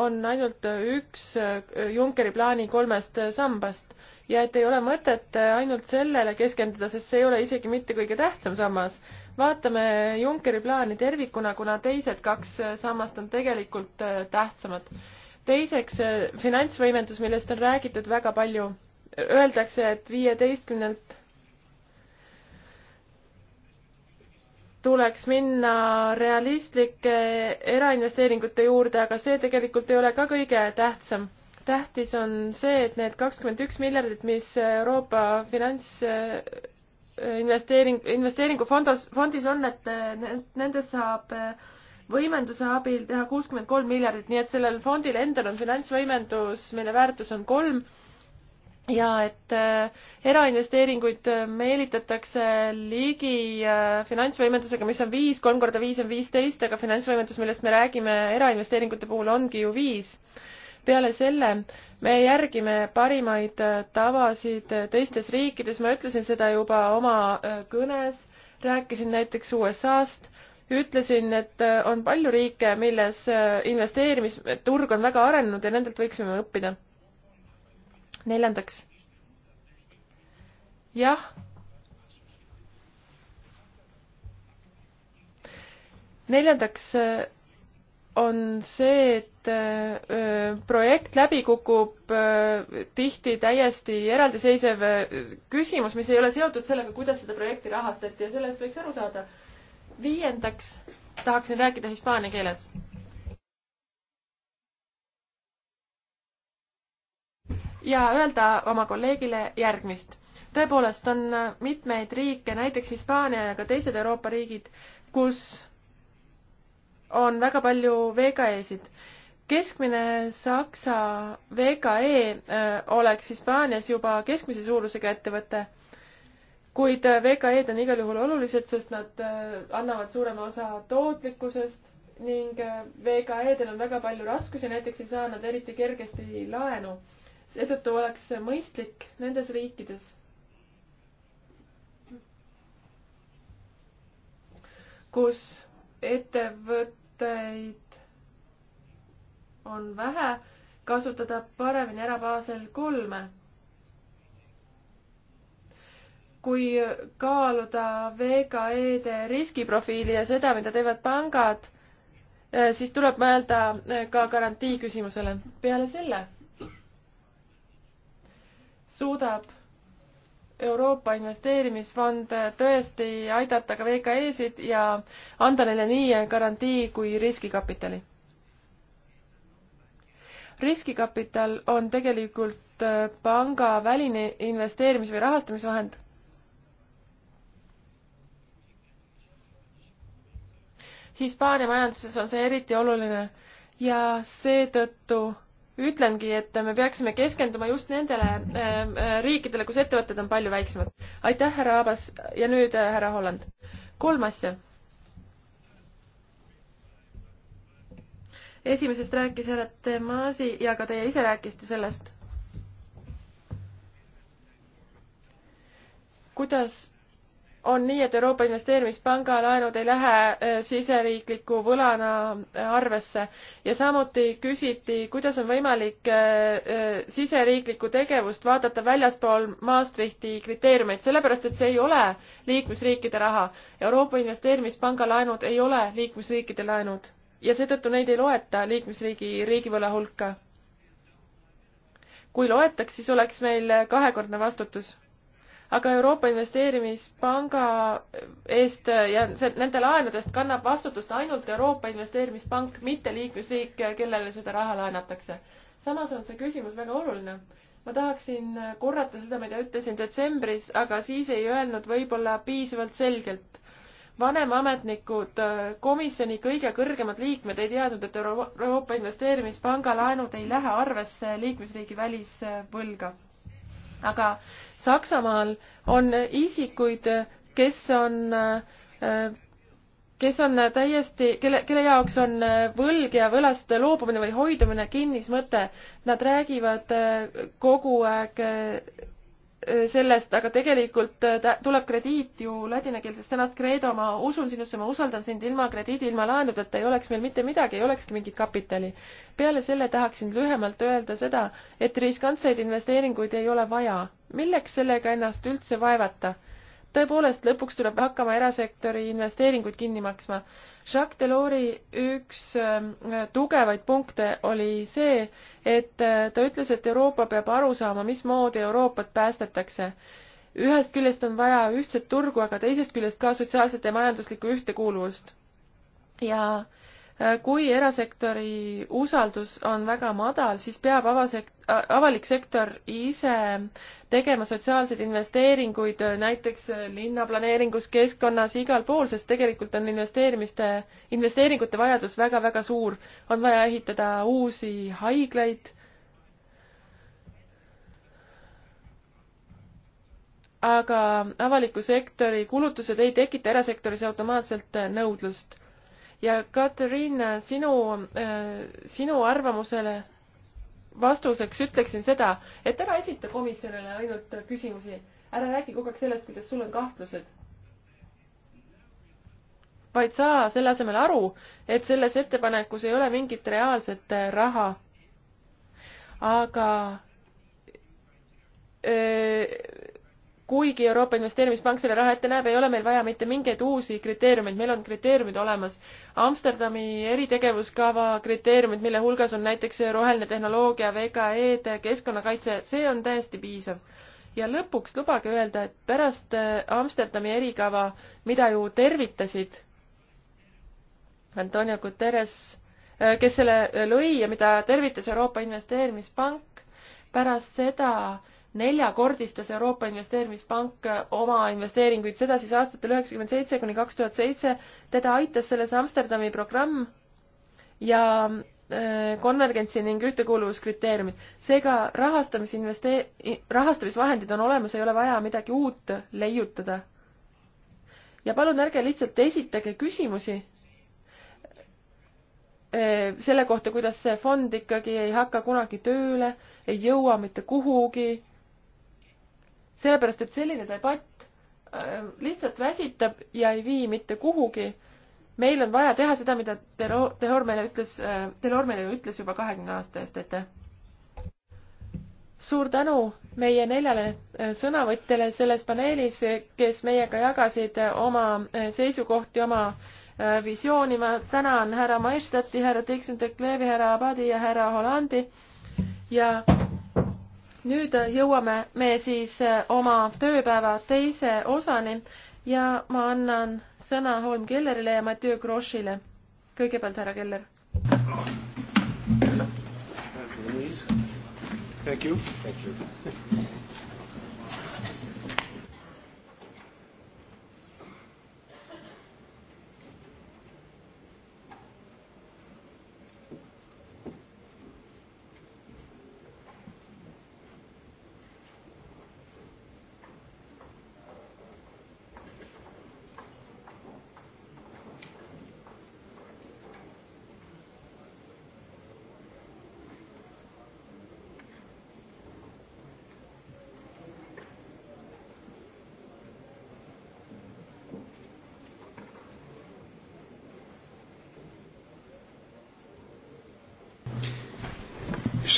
on ainult üks äh, Junckeri plaani kolmest äh, sambast ja et ei ole mõtet äh, ainult sellele keskenduda, sest see ei ole isegi mitte kõige tähtsam sammas. vaatame Junckeri plaani tervikuna, kuna teised kaks sammast on tegelikult tähtsamad. teiseks, finantsvõimendus, millest on räägitud väga palju. Öeldakse, et viieteistkümnelt tuleks minna realistlike erainvesteeringute juurde, aga see tegelikult ei ole ka kõige tähtsam. tähtis on see, et need kakskümmend üks miljardit, mis Euroopa finants investeering, investeeringufondos, fondis on, et nendest saab võimenduse abil teha kuuskümmend kolm miljardit, nii et sellel fondil endal on finantsvõimendus, mille väärtus on kolm ja et äh, erainvesteeringuid äh, meelitatakse ligi äh, finantsvõimendusega, mis on viis, kolm korda viis on viisteist, aga finantsvõimendus, millest me räägime erainvesteeringute puhul, ongi ju viis. peale selle me järgime parimaid tavasid teistes riikides, ma ütlesin seda juba oma kõnes, rääkisin näiteks USA-st ütlesin, et on palju riike, milles investeerimisturg on väga arenenud ja nendelt võiksime õppida neljandaks, jah, neljandaks äh, on see, et äh, äh, projekt läbi kukub tihti täiesti eraldiseisev küsimus, mis ei ole seotud sellega, kuidas seda projekti rahastati ja sellest võiks aru saada. viiendaks tahaksin rääkida hispaania keeles ja öelda oma kolleegile järgmist. tõepoolest on mitmeid riike, näiteks Hispaania ja ka teised Euroopa riigid, kus on väga palju VKE-sid. keskmine Saksa VKE oleks Hispaanias juba keskmise suurusega ettevõte, kuid VKE-d on igal juhul olulised, sest nad annavad suurema osa tootlikkusest ning VKE-del on väga palju raskusi, näiteks ei saa nad eriti kergesti laenu seetõttu oleks mõistlik nendes riikides, kus ettevõtteid on vähe, kasutada paremini ära baasel kolme. kui kaaluda VKE-de riskiprofiili ja seda, mida teevad pangad, eh, siis tuleb mõelda eh, ka garantii küsimusele. peale selle suudab Euroopa Investeerimisfond tõesti aidata ka VKE-sid ja anda neile nii garantii kui riskikapitali. riskikapital on tegelikult äh, panga väline investeerimis- või rahastamisvahend. Hispaania majanduses on see eriti oluline ja seetõttu ütlengi, et me peaksime keskenduma just nendele äh, äh, riikidele, kus ettevõtted on palju väiksemad. aitäh, härra Aabas ja nüüd äh, härra Holland. kolm asja. esimesest rääkis härra Temasi ja ka teie ise rääkisite sellest. kuidas on nii, et Euroopa Investeerimispanga laenud ei lähe äh, siseriikliku võlana äh, arvesse ja samuti küsiti, kuidas on võimalik äh, siseriiklikku tegevust vaadata väljaspool Maastrichti kriteeriumeid, sellepärast et see ei ole liikmesriikide raha. Euroopa Investeerimispanga laenud ei ole liikmesriikide laenud ja seetõttu neid ei loeta liikmesriigi riigivõla hulka. kui loetaks, siis oleks meil kahekordne vastutus aga Euroopa Investeerimispanga eest ja nende laenudest kannab vastutust ainult Euroopa Investeerimispank, mitte liikmesriik, kellele seda raha laenatakse. samas on see küsimus väga oluline. ma tahaksin korrata seda, mida ütlesin detsembris, aga siis ei öelnud võib-olla piisavalt selgelt vanemametnikud, komisjoni kõige kõrgemad liikmed ei teadnud, et Euroopa Investeerimispanga laenud ei lähe arvesse liikmesriigi välisvõlga. aga Saksamaal on isikuid, kes on, kes on täiesti, kelle, kelle jaoks on võlg ja võlast loobumine või hoidumine kinnismõte. Nad räägivad kogu aeg sellest, aga tegelikult äh, tuleb krediit ju ladinakeelsest sõnast credo, ma usun sinusse, ma usaldan sind, ilma krediidi, ilma laenudeta ei oleks meil mitte midagi, ei olekski mingit kapitali. peale selle tahaksin lühemalt öelda seda, et riskantseid investeeringuid ei ole vaja. milleks sellega ennast üldse vaevata? tõepoolest, lõpuks tuleb hakkama erasektori investeeringuid kinni maksma. Jacques Delors'i üks ähm, tugevaid punkte oli see, et äh, ta ütles, et Euroopa peab aru saama, mismoodi Euroopat päästetakse. ühest küljest on vaja ühtset turgu, aga teisest küljest ka sotsiaalset ja majanduslikku ühtekuuluvust. ja äh, kui erasektori usaldus on väga madal, siis peab avasekt-, avalik sektor ise tegema sotsiaalseid investeeringuid näiteks linnaplaneeringus, keskkonnas, igal pool, sest tegelikult on investeerimiste, investeeringute vajadus väga-väga suur. on vaja ehitada uusi haiglaid aga avaliku sektori kulutused ei tekita erasektoris automaatselt nõudlust ja Katariin, sinu, äh, sinu arvamusele vastuseks ütleksin seda, et ära esita komisjonile ainult küsimusi, ära räägi kogu aeg sellest, kuidas sul on kahtlused. vaid saa selle asemel aru, et selles ettepanekus ei ole mingit reaalset äh, raha. aga öö, äh, kuigi Euroopa Investeerimispank selle raha ette näeb, ei ole meil vaja mitte mingeid uusi kriteeriumeid, meil on kriteeriumid olemas. Amsterdami eritegevuskava kriteeriumid, mille hulgas on näiteks roheline tehnoloogia, VKE-d, keskkonnakaitse, see on täiesti piisav. ja lõpuks lubage öelda, et pärast äh, Amsterdami erikava, mida ju tervitasid Antonio Guterres, äh, kes selle äh, lõi ja mida tervitas Euroopa Investeerimispank, pärast seda äh, neljakordistas Euroopa Investeerimispank äh, oma investeeringuid, seda siis aastatel üheksakümmend seitse kuni kaks tuhat seitse. teda aitas selles Amsterdami programm ja äh, konvergentsi ning ühtekuuluvuskriteeriumid. seega rahastamisinvestee-, rahastamisvahendid on olemas, ei ole vaja midagi uut leiutada. ja palun ärge lihtsalt esitage küsimusi äh, selle kohta, kuidas see fond ikkagi ei hakka kunagi tööle, ei jõua mitte kuhugi sellepärast, et selline debatt äh, lihtsalt väsitab ja ei vii mitte kuhugi. meil on vaja teha seda, mida Telo-, Telor meile ütles, äh, Telor meile ju ütles juba kahekümne aasta eest, aitäh! suur tänu meie neljale äh, sõnavõtjale selles paneelis, kes meiega jagasid oma seisukohti, oma visiooni. ma tänan härra Maestati, härra Dixon de Cleve'i, härra Abadi ja härra Hollandi ja nüüd äh, jõuame me siis äh, oma tööpäeva teise osani ja ma annan sõna Holm Kellerile ja Mathieu Groschile. kõigepealt härra Keller. Thank you. Thank you.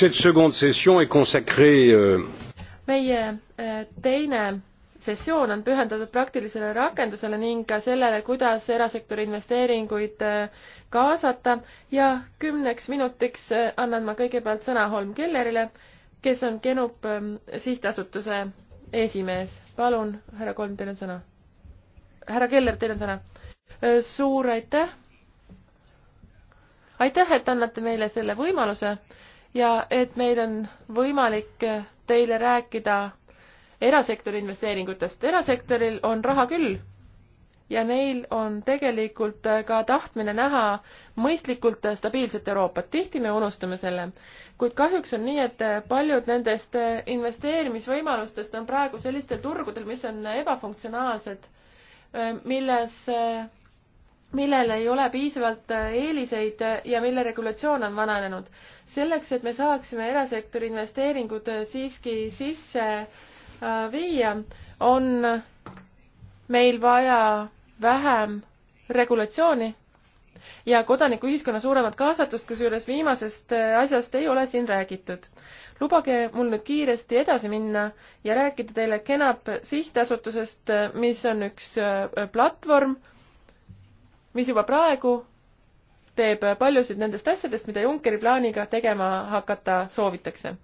cette seconde session est consacrée euh, meie äh, teine sessioon on pühendatud praktilisele rakendusele ning ka sellele, kuidas erasektori investeeringuid äh, kaasata ja kümneks minutiks äh, annan ma kõigepealt sõna Holm Kellerile, kes on Genup ähm, sihtasutuse esimees. palun, härra Kolm, teil on sõna. härra Keller, teil on sõna. suur aitäh. aitäh, et annate meile selle võimaluse ja et meil on võimalik teile rääkida erasektori investeeringutest. erasektoril on raha küll ja neil on tegelikult ka tahtmine näha mõistlikult stabiilset Euroopat. tihti me unustame selle, kuid kahjuks on nii, et paljud nendest investeerimisvõimalustest on praegu sellistel turgudel, mis on ebafunktsionaalsed, milles millel ei ole piisavalt äh, eeliseid äh, ja mille regulatsioon on vananenud. selleks, et me saaksime erasektori investeeringud äh, siiski sisse viia, on meil vaja vähem regulatsiooni ja kodanikuühiskonna suuremat kaasatust, kusjuures viimasest asjast ei ole siin räägitud. lubage mul nüüd kiiresti edasi minna ja rääkida teile Kenab sihtasutusest, mis on üks platvorm, mis juba praegu teeb paljusid nendest asjadest, mida Junckeri plaaniga tegema hakata soovitakse.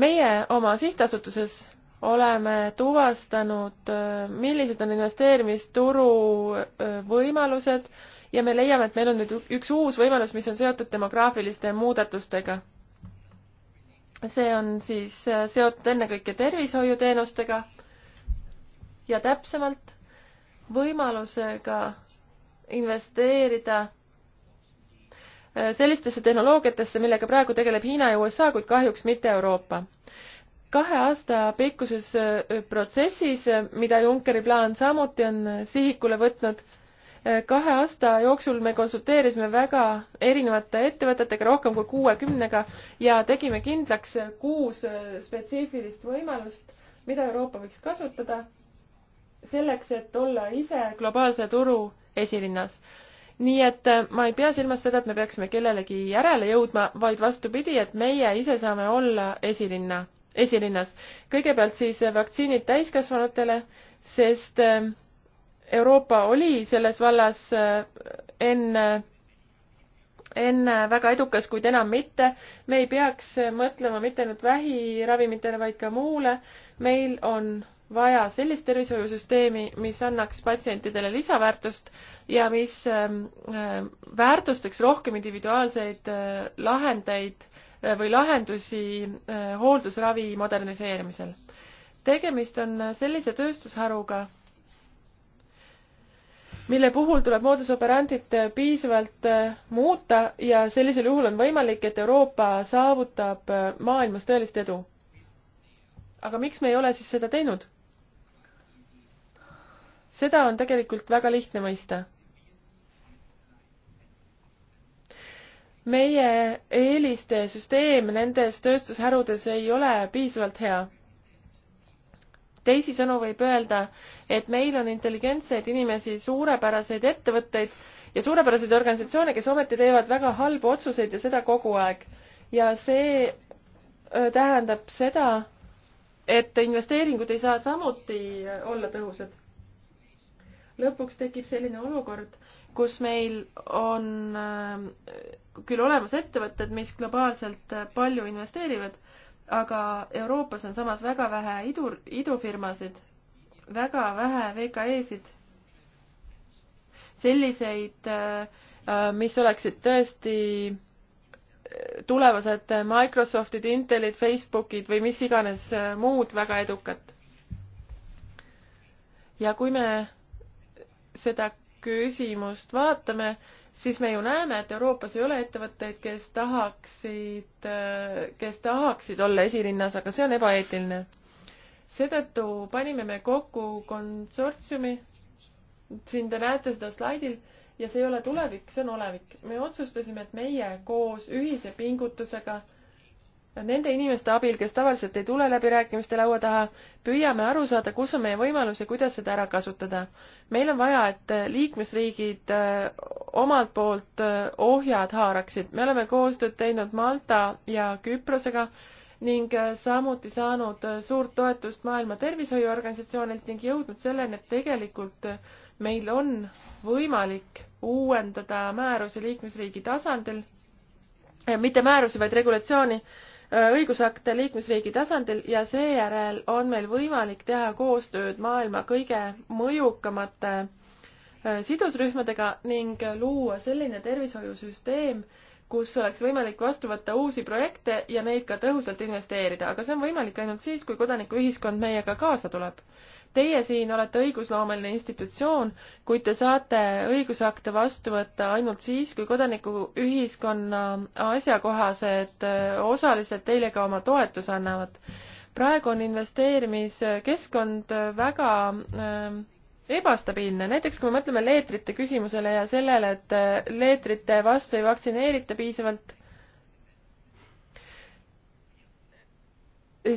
meie oma sihtasutuses oleme tuvastanud, millised on investeerimisturu võimalused ja me leiame, et meil on nüüd üks uus võimalus, mis on seotud demograafiliste muudatustega. see on siis äh, seotud ennekõike tervishoiuteenustega ja täpsemalt võimalusega investeerida äh, sellistesse tehnoloogiatesse, millega praegu tegeleb Hiina ja USA, kuid kahjuks mitte Euroopa. kahe aasta pikkuses äh, protsessis, äh, mida Junckeri plaan samuti on sihikule võtnud, kahe aasta jooksul me konsulteerisime väga erinevate ettevõtetega, rohkem kui kuuekümnega, ja tegime kindlaks kuus spetsiifilist võimalust, mida Euroopa võiks kasutada selleks, et olla ise globaalse turu esilinnas. nii et äh, ma ei pea silmas seda, et me peaksime kellelegi järele jõudma, vaid vastupidi, et meie ise saame olla esilinna, esilinnas. kõigepealt siis vaktsiinid täiskasvanutele, sest äh, Euroopa oli selles vallas enne äh, enne väga edukas, kuid enam mitte. me ei peaks mõtlema mitte ainult vähiravimitele, vaid ka muule. meil on vaja sellist tervishoiusüsteemi, mis annaks patsientidele lisaväärtust ja mis ähm, ähm, väärtustaks rohkem individuaalseid äh, lahendeid äh, või lahendusi äh, hooldusravi moderniseerimisel. tegemist on sellise tööstusharuga, mille puhul tuleb moodus operandit piisavalt muuta ja sellisel juhul on võimalik, et Euroopa saavutab maailmas tõelist edu. aga miks me ei ole siis seda teinud? seda on tegelikult väga lihtne mõista. meie eeliste süsteem nendes tööstusharudes ei ole piisavalt hea. teisisõnu võib öelda, et meil on intelligentseid inimesi, suurepäraseid ettevõtteid ja suurepäraseid organisatsioone, kes ometi teevad väga halbu otsuseid ja seda kogu aeg. ja see tähendab seda, et investeeringud ei saa samuti olla tõhusad lõpuks tekib selline olukord, kus meil on äh, küll olemas ettevõtted, mis globaalselt äh, palju investeerivad, aga Euroopas on samas väga vähe idu, idufirmasid, väga vähe VKE-sid, selliseid, äh, mis oleksid tõesti tulevased Microsoftid, Intelid, Facebookid või mis iganes muud väga edukat. ja kui me seda küsimust vaatame, siis me ju näeme, et Euroopas ei ole ettevõtteid, kes tahaksid, kes tahaksid olla esilinnas, aga see on ebaeetiline. seetõttu panime me kokku konsortsiumi, siin te näete seda slaidil, ja see ei ole tulevik, see on olevik. me otsustasime, et meie koos ühise pingutusega äh, nende inimeste abil, kes tavaliselt ei tule läbirääkimiste laua taha, püüame aru saada, kus on meie võimalus ja kuidas seda ära kasutada. meil on vaja, et liikmesriigid äh, omalt poolt äh, ohjad haaraksid. me oleme koostööd teinud Malta ja Küprosega ning äh, samuti saanud suurt toetust Maailma Tervishoiuorganisatsioonilt ning jõudnud selleni, et tegelikult meil on võimalik uuendada määruse liikmesriigi tasandil, mitte määrusi, vaid regulatsiooni Äh, õigusakte liikmesriigi tasandil ja seejärel on meil võimalik teha koostööd maailma kõige mõjukamate äh, sidusrühmadega ning luua selline tervishoiusüsteem, kus oleks võimalik vastu võtta uusi projekte ja neid ka tõhusalt investeerida, aga see on võimalik ainult siis, kui kodanikuühiskond meiega kaasa tuleb Teie siin olete õigusloomeline institutsioon, kuid te saate õigusakte vastu võtta ainult siis, kui kodanikuühiskonna asjakohased äh, osalised teile ka oma toetuse annavad. praegu on investeerimiskeskkond äh, väga äh, ebastabiilne, näiteks kui me mõtleme leetrite küsimusele ja sellele, et äh, leetrite vastu ei vaktsineerita piisavalt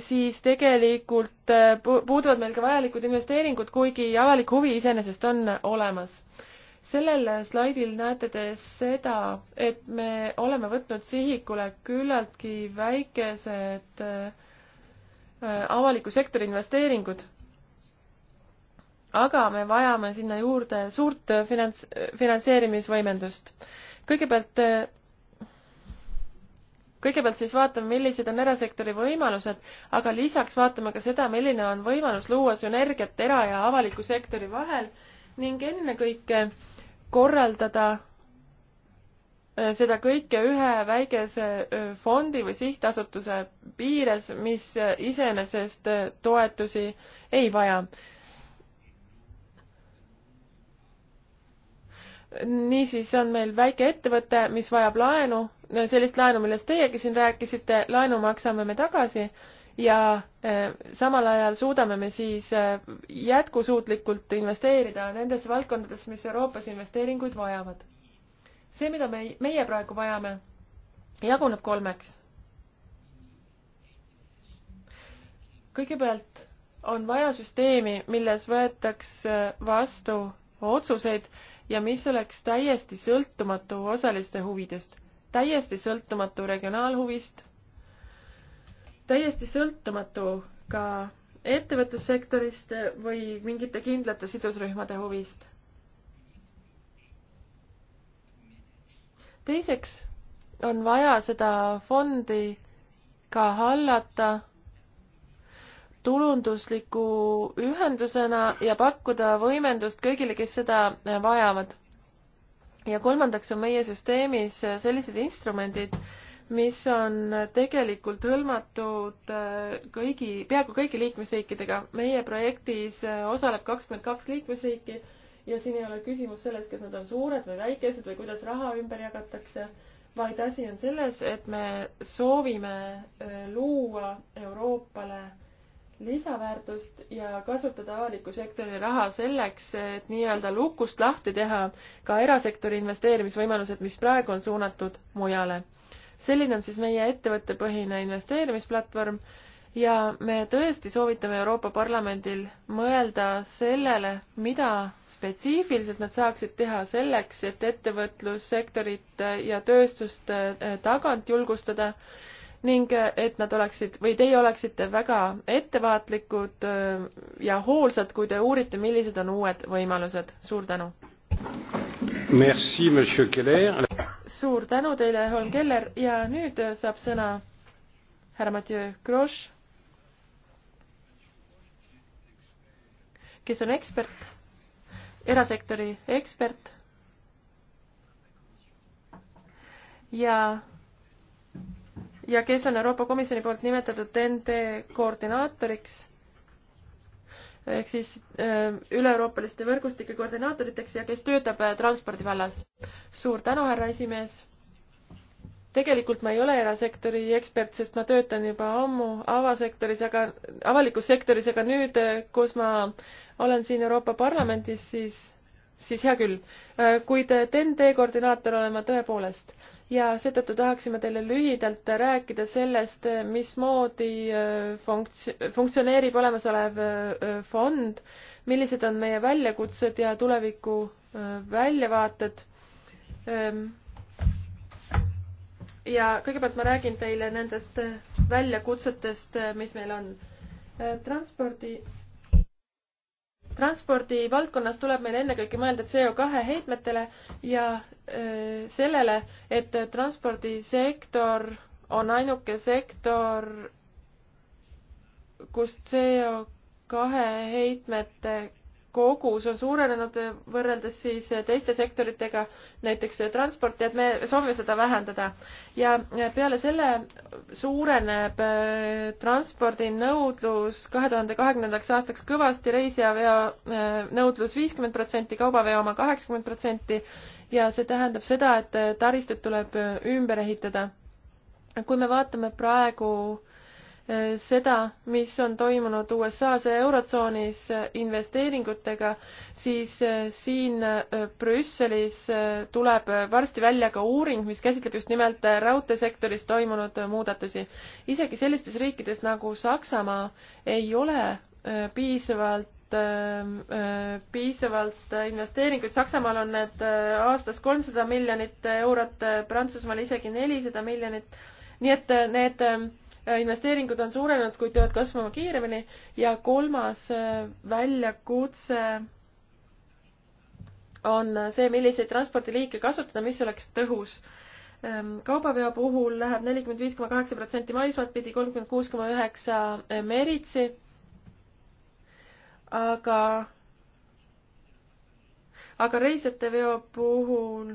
siis tegelikult äh, puuduvad meil ka vajalikud investeeringud, kuigi avalik huvi iseenesest on olemas. sellel slaidil näete te seda, et me oleme võtnud sihikule küllaltki väikesed äh, äh, avaliku sektori investeeringud. aga me vajame sinna juurde suurt finants, finantseerimisvõimendust. kõigepealt kõigepealt siis vaatame, millised on erasektori võimalused, aga lisaks vaatame ka seda, milline on võimalus luua sünergiat era- ja avaliku sektori vahel ning ennekõike korraldada äh, seda kõike ühe väikese fondi või sihtasutuse piires, mis äh, iseenesest äh, toetusi ei vaja. niisiis on meil väike ettevõte, mis vajab laenu, sellist laenu, millest teiegi siin rääkisite, laenu maksame me tagasi ja eh, samal ajal suudame me siis eh, jätkusuutlikult investeerida nendesse valdkondadesse, mis Euroopas investeeringuid vajavad. see, mida me, meie praegu vajame, jaguneb kolmeks. kõigepealt on vaja süsteemi, milles võetaks vastu otsuseid, ja mis oleks täiesti sõltumatu osaliste huvidest, täiesti sõltumatu regionaalhuvist, täiesti sõltumatu ka ettevõtlussektorist või mingite kindlate sidusrühmade huvist. teiseks on vaja seda fondi ka hallata tulundusliku ühendusena ja pakkuda võimendust kõigile, kes seda äh, vajavad. ja kolmandaks on meie süsteemis äh, sellised instrumendid, mis on äh, tegelikult hõlmatud kõigi, peaaegu kõigi liikmesriikidega. meie projektis osaleb kakskümmend kaks liikmesriiki ja siin ei ole küsimus selles, kas nad on suured või väikesed või kuidas raha ümber jagatakse vaid asi on selles, et me soovime luua Euroopale lisaväärtust ja kasutada avaliku sektori raha selleks, et nii-öelda lukust lahti teha ka erasektori investeerimisvõimalused, mis praegu on suunatud mujale. selline on siis meie ettevõttepõhine investeerimisplatvorm ja me tõesti soovitame Euroopa Parlamendil mõelda sellele, mida spetsiifiliselt nad saaksid teha selleks, et ettevõtlussektorit ja tööstust tagant julgustada ning äh, et nad oleksid või teie oleksite väga ettevaatlikud äh, ja hoolsad, kui te uurite, millised on uued võimalused. suur tänu! Merci, monsieur Keller! suur tänu teile, Holm Keller, ja nüüd äh, saab sõna härra Mathieu Grosch, kes on ekspert, erasektori ekspert ja ja kes on Euroopa Komisjoni poolt nimetatud TNT koordinaatoriks ehk siis äh, üle-euroopaliste võrgustike koordinaatoriteks ja kes töötab äh, transpordi vallas. suur tänu, härra esimees. tegelikult ma ei ole erasektori ekspert, sest ma töötan juba ammu avasektoris, aga avalikus sektoris, aga nüüd, äh, kus ma olen siin Euroopa Parlamendis, siis siis hea küll. Äh, kuid TEN-T koordinaator olen ma tõepoolest ja seetõttu tahaksime teile lühidalt rääkida sellest, mismoodi äh, funkts-, funktsioneerib olemasolev äh, fond, millised on meie väljakutsed ja tuleviku väljavaated. Ähm, ja kõigepealt ma räägin teile nendest väljakutsetest, mis meil on. transpordi transpordi valdkonnas tuleb meil ennekõike mõelda CO2 heitmetele ja öö, sellele, et transpordisektor on ainuke sektor, kus CO2 heitmete kogus on suurenenud võrreldes siis teiste sektoritega, näiteks transporti, et me soovime seda vähendada. ja peale selle suureneb äh, transpordinõudlus kahe tuhande kahekümnendaks aastaks kõvasti, reisijaveo äh, nõudlus viiskümmend protsenti, kaubaveo oma kaheksakümmend protsenti ja see tähendab seda, et äh, taristut tuleb ümber ehitada. kui me vaatame praegu äh, seda, mis on toimunud USA-s ja Eurotsoonis investeeringutega, siis äh, siin äh, Brüsselis äh, tuleb varsti välja ka uuring, mis käsitleb just nimelt raudteesektoris toimunud muudatusi. isegi sellistes riikides nagu Saksamaa ei ole piisavalt ähm, piisavalt investeeringuid, Saksamaal on need aastas kolmsada miljonit eurot, Prantsusmaal isegi nelisada miljonit, nii et need ähm, Äh, investeeringud on suurenenud, kuid peavad kasvama kiiremini ja kolmas äh, väljakutse on äh, see, milliseid transpordiliike kasutada, mis oleks tõhus. Ähm, kaubaveo puhul läheb nelikümmend viis koma kaheksa protsenti maismaad pidi, kolmkümmend kuus koma üheksa meritsi. aga, aga reisijate veo puhul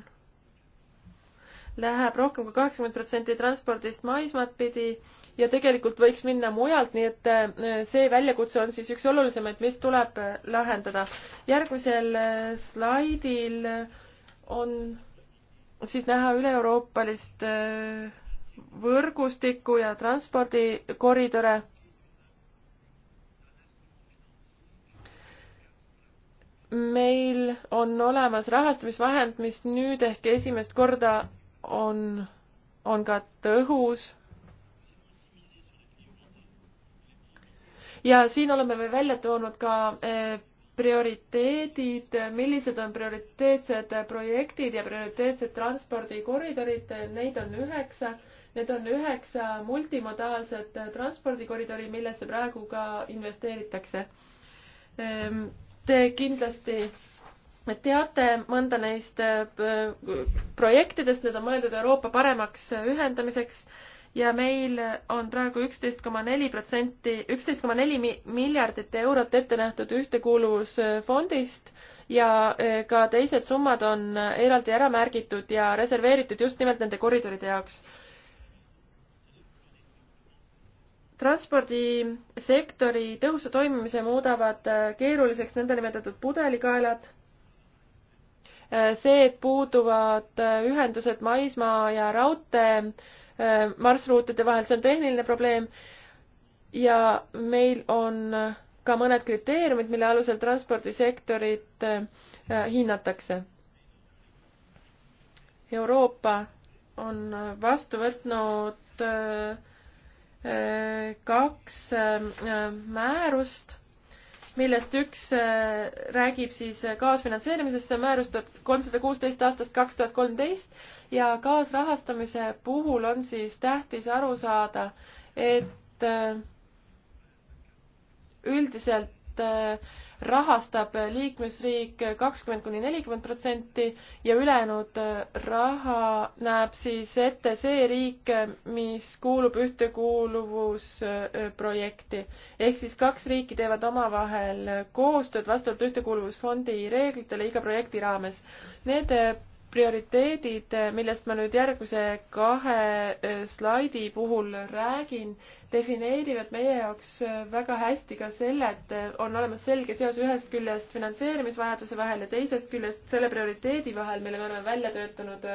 läheb rohkem kui kaheksakümmend protsenti transpordist maismaad pidi ja tegelikult võiks minna mujalt, nii et äh, see väljakutse on siis üks olulisemaid, mis tuleb äh, lahendada. järgmisel äh, slaidil on siis näha üle-euroopalist võrgustikku ja transpordikoridore meil on olemas rahastamisvahend, mis nüüd ehk esimest korda on, on ka tõhus. ja siin oleme me välja toonud ka e, prioriteedid, millised on prioriteetsed projektid ja prioriteetsed transpordikoridorid, neid on üheksa. Need on üheksa multimodaalset transpordikoridori, millesse praegu ka investeeritakse. E, te kindlasti teate mõnda neist e, projektidest, need on mõeldud Euroopa paremaks ühendamiseks ja meil on praegu üksteist koma neli protsenti, üksteist koma neli miljardit eurot ette nähtud ühtekuuluvusfondist ja eh, ka teised summad on eraldi ära märgitud ja reserveeritud just nimelt nende koridoride jaoks. transpordisektori tõhusa toimimise muudavad eh, keeruliseks nõndanimetatud pudelikaelad eh, see, et puuduvad ühendused maismaa ja raudtee marsruutide vahel, see on tehniline probleem. ja meil on ka mõned kriteeriumid, mille alusel transpordisektorit äh, hinnatakse. Euroopa on vastu võtnud äh, äh, kaks määrust millest üks äh, räägib siis äh, kaasfinantseerimisest, see on määrus tuhat kolmsada kuusteist aastast kaks tuhat kolmteist ja kaasrahastamise puhul on siis tähtis aru saada, et äh, üldiselt rahastab liikmesriik kakskümmend kuni nelikümmend protsenti ja ülejäänud raha näeb siis ette see riik, mis kuulub ühtekuuluvusprojekti. ehk siis kaks riiki teevad omavahel koostööd vastavalt Ühtekuuluvusfondi reeglitele iga projekti raames. Need prioriteedid, millest ma nüüd järgmise kahe äh, slaidi puhul räägin, defineerivad meie jaoks äh, väga hästi ka selle, et äh, on olemas selge seos ühest küljest finantseerimisvajaduse vahel ja teisest küljest selle prioriteedi vahel, mille me oleme välja töötanud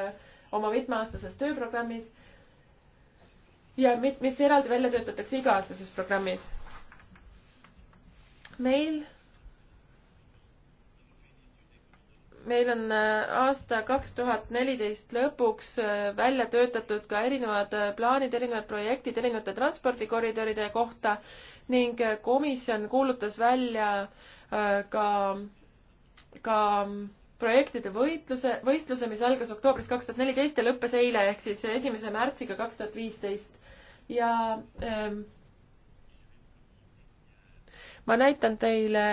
oma mitmeaastases tööprogrammis ja mis eraldi välja töötatakse iga-aastases programmis. meil meil on äh, aasta kaks tuhat neliteist lõpuks äh, välja töötatud ka erinevad äh, plaanid, erinevad projektid erinevate transpordikoridoride kohta ning komisjon kuulutas välja ka, ka projektide võitluse, võistluse, mis algas oktoobris kaks tuhat neliteist ja lõppes eile ehk siis esimese märtsiga kaks tuhat viisteist. ja ähm, ma näitan teile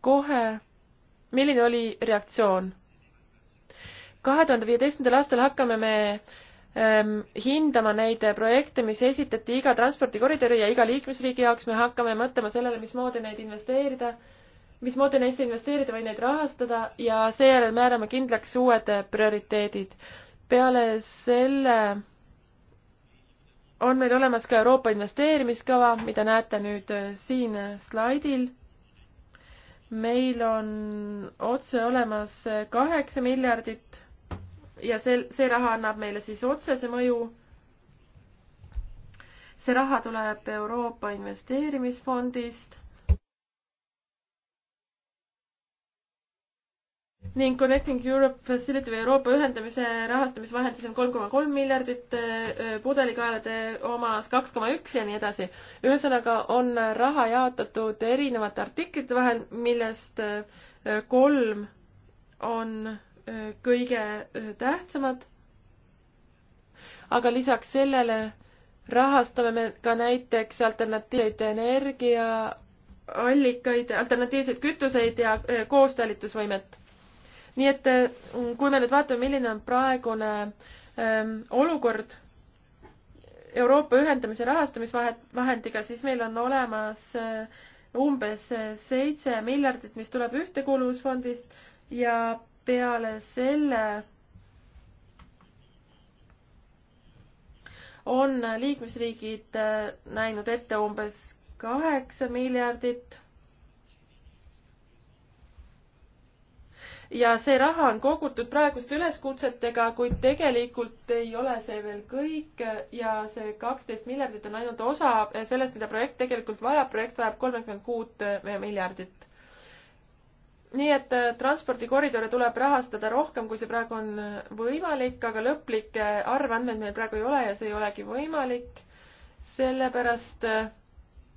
kohe milline oli reaktsioon? kahe tuhande viieteistkümnendal aastal hakkame me ähm, hindama neid projekte, mis esitati iga transpordikoridori ja iga liikmesriigi jaoks, me hakkame mõtlema sellele, mismoodi neid investeerida, mismoodi neisse investeerida või neid rahastada ja seejärel määrame kindlaks uued prioriteedid. peale selle on meil olemas ka Euroopa investeerimiskava, mida näete nüüd äh, siin slaidil meil on otse olemas kaheksa miljardit ja see, see raha annab meile siis otsese mõju. see raha tuleb Euroopa Investeerimisfondist ning Connecting Europe Facility või Euroopa ühendamise rahastamisvahendis on kolm koma kolm miljardit, äh, äh, pudelikaelade omas kaks koma üks ja nii edasi. ühesõnaga on raha jaotatud erinevate artiklite vahel, millest äh, kolm on kõige tähtsamad. aga lisaks sellele rahastame me ka näiteks alternatiivseid energiaallikaid, alternatiivseid kütuseid ja koostalitusvõimet nii et äh, kui me nüüd vaatame, milline on praegune ähm, olukord Euroopa ühendamise rahastamisvahendiga, siis meil on olemas äh, umbes äh, seitse miljardit, mis tuleb ühtekuuluvusfondist ja peale selle on liikmesriigid äh, näinud ette umbes kaheksa miljardit ja see raha on kogutud praeguste üleskutsetega, kuid tegelikult ei ole see veel kõik ja see kaksteist miljardit on ainult osa sellest, mida projekt tegelikult vajab, projekt vajab kolmekümmend kuut miljardit. nii et äh, transpordikoridore tuleb rahastada rohkem, kui see praegu on äh, võimalik, aga lõplikke arvandmeid meil praegu ei ole ja see ei olegi võimalik, sellepärast äh,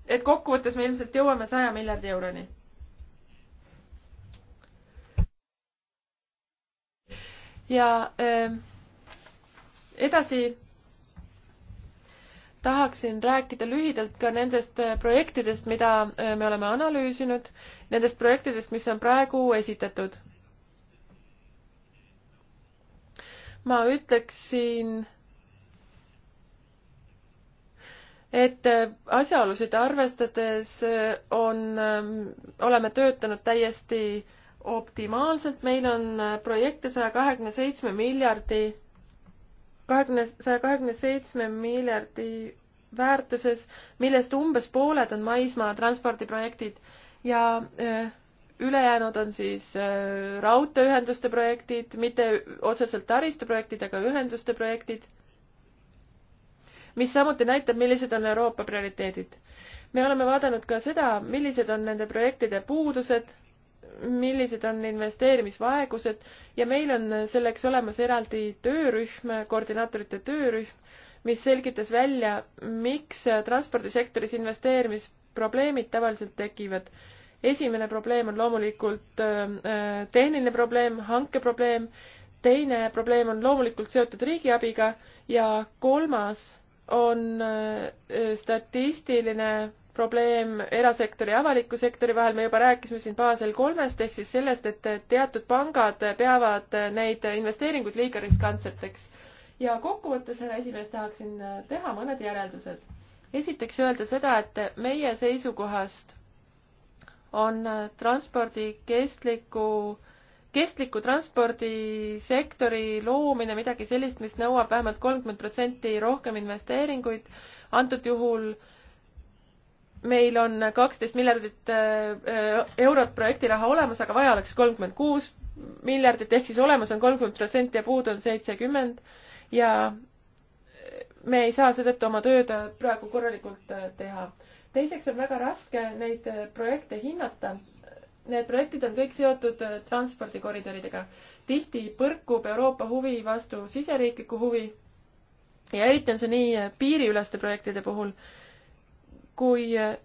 et kokkuvõttes me ilmselt jõuame saja miljardi euroni ja ähm, edasi tahaksin rääkida lühidalt ka nendest äh, projektidest, mida äh, me oleme analüüsinud, nendest projektidest, mis on praegu esitatud. ma ütleksin, et äh, asjaolusid arvestades on, ähm, oleme töötanud täiesti äh, optimaalselt, meil on äh, projekte saja kahekümne seitsme miljardi, kahekümne, saja kahekümne seitsme miljardi väärtuses, millest umbes pooled on maismaa transpordiprojektid ja äh, ülejäänud on siis äh, raudteeühenduste projektid, mitte otseselt taristuprojektid, aga ühenduste projektid, mis samuti näitab, millised on Euroopa prioriteedid. me oleme vaadanud ka seda, millised on nende projektide puudused millised on investeerimisvaegused ja meil on selleks olemas eraldi töörühm, koordinaatorite töörühm, mis selgitas välja, miks transpordisektoris investeerimisprobleemid tavaliselt tekivad. esimene probleem on loomulikult äh, tehniline probleem, hankeprobleem, teine probleem on loomulikult seotud riigiabiga ja kolmas on äh, statistiline probleem erasektori ja avaliku sektori vahel, me juba rääkisime siin Basel kolmest ehk siis sellest, et teatud pangad peavad neid investeeringuid liiga riskantseteks. ja kokkuvõttes, härra esimees, tahaksin teha mõned järeldused. esiteks öelda seda, et meie seisukohast on transpordi kestliku kestliku transpordisektori loomine midagi sellist, mis nõuab vähemalt kolmkümmend protsenti rohkem investeeringuid, antud juhul äh, meil on kaksteist miljardit äh, eurot projektiraha olemas, aga vaja oleks kolmkümmend kuus miljardit, ehk siis olemas on kolmkümmend protsenti ja puudu on seitsekümmend ja me ei saa seetõttu oma tööd praegu korralikult äh, teha. teiseks on väga raske neid äh, projekte hinnata. Need projektid on kõik seotud transpordikoridoridega. tihti põrkub Euroopa huvi vastu siseriikliku huvi ja eriti on see nii piiriüleste projektide puhul kui äh,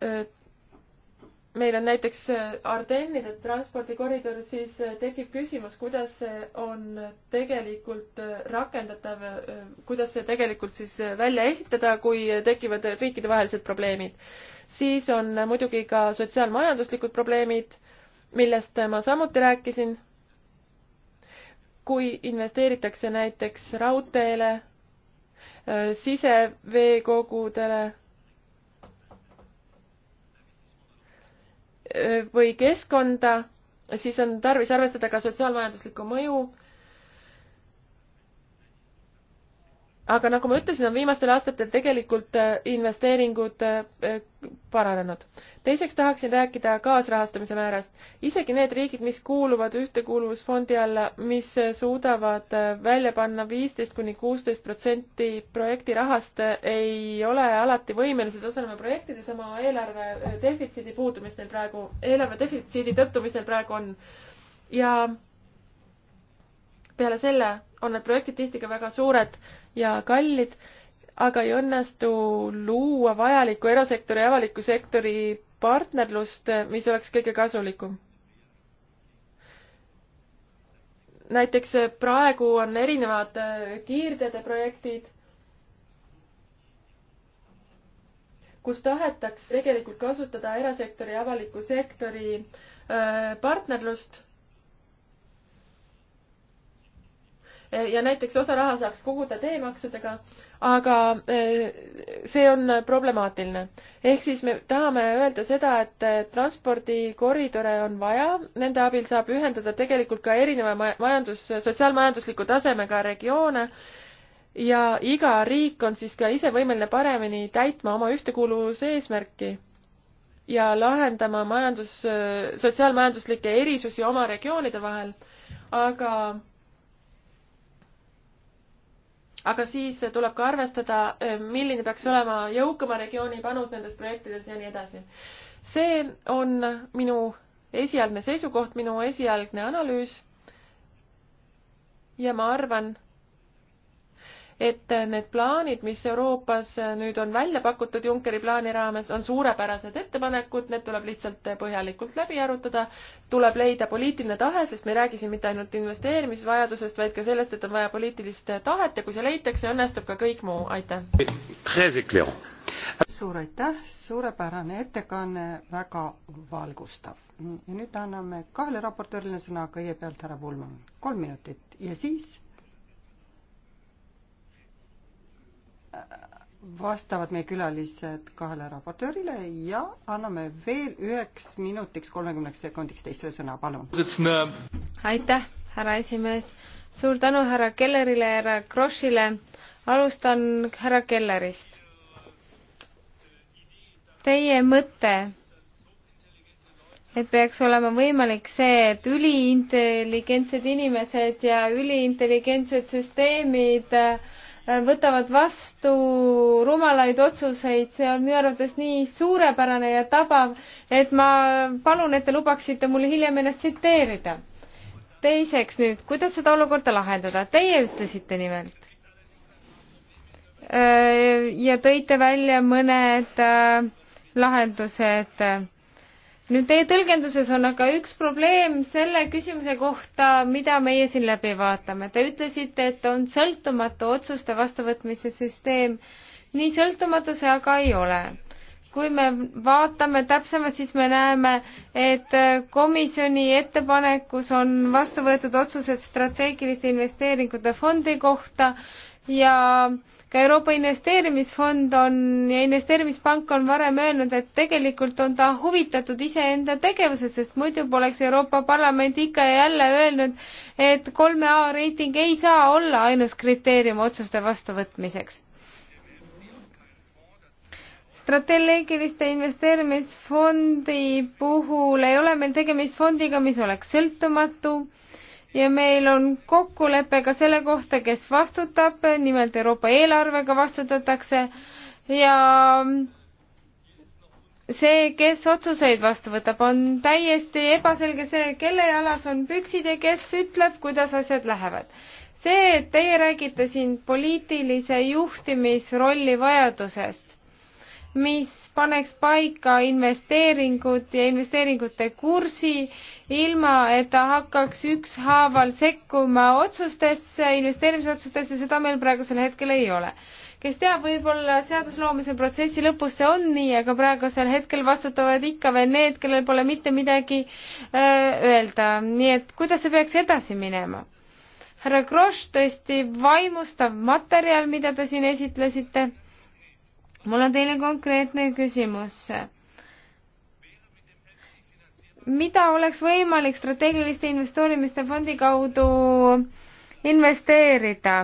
meil on näiteks äh, Ardennide transpordikoridor, siis äh, tekib küsimus, kuidas see on tegelikult rakendatav, kuidas see tegelikult siis välja ehitada, kui tekivad riikidevahelised probleemid. siis on muidugi ka sotsiaalmajanduslikud probleemid, millest ma samuti rääkisin. kui investeeritakse näiteks raudteele, siseveekogudele või keskkonda, siis on tarvis arvestada ka sotsiaalmajanduslikku mõju aga nagu ma ütlesin, on viimastel aastatel tegelikult äh, investeeringud äh, äh, paranenud. teiseks tahaksin rääkida kaasrahastamise määrast. isegi need riigid, mis kuuluvad ühtekuuluvusfondi alla, mis suudavad välja panna viisteist kuni kuusteist protsenti projekti rahast, ei ole alati võimelised osalema projektides oma eelarve defitsiidi puudu, mis neil praegu, eelarve defitsiidi tõttu, mis neil praegu on. ja peale selle on need projektid tihti ka väga suured ja kallid, aga ei õnnestu luua vajalikku erasektori ja avaliku sektori partnerlust, mis oleks kõige kasulikum. näiteks praegu on erinevad kiirteede projektid, kus tahetakse tegelikult kasutada erasektori ja avaliku sektori äh, partnerlust Eh, ja näiteks osa raha saaks koguda teemaksudega, aga eh, see on problemaatiline. ehk siis me tahame öelda seda, et eh, transpordikoridore on vaja, nende abil saab ühendada tegelikult ka erineva majandus, sotsiaalmajandusliku tasemega regioone ja iga riik on siis ka ise võimeline paremini täitma oma ühtekuuluvuse eesmärki ja lahendama majandus, sotsiaalmajanduslikke erisusi oma regioonide vahel, aga aga siis tuleb ka arvestada, eh, milline peaks olema jõukama regiooni panus nendes projektides ja nii edasi. see on minu esialgne seisukoht, minu esialgne analüüs. ja ma arvan, et need plaanid, mis Euroopas nüüd on välja pakutud Junckeri plaani raames, on suurepärased ettepanekud, need tuleb lihtsalt põhjalikult läbi arutada, tuleb leida poliitiline tahe, sest me ei räägi siin mitte ainult investeerimisvajadusest, vaid ka sellest, et on vaja poliitilist tahet ja kui see leitakse, õnnestub ka kõik muu, aitäh! suur aitäh, suurepärane ettekanne, väga valgustav. ja nüüd anname kahele raportöörile sõna, kõigepealt härra Pulman, kolm minutit ja siis vastavad meie külalised kahele raportöörile ja anname veel üheks minutiks kolmekümneks sekundiks teistele sõna, palun. aitäh, härra esimees. suur tänu härra Kellerile ja härra Krossile. alustan härra Kellerist. Teie mõte, et peaks olema võimalik see, et üliintelligentsed inimesed ja üliintelligentsed süsteemid äh, võtavad vastu rumalaid otsuseid, see on minu arvates nii suurepärane ja tabav, et ma palun, et te lubaksite mul hiljem ennast tsiteerida. teiseks nüüd, kuidas seda olukorda lahendada, teie ütlesite nimelt. ja tõite välja mõned äh, lahendused nüüd teie tõlgenduses on aga üks probleem selle küsimuse kohta, mida meie siin läbi vaatame. Te ütlesite, et on sõltumatu otsuste vastuvõtmise süsteem. nii sõltumatu see aga ei ole. kui me vaatame täpsemalt, siis me näeme, et komisjoni ettepanekus on vastu võetud otsused strateegiliste investeeringute fondi kohta ja äh, ka Euroopa Investeerimisfond on ja Investeerimispank on varem öelnud, et tegelikult on ta huvitatud iseenda tegevusest, sest muidu poleks Euroopa Parlament ikka ja jälle öelnud, et kolme A reiting ei saa olla ainus kriteerium otsuste vastuvõtmiseks. strateegiliste investeerimisfondi puhul ei ole meil tegemist fondiga, mis oleks sõltumatu ja meil on kokkulepe ka selle kohta, kes vastutab, nimelt Euroopa eelarvega vastutatakse ja see, kes otsuseid vastu võtab, on täiesti ebaselge see, kelle jalas on püksid ja kes ütleb, kuidas asjad lähevad. see, et teie räägite siin poliitilise juhtimisrolli vajadusest, mis paneks paika investeeringud ja investeeringute kursi, ilma et ta hakkaks ükshaaval sekkuma otsustesse, investeerimisotsustesse, seda meil praegusel hetkel ei ole. kes teab, võib-olla seadusloomise protsessi lõpus see on nii, aga praegusel hetkel vastutavad ikka veel need, kellel pole mitte midagi öö, äh, öelda, nii et kuidas see peaks edasi minema? härra Kross, tõesti vaimustav materjal, mida te siin esitlesite mul on teile konkreetne küsimus. mida oleks võimalik strateegiliste investeerimiste fondi kaudu investeerida?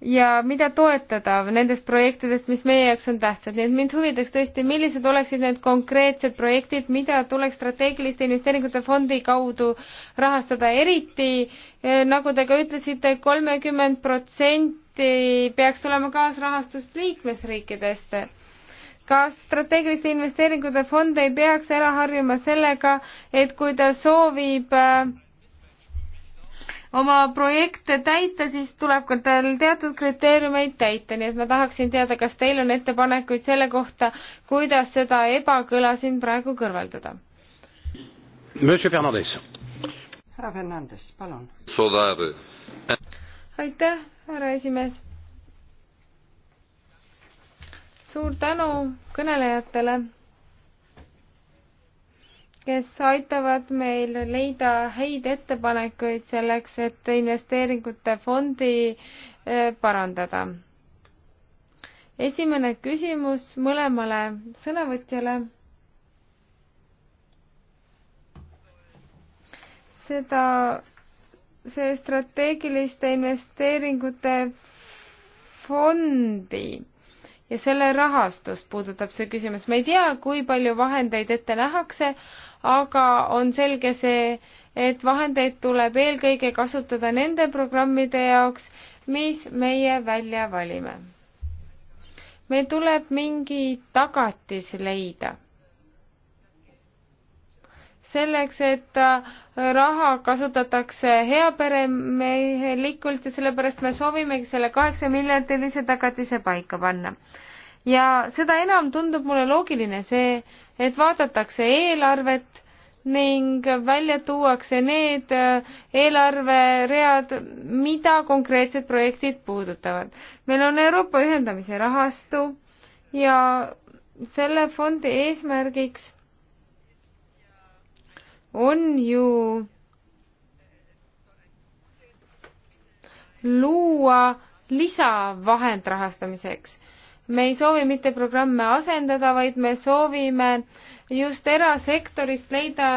ja mida toetada nendest projektidest, mis meie jaoks on tähtsad, nii et mind huvitaks tõesti, millised oleksid need konkreetsed projektid, mida tuleks strateegiliste investeeringute fondi kaudu rahastada, eriti eh, nagu te ka ütlesite, kolmekümmend protsenti peaks tulema kaasrahastust liikmesriikidest. kas strateegiliste investeeringute fond ei peaks ära harjuma sellega, et kui ta soovib äh, oma projekte täita, siis tuleb ka tal teatud kriteeriumeid täita, nii et ma tahaksin teada, kas teil on ettepanekuid selle kohta, kuidas seda ebakõla siin praegu kõrvaldada? härra Fernandes, palun. aitäh, härra esimees. suur tänu kõnelejatele kes aitavad meil leida häid ettepanekuid selleks, et investeeringute fondi eh, parandada. esimene küsimus mõlemale sõnavõtjale. seda, see strateegiliste investeeringute fondi ja selle rahastust puudutab see küsimus. ma ei tea, kui palju vahendeid ette nähakse, aga on selge see, et vahendeid tuleb eelkõige kasutada nende programmide jaoks, mis meie välja valime. meil tuleb mingi tagatis leida. selleks, et äh, raha kasutatakse heaperemehelikult ja sellepärast me soovimegi selle kaheksa miljardilise tagatise paika panna ja seda enam tundub mulle loogiline see, et vaadatakse eelarvet ning välja tuuakse need äh, eelarveread, mida konkreetsed projektid puudutavad. meil on Euroopa ühendamise rahastu ja selle fondi eesmärgiks on ju luua lisavahend rahastamiseks me ei soovi mitte programme asendada, vaid me soovime just erasektorist leida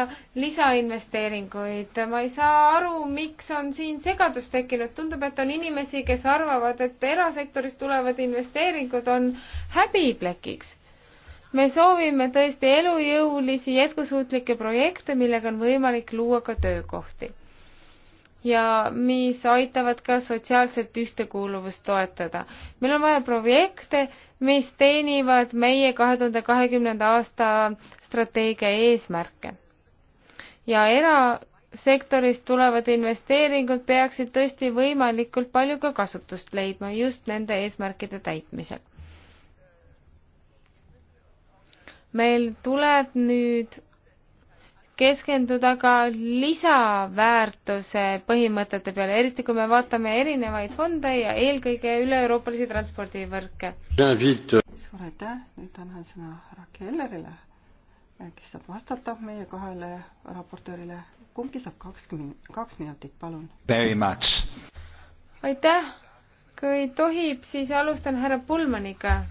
lisainvesteeringuid. ma ei saa aru, miks on siin segadus tekkinud. tundub, et on inimesi, kes arvavad, et erasektorist tulevad investeeringud on häbiplekiks. me soovime tõesti elujõulisi jätkusuutlikke projekte, millega on võimalik luua ka töökohti ja mis aitavad ka sotsiaalset ühtekuuluvust toetada. meil on vaja projekte, mis teenivad meie kahe tuhande kahekümnenda aasta strateegia eesmärke. ja erasektorist tulevad investeeringud peaksid tõesti võimalikult palju ka kasutust leidma just nende eesmärkide täitmisel. meil tuleb nüüd keskenduda ka lisaväärtuse põhimõtete peale, eriti kui me vaatame erinevaid fonde ja eelkõige üle-euroopalisi transpordivõrke. suur aitäh, nüüd annan sõna härra Kellerile, kes saab vastata meie kahele raportöörile. kumbki saab kakskümmend, kaks minutit, palun. aitäh, kui tohib, siis alustan härra Pulmaniga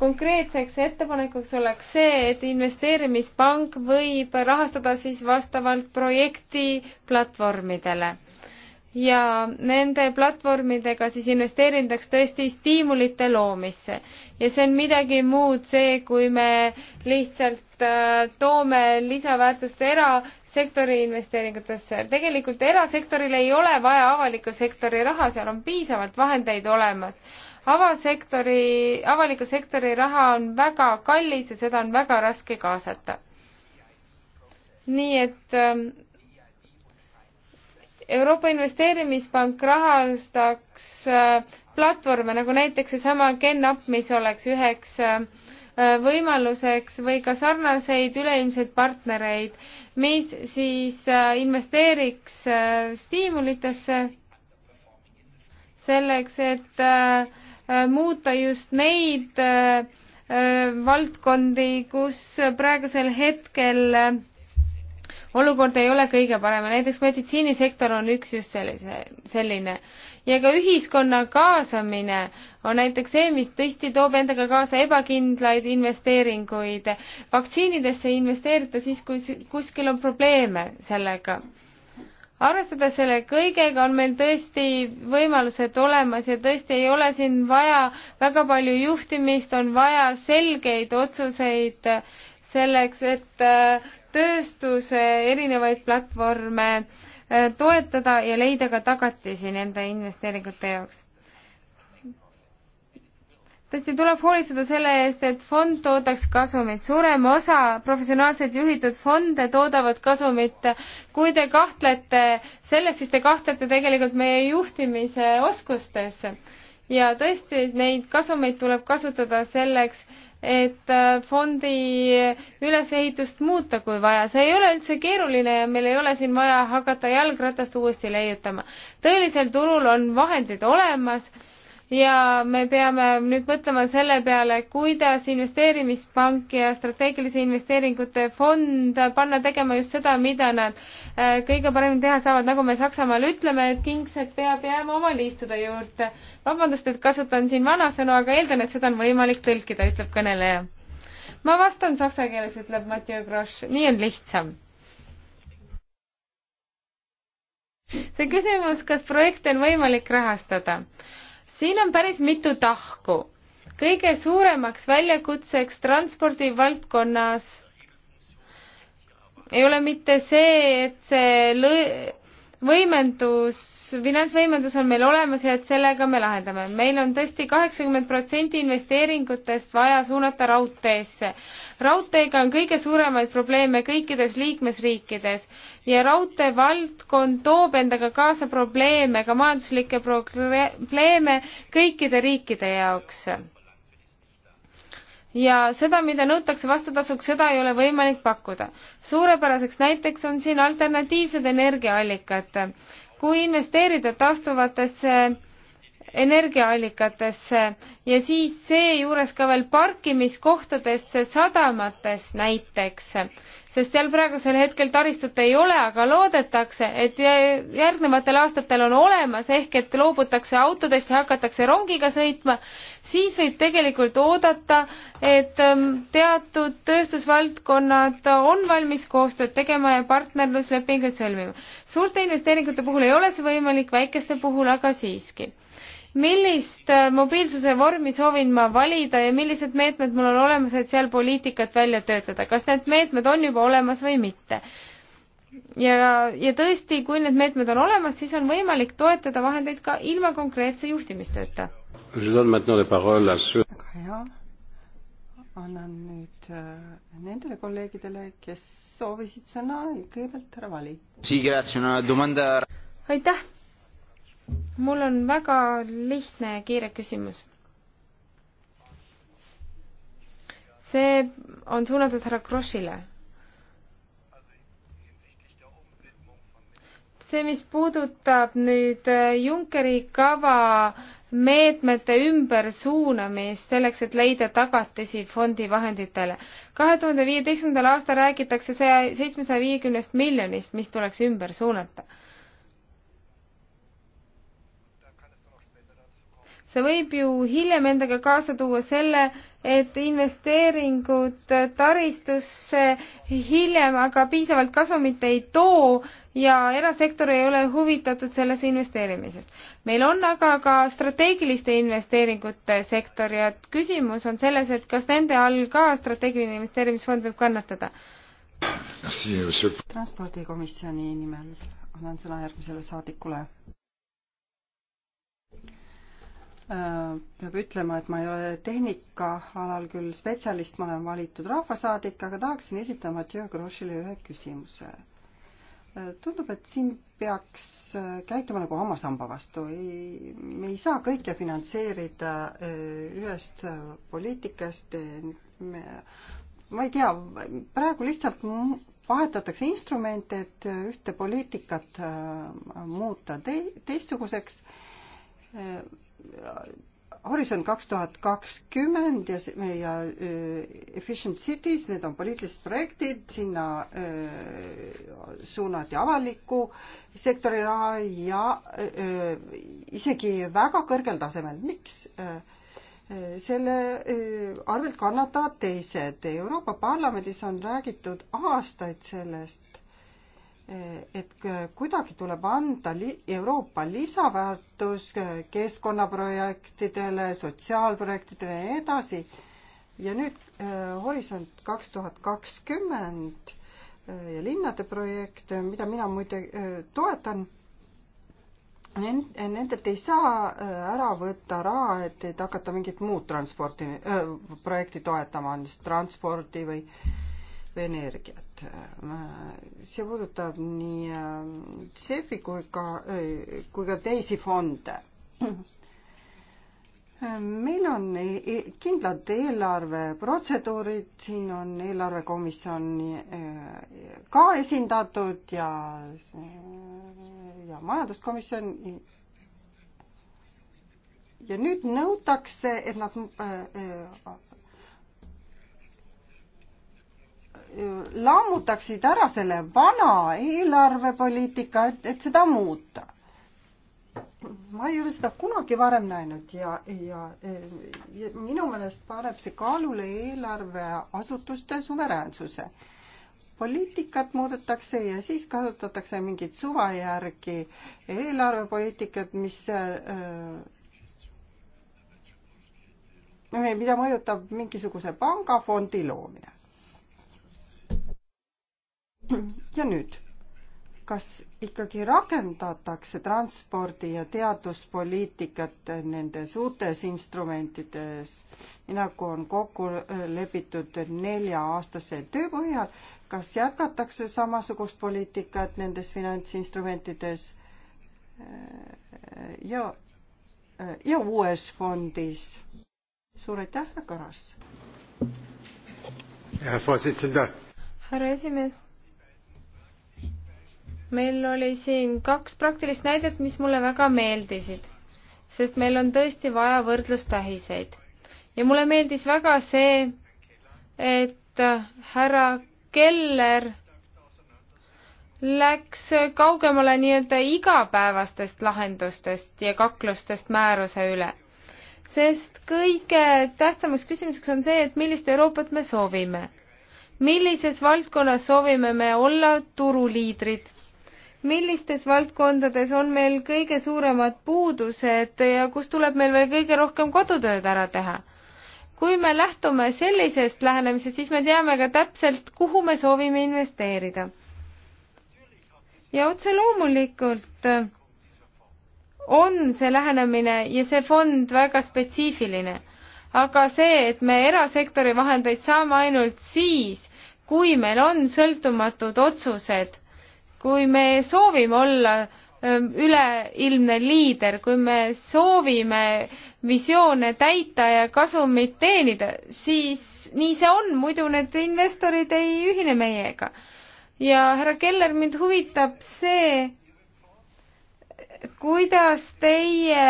konkreetseks ettepanekuks oleks see, et investeerimispank võib rahastada siis vastavalt projekti platvormidele. ja nende platvormidega siis investeeritaks tõesti stiimulite loomisse. ja see on midagi muud see, kui me lihtsalt äh, toome lisaväärtust erasektori investeeringutesse. tegelikult erasektoril ei ole vaja avaliku sektori raha, seal on piisavalt vahendeid olemas avasektori, avaliku sektori raha on väga kallis ja seda on väga raske kaasata. nii et ähm, Euroopa Investeerimispank rahastaks äh, platvorme nagu näiteks seesama GenUp, mis oleks üheks äh, võimaluseks või ka sarnaseid üleilmseid partnereid, mis siis äh, investeeriks stiimulitesse selleks, et Äh, muuta just neid äh, äh, valdkondi, kus praegusel hetkel olukord ei ole kõige parem ja näiteks meditsiinisektor on üks just sellise, selline. ja ka ühiskonna kaasamine on näiteks see, mis tihti toob endaga kaasa ebakindlaid investeeringuid. vaktsiinidesse ei investeerita siis, kui kuskil on probleeme sellega arvestades selle kõigega, on meil tõesti võimalused olemas ja tõesti ei ole siin vaja väga palju juhtimist, on vaja selgeid otsuseid selleks, et äh, tööstuse erinevaid platvorme äh, toetada ja leida ka tagatisi nende investeeringute jaoks tõesti tuleb hoolitseda selle eest, et fond toodaks kasumit. suurem osa professionaalselt juhitud fonde toodavad kasumit. kui te kahtlete selles, siis te kahtlete tegelikult meie juhtimise oskustes. ja tõesti, neid kasumeid tuleb kasutada selleks, et äh, fondi ülesehitust muuta, kui vaja. see ei ole üldse keeruline ja meil ei ole siin vaja hakata jalgratast uuesti leiutama. tõelisel turul on vahendid olemas ja me peame nüüd mõtlema selle peale, kuidas investeerimispank ja strateegilise investeeringute fond panna tegema just seda, mida nad äh, kõige paremini teha saavad, nagu me Saksamaal ütleme, et kingsepp peab jääma oma liistude juurde. vabandust, et kasutan siin vanasõnu, aga eeldan, et seda on võimalik tõlkida, ütleb kõneleja. ma vastan saksa keeles, ütleb Mathieu Grosch, nii on lihtsam see küsimus, kas projekte on võimalik rahastada? siin on päris mitu tahku. kõige suuremaks väljakutseks transpordivaldkonnas ei ole mitte see, et see lõ-, võimendus, finantsvõimendus on meil olemas ja et sellega me lahendame. meil on tõesti kaheksakümmend protsenti investeeringutest vaja suunata raudteesse. raudteega on kõige suuremaid probleeme kõikides liikmesriikides ja raudteevaldkond toob endaga kaasa probleeme, ka majanduslikke probleeme kõikide riikide jaoks ja seda, mida nõutakse vastutasuks, seda ei ole võimalik pakkuda. suurepäraseks näiteks on siin alternatiivsed energiaallikad. kui investeerida taastuvatesse energiaallikatesse ja siis seejuures ka veel parkimiskohtadesse sadamates näiteks, sest seal praegusel hetkel taristut ei ole, aga loodetakse, et järgnevatel aastatel on olemas, ehk et loobutakse autodest ja hakatakse rongiga sõitma, siis võib tegelikult oodata, et ähm, teatud tööstusvaldkonnad on valmis koostööd tegema ja partnerluslepinguid sõlmima. suurte investeeringute puhul ei ole see võimalik, väikeste puhul aga siiski millist äh, mobiilsuse vormi soovin ma valida ja millised meetmed mul on olemas, et seal poliitikat välja töötada, kas need meetmed on juba olemas või mitte. ja, ja tõesti, kui need meetmed on olemas, siis on võimalik toetada vahendeid ka ilma konkreetse juhtimistööta. väga hea. annan nüüd äh, nendele kolleegidele, kes soovisid sõna, kõigepealt härra Vali. aitäh mul on väga lihtne ja kiire küsimus. see on suunatud härra Krossile. see, mis puudutab nüüd äh, Junckeri kava meetmete ümbersuunamist selleks, et leida tagatisi fondi vahenditele. kahe tuhande viieteistkümnendal aastal räägitakse see seitsmesaja viiekümnest miljonist, mis tuleks ümber suunata see võib ju hiljem endaga kaasa tuua selle, et investeeringud taristusse hiljem aga piisavalt kasumit ei too ja erasektor ei ole huvitatud sellesse investeerimisest. meil on aga ka strateegiliste investeeringute sektor ja küsimus on selles, et kas nende all ka strateegiline investeerimisfond võib kannatada. transpordikomisjoni nimel annan sõna järgmisele saadikule Äh, peab ütlema, et ma ei ole tehnika alal küll spetsialist, ma olen valitud rahvasaadik, aga tahaksin esitada Mathieu Grossile ühe küsimuse. Äh, tundub, et siin peaks äh, käituma nagu hammashamba vastu, ei, me ei saa kõike finantseerida ühest poliitikast, me, ma ei tea, praegu lihtsalt vahetatakse instrumente, et ühte poliitikat muuta tei-, teistsuguseks Horisont kaks tuhat kakskümmend ja, ja äh, Efficient Cities, need on poliitilised projektid, sinna äh, suunati avaliku sektori raha ja äh, isegi väga kõrgel tasemel. miks? selle arvelt kannatavad teised. Euroopa Parlamendis on räägitud aastaid sellest, et kuidagi tuleb anda li Euroopa lisaväärtus keskkonnaprojektidele, sotsiaalprojektidele ja nii edasi. ja nüüd äh, Horisont kaks tuhat kakskümmend äh, ja linnade projekt, äh, mida mina muide toetan Nendelt ei saa ära võtta raha, et, et hakata mingit muud transporti äh,, projekti toetama, on siis transpordi või, või energiat. Äh, see puudutab nii CEF-i äh, kui ka, äh, kui ka teisi fonde. meil on e, e, kindlad eelarveprotseduurid, siin on eelarvekomisjon ka esindatud ja, ja majanduskomisjon ja nüüd nõutakse, et nad lammutaksid ära selle vana eelarvepoliitika, et, et seda muuta. ma ei ole seda kunagi varem näinud ja, ja, ja minu meelest paneb see kaalule eelarveasutuste suveräänsuse. poliitikat muudetakse ja siis kasutatakse mingit suva järgi eelarvepoliitikat, mis äh, mida mõjutab mingisuguse pangafondi loomine ja nüüd, kas ikkagi rakendatakse transpordi ja teaduspoliitikat nendes uutes instrumentides, nii nagu on kokku lepitud nelja-aastase töö põhjal, kas jätkatakse samasugust poliitikat nendes finantsinstrumentides ja, ja uues fondis? suur aitäh, härra Karas! härra esimees meil oli siin kaks praktilist näidet, mis mulle väga meeldisid, sest meil on tõesti vaja võrdlustähiseid. ja mulle meeldis väga see, et äh, härra Keller läks kaugemale nii-öelda igapäevastest lahendustest ja kaklustest määruse üle. sest kõige tähtsamaks küsimuseks on see, et millist Euroopat me soovime. millises valdkonnas soovime me olla turuliidrid millistes valdkondades on meil kõige suuremad puudused ja kus tuleb meil veel kõige rohkem kodutööd ära teha. kui me lähtume sellisest lähenemisest, siis me teame ka täpselt, kuhu me soovime investeerida. ja otse loomulikult on see lähenemine ja see fond väga spetsiifiline, aga see, et me erasektori vahendeid saame ainult siis, kui meil on sõltumatud otsused kui me soovime olla ähm, üleilmne liider, kui me soovime visioone täita ja kasumit teenida, siis nii see on, muidu need investorid ei ühine meiega. ja härra Keller, mind huvitab see, kuidas teie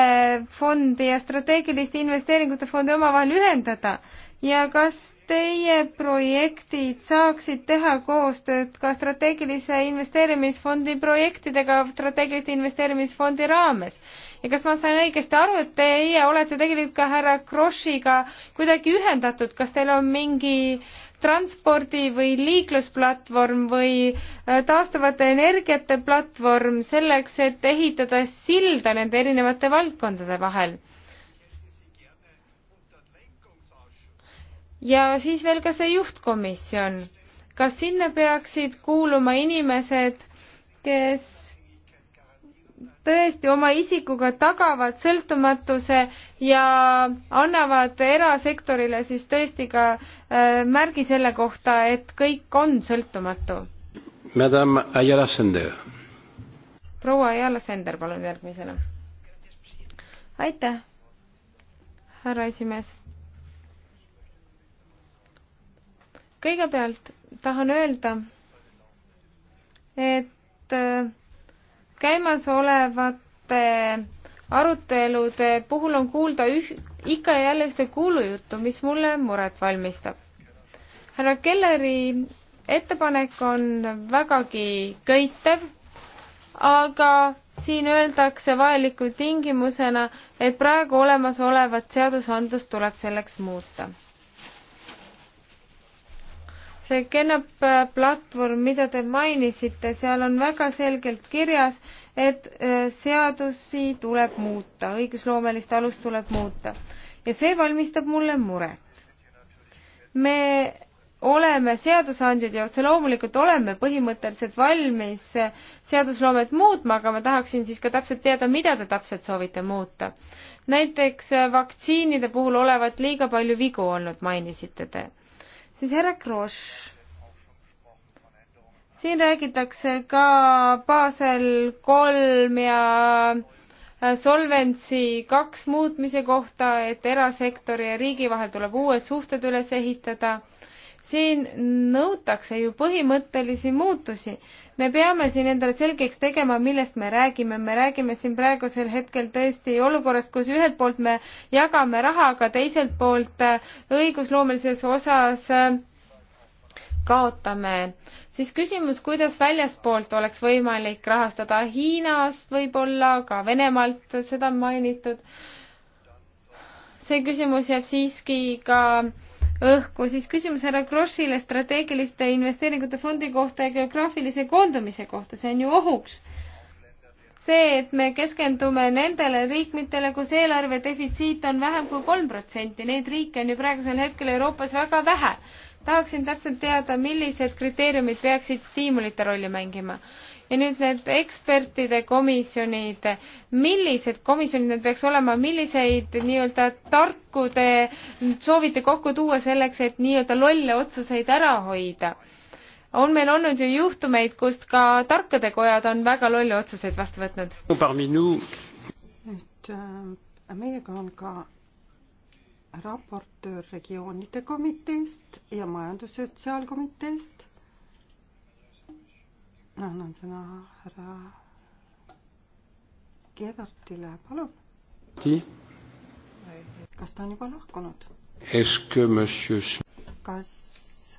fondi ja strateegiliste investeeringute fondi omavahel ühendada ja kas teie projektid saaksid teha koostööd ka strateegilise investeerimisfondi projektidega strateegilise investeerimisfondi raames? ja kas ma sain õigesti aru, et teie olete tegelikult ka härra Krossiga kuidagi ühendatud, kas teil on mingi transpordi või liiklusplatvorm või äh, taastuvate energiate platvorm selleks, et ehitada silda nende erinevate valdkondade vahel? ja siis veel ka see juhtkomisjon. kas sinna peaksid kuuluma inimesed, kes tõesti oma isikuga tagavad sõltumatuse ja annavad erasektorile siis tõesti ka äh, märgi selle kohta, et kõik on sõltumatu. Madame Ayala Sender. proua Ayala Sender, palun järgmisena. aitäh, härra esimees kõigepealt tahan öelda, et äh, käimasolevate arutelude puhul on kuulda üh-, ikka ja jälle ühte kuulujuttu, mis mulle muret valmistab. härra Kelleri ettepanek on vägagi köitev, aga siin öeldakse vajaliku tingimusena, et praegu olemasolevat seadusandlust tuleb selleks muuta see Genop platvorm, mida te mainisite, seal on väga selgelt kirjas, et äh, seadusi tuleb muuta, õigusloomelist alust tuleb muuta ja see valmistab mulle muret. me oleme seadusandjad ja otse loomulikult oleme põhimõtteliselt valmis äh, seadusloomet muutma, aga ma tahaksin siis ka täpselt teada, mida te täpselt soovite muuta. näiteks äh, vaktsiinide puhul olevat liiga palju vigu olnud, mainisite te siis härra Kross. siin räägitakse ka Basel kolm ja äh, Solvency kaks muutmise kohta, et erasektori ja riigi vahel tuleb uued suhted üles ehitada siin nõutakse ju põhimõttelisi muutusi. me peame siin endale selgeks tegema, millest me räägime, me räägime siin praegusel hetkel tõesti olukorrast, kus ühelt poolt me jagame raha, aga teiselt poolt äh, õigusloomelises osas äh, kaotame. siis küsimus, kuidas väljaspoolt oleks võimalik rahastada Hiinast võib-olla, ka Venemaalt, seda on mainitud. see küsimus jääb siiski ka äh, õhku, siis küsimus härra Grossile strateegiliste investeeringute fondi kohta ja geograafilise koondumise kohta, see on ju ohuks. see, et me keskendume nendele riikmetele, kus eelarve defitsiit on vähem kui kolm protsenti, neid riike on ju praegusel hetkel Euroopas väga vähe tahaksin täpselt teada, millised kriteeriumid peaksid stiimulite rolli mängima ja nüüd need ekspertide komisjonid, millised komisjonid need peaks olema, milliseid nii-öelda tarku te soovite kokku tuua selleks, et nii-öelda lolle otsuseid ära hoida? on meil olnud ju juhtumeid, kus ka tarkade kojad on väga lolle otsuseid vastu võtnud. et äh, meiega on ka raportöör regioonide komiteest ja majandus- ja sotsiaalkomiteest annan sõna härra Gerardile, palun. kas ta on juba lahkunud? kas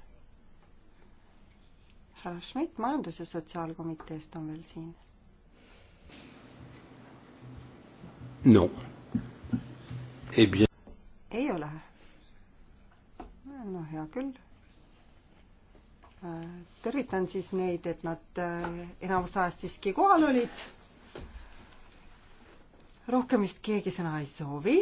härra Schmidt Majandus- ja Sotsiaalkomiteest on veel siin? no eh bien. ei ole. no hea küll tervitan siis neid, et nad eh, enamus ajast siiski kohal olid. rohkem vist keegi sõna ei soovi,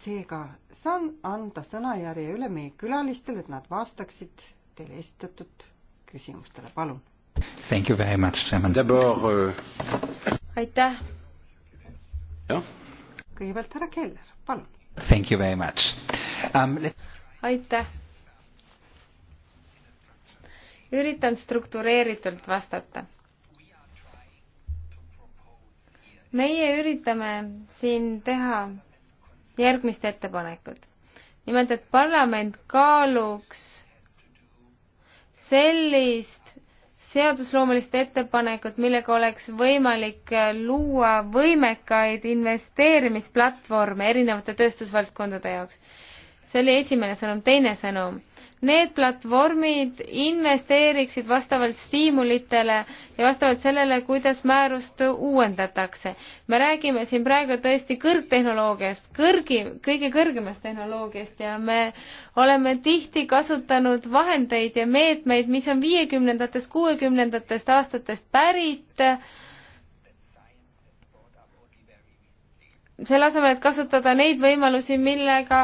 seega saan anda sõnajärje üle meie külalistele, et nad vastaksid teile esitatud küsimustele, palun. Thank you very much, Simon. Euh, aitäh. jah. kõigepealt härra Keller, palun. Thank you very much um,. Let... aitäh üritan struktureeritult vastata. meie üritame siin teha järgmist ettepanekut. nimelt, et parlament kaaluks sellist seadusloomelist ettepanekut, millega oleks võimalik luua võimekaid investeerimisplatvorme erinevate tööstusvaldkondade jaoks see oli esimene sõnum, teine sõnum. Need platvormid investeeriksid vastavalt stiimulitele ja vastavalt sellele, kuidas määrust uuendatakse. me räägime siin praegu tõesti kõrgtehnoloogiast, kõrgi, kõige kõrgemast tehnoloogiast ja me oleme tihti kasutanud vahendeid ja meetmeid, mis on viiekümnendatest, kuuekümnendatest aastatest pärit äh, selle asemel, et kasutada neid võimalusi, millega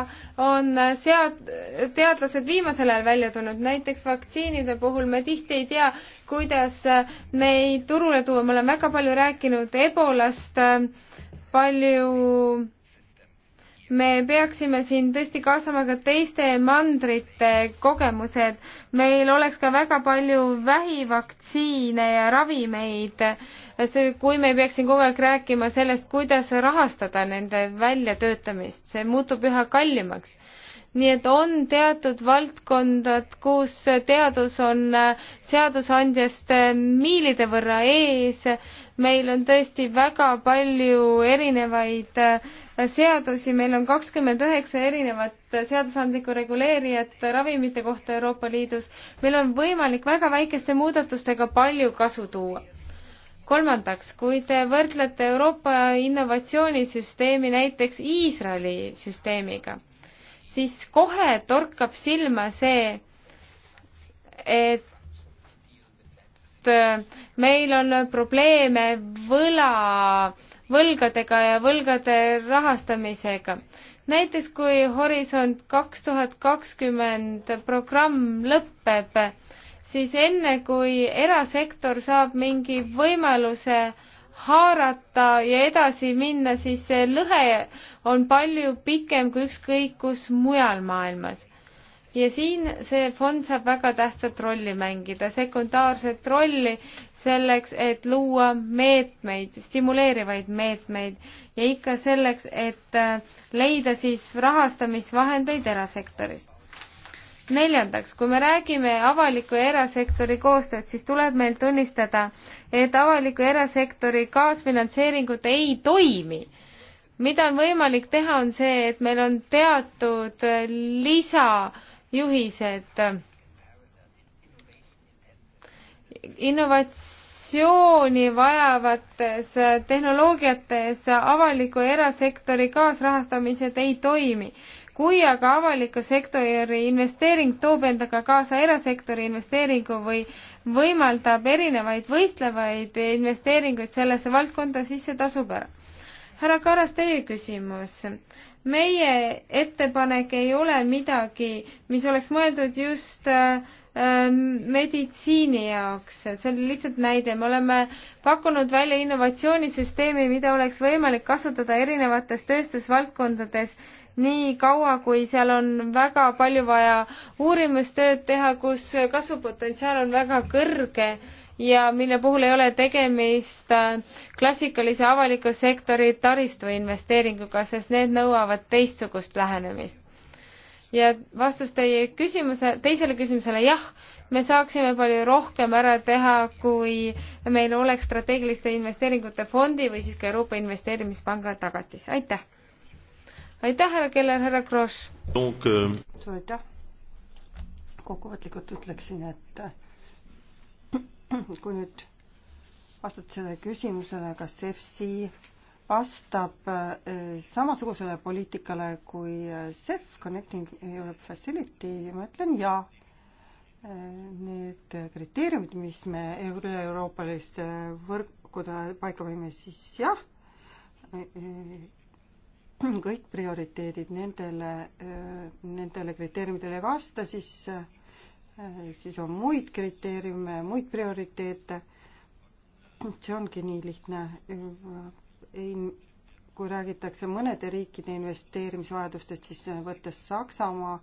on sead-, teadlased viimasel ajal välja tulnud, näiteks vaktsiinide puhul me tihti ei tea, kuidas neid turule tuua, me oleme väga palju rääkinud ebolast, palju me peaksime siin tõesti kaasama ka teiste mandrite kogemused. meil oleks ka väga palju vähivaktsiine ja ravimeid, kui me ei peaks siin kogu aeg rääkima sellest, kuidas rahastada nende väljatöötamist, see muutub üha kallimaks nii et on teatud valdkondad, kus teadus on seadusandjast miilide võrra ees. meil on tõesti väga palju erinevaid äh, seadusi, meil on kakskümmend üheksa erinevat seadusandlikku reguleerijat ravimite kohta Euroopa Liidus. meil on võimalik väga väikeste muudatustega palju kasu tuua. kolmandaks, kui te võrdlete Euroopa innovatsioonisüsteemi näiteks Iisraeli süsteemiga, siis kohe torkab silma see, et meil on probleeme võla äh, võlgadega ja võlgade rahastamisega. näiteks kui Horisont kaks tuhat kakskümmend programm lõpeb, siis enne, kui erasektor saab mingi võimaluse haarata ja edasi minna, siis see lõhe on palju pikem kui ükskõik kus mujal maailmas. ja siin see fond saab väga tähtsat rolli mängida, sekundaarset rolli selleks, et luua meetmeid, stimuleerivaid meetmeid ja ikka selleks, et äh, leida siis rahastamisvahendeid erasektorist. neljandaks, kui me räägime avaliku ja erasektori koostööd, siis tuleb meil tunnistada, et avaliku ja erasektori kaasfinantseeringud ei toimi mida on võimalik teha, on see, et meil on teatud äh, lisajuhised äh, innovatsiooni vajavates tehnoloogiates avaliku ja erasektori kaasrahastamised ei toimi. kui aga avaliku sektori investeering toob endaga kaasa erasektori investeeringu või võimaldab erinevaid võistlevaid investeeringuid sellesse valdkonda, siis see tasub ära. härra Karas, teie küsimus meie ettepanek ei ole midagi, mis oleks mõeldud just äh, Ehm, meditsiini jaoks, see on lihtsalt näide, me oleme pakkunud välja innovatsioonisüsteemi, mida oleks võimalik kasutada erinevates tööstusvaldkondades nii kaua, kui seal on väga palju vaja uurimustööd teha, kus kasvupotentsiaal on väga kõrge ja mille puhul ei ole tegemist äh, klassikalise avaliku sektori taristu investeeringuga, sest need nõuavad teistsugust lähenemist ja vastus teie küsimuse, teisele küsimusele jah, me saaksime palju rohkem ära teha, kui meil oleks strateegiliste investeeringute fondi või siis ka Euroopa Investeerimispanga tagatis, aitäh! aitäh, härra Keller, härra Kross! Euh, suur aitäh! kokkuvõtlikult ütleksin, et kui nüüd vastata sellele küsimusele, kas FC vastab äh, samasugusele poliitikale kui äh, CEF, Connecting Europe Facility, ma ütlen jaa. Äh, need kriteeriumid, mis me üle-euroopalistele võrkudele paika panime, siis jah, kõik prioriteedid nendele, nendele kriteeriumidele ei vasta, siis, siis on muid kriteeriume, muid prioriteete. see ongi nii lihtne kui räägitakse mõnede riikide investeerimisvajadustest, siis võttes Saksamaa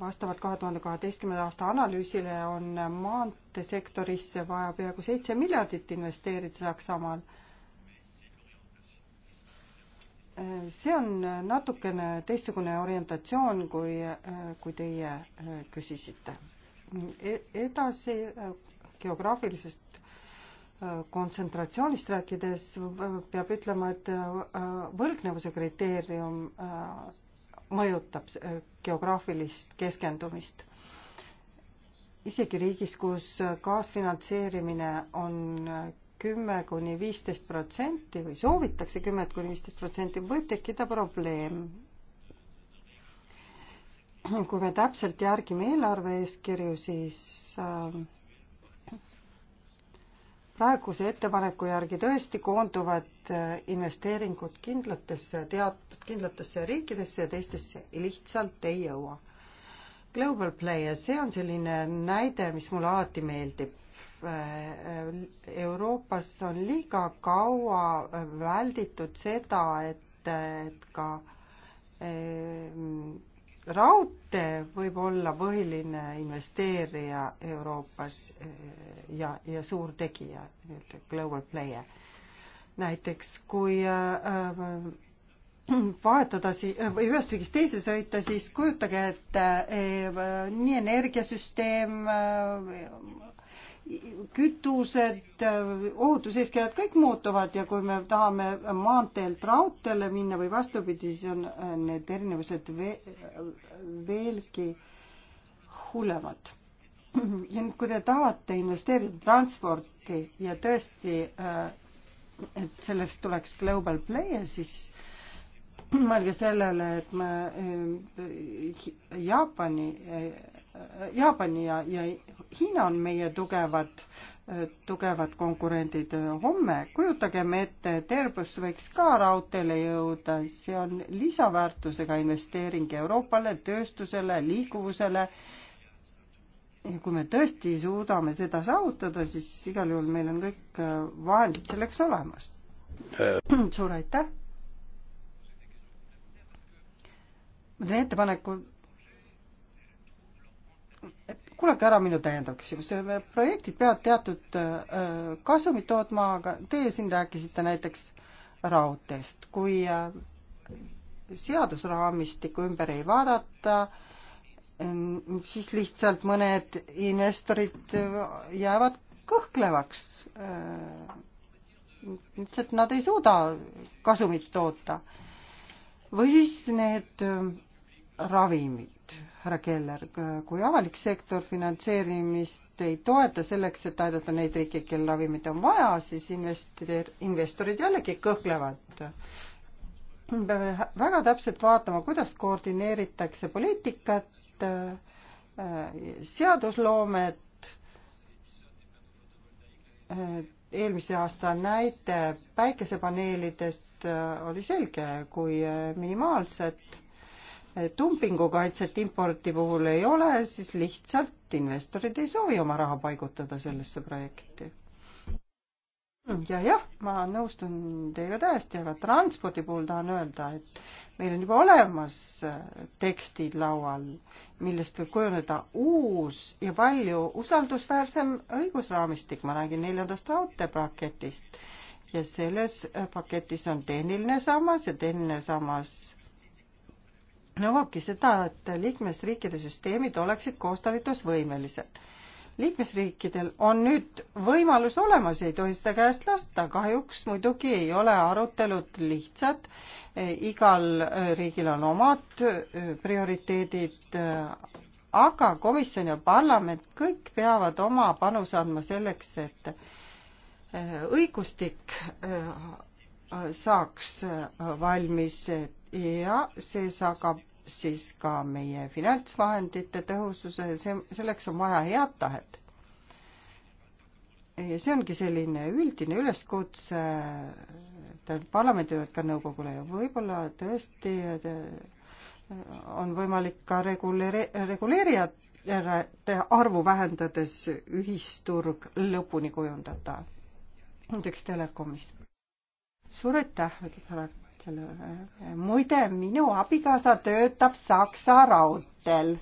vastavalt kahe tuhande kaheteistkümnenda aasta analüüsile on maanteesektorisse vaja peaaegu seitse miljardit investeerida Saksamaal. see on natukene teistsugune orientatsioon, kui, kui teie küsisite. E-, edasi geograafilisest kontsentratsioonist rääkides peab ütlema, et äh, võlgnevuse kriteerium äh, mõjutab äh, geograafilist keskendumist. isegi riigis, kus kaasfinantseerimine on kümme kuni viisteist protsenti või soovitakse kümmet kuni viisteist protsenti, võib tekkida probleem. kui me täpselt järgime eelarve eeskirju, siis äh, praeguse ettepaneku järgi tõesti koonduvad äh, investeeringud kindlatesse tead-, kindlatesse riikidesse ja teistesse lihtsalt ei jõua. Global Player, see on selline näide, mis mulle alati meeldib. Äh, äh, Euroopas on liiga kaua välditud seda, et, et ka raudtee võib olla põhiline investeerija Euroopas eh, ja, ja suur tegija, nii-öelda global player. näiteks kui äh, äh vahetada siis äh, või ühest riigist teise sõita, siis kujutage ette äh, nii energiasüsteem äh, kütused, ohutuseeskirjad, kõik muutuvad ja kui me tahame maanteelt raudteele minna või vastupidi, siis on äh, need erinevused ve veelgi hullemad. ja nüüd, kui te tahate investeerida transporti ja tõesti, äh, et sellest tuleks global player, siis mõelge sellele, et me äh, Jaapani Jaapani ja, ja Hiina on meie tugevad, tugevad konkurendid. homme kujutagem ette, et Airbus võiks ka raudteele jõuda, see on lisaväärtusega investeering Euroopale, tööstusele, liikuvusele. ja kui me tõesti suudame seda saavutada, siis igal juhul meil on kõik vahendid selleks olemas. suur aitäh! ma teen ettepaneku kuulake ära minu täiendav küsimus, projektid peavad teatud äh, kasumit tootma, aga teie siin rääkisite näiteks raudteest, kui äh, seadusraamistikku ümber ei vaadata, mm, siis lihtsalt mõned investorid äh, jäävad kõhklevaks. lihtsalt nad ei suuda kasumit toota. või siis need ravimid et härra Keller, kui avalik sektor finantseerimist ei toeta selleks, et aidata neid riike, kel ravimit on vaja, siis investeer-, investorid jällegi kõhklevad. me peame väga täpselt vaatama, kuidas koordineeritakse poliitikat, seadusloomet, eelmise aasta näite päikesepaneelidest oli selge, kui minimaalset dumpingukaitset importi puhul ei ole, siis lihtsalt investorid ei soovi oma raha paigutada sellesse projekti. ja jah, ma nõustun teiega täiesti, aga transpordi puhul tahan öelda, et meil on juba olemas tekstid laual, millest võib kujuneda uus ja palju usaldusväärsem õigusraamistik, ma räägin neljandast raudteepaketist. ja selles paketis on tehniline sammas ja tehniline sammas nõuabki seda, et liikmesriikide süsteemid oleksid koostalitusvõimelised. liikmesriikidel on nüüd võimalus olemas, ei tohi seda käest lasta, kahjuks muidugi ei ole arutelud lihtsad, e, igal e, riigil on omad e, prioriteedid, aga komisjon ja parlament kõik peavad oma panuse andma selleks, et õigustik saaks valmis, et ja see tagab siis ka meie finantsvahendite tõhususe, see, selleks on vaja head tahet. ja see ongi selline üldine üleskutse parlamendile, ka nõukogule ja võib-olla tõesti äh, on võimalik ka reguleeri-, reguleerijate arvu vähendades ühisturg lõpuni kujundada. näiteks telekomis. suur aitäh, ütleb härra sellele. muide, minu abikaasa töötab Saksa raudteel.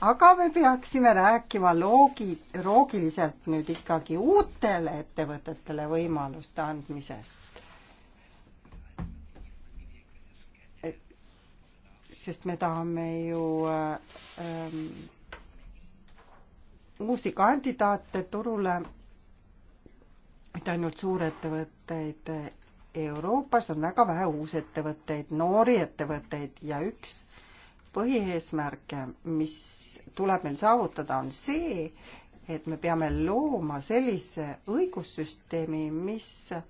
aga me peaksime rääkima loogi, loogiliselt nüüd ikkagi uutele ettevõtetele võimaluste andmisest. sest me tahame ju ähm, uusi kandidaate turule, mitte ainult suurettevõtteid Euroopas on väga vähe uusettevõtteid, noori ettevõtteid ja üks põhieesmärke, mis tuleb meil saavutada, on see, et me peame looma sellise õigussüsteemi, mis äh,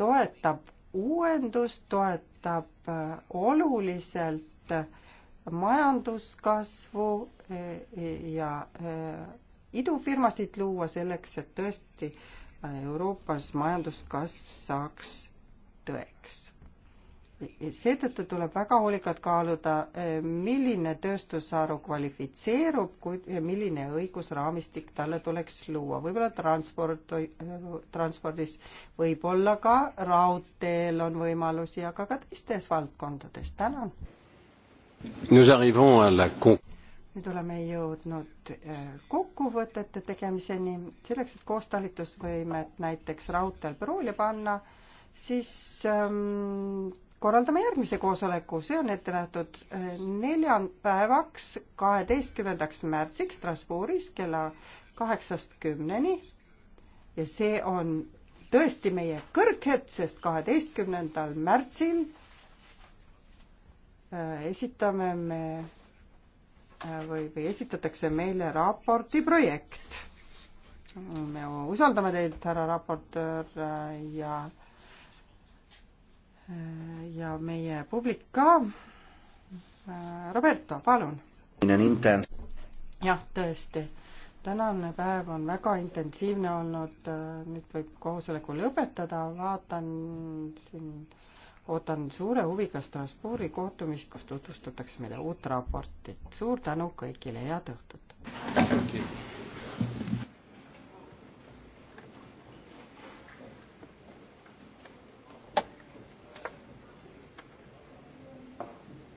toetab uuendust, toetab äh, oluliselt äh, majanduskasvu ja idufirmasid luua selleks, et tõesti äh, Euroopas majanduskasv saaks tõeks. seetõttu tuleb väga hoolikalt kaaluda, eh, milline tööstusharu kvalifitseerub, kuid milline õigusraamistik talle tuleks luua. võib-olla transport, eh, transpordis, võib-olla ka raudteel on võimalusi, aga ka teistes valdkondades. tänan. Nous arrivons à la con- nüüd oleme jõudnud äh, kokkuvõtete tegemiseni. selleks, et koostalitusvõimet näiteks raudteel parooli panna, siis ähm, korraldame järgmise koosoleku, see on ette nähtud äh, neljapäevaks, kaheteistkümnendaks märtsiks Strasbourgis kella kaheksast kümneni. ja see on tõesti meie kõrghetk, sest kaheteistkümnendal märtsil äh, esitame me Äh, või, või esitatakse meile raporti projekt. me usaldame teilt, härra raportöör äh, ja äh, ja meie publik ka. Roberto, palun. jah, tõesti. tänane päev on väga intensiivne olnud, nüüd võib koosoleku lõpetada, vaatan siin äh, ootan suure huviga Strasbourgi kohtumist, kus tutvustatakse meile uut raportit. suur tänu kõigile, head õhtut!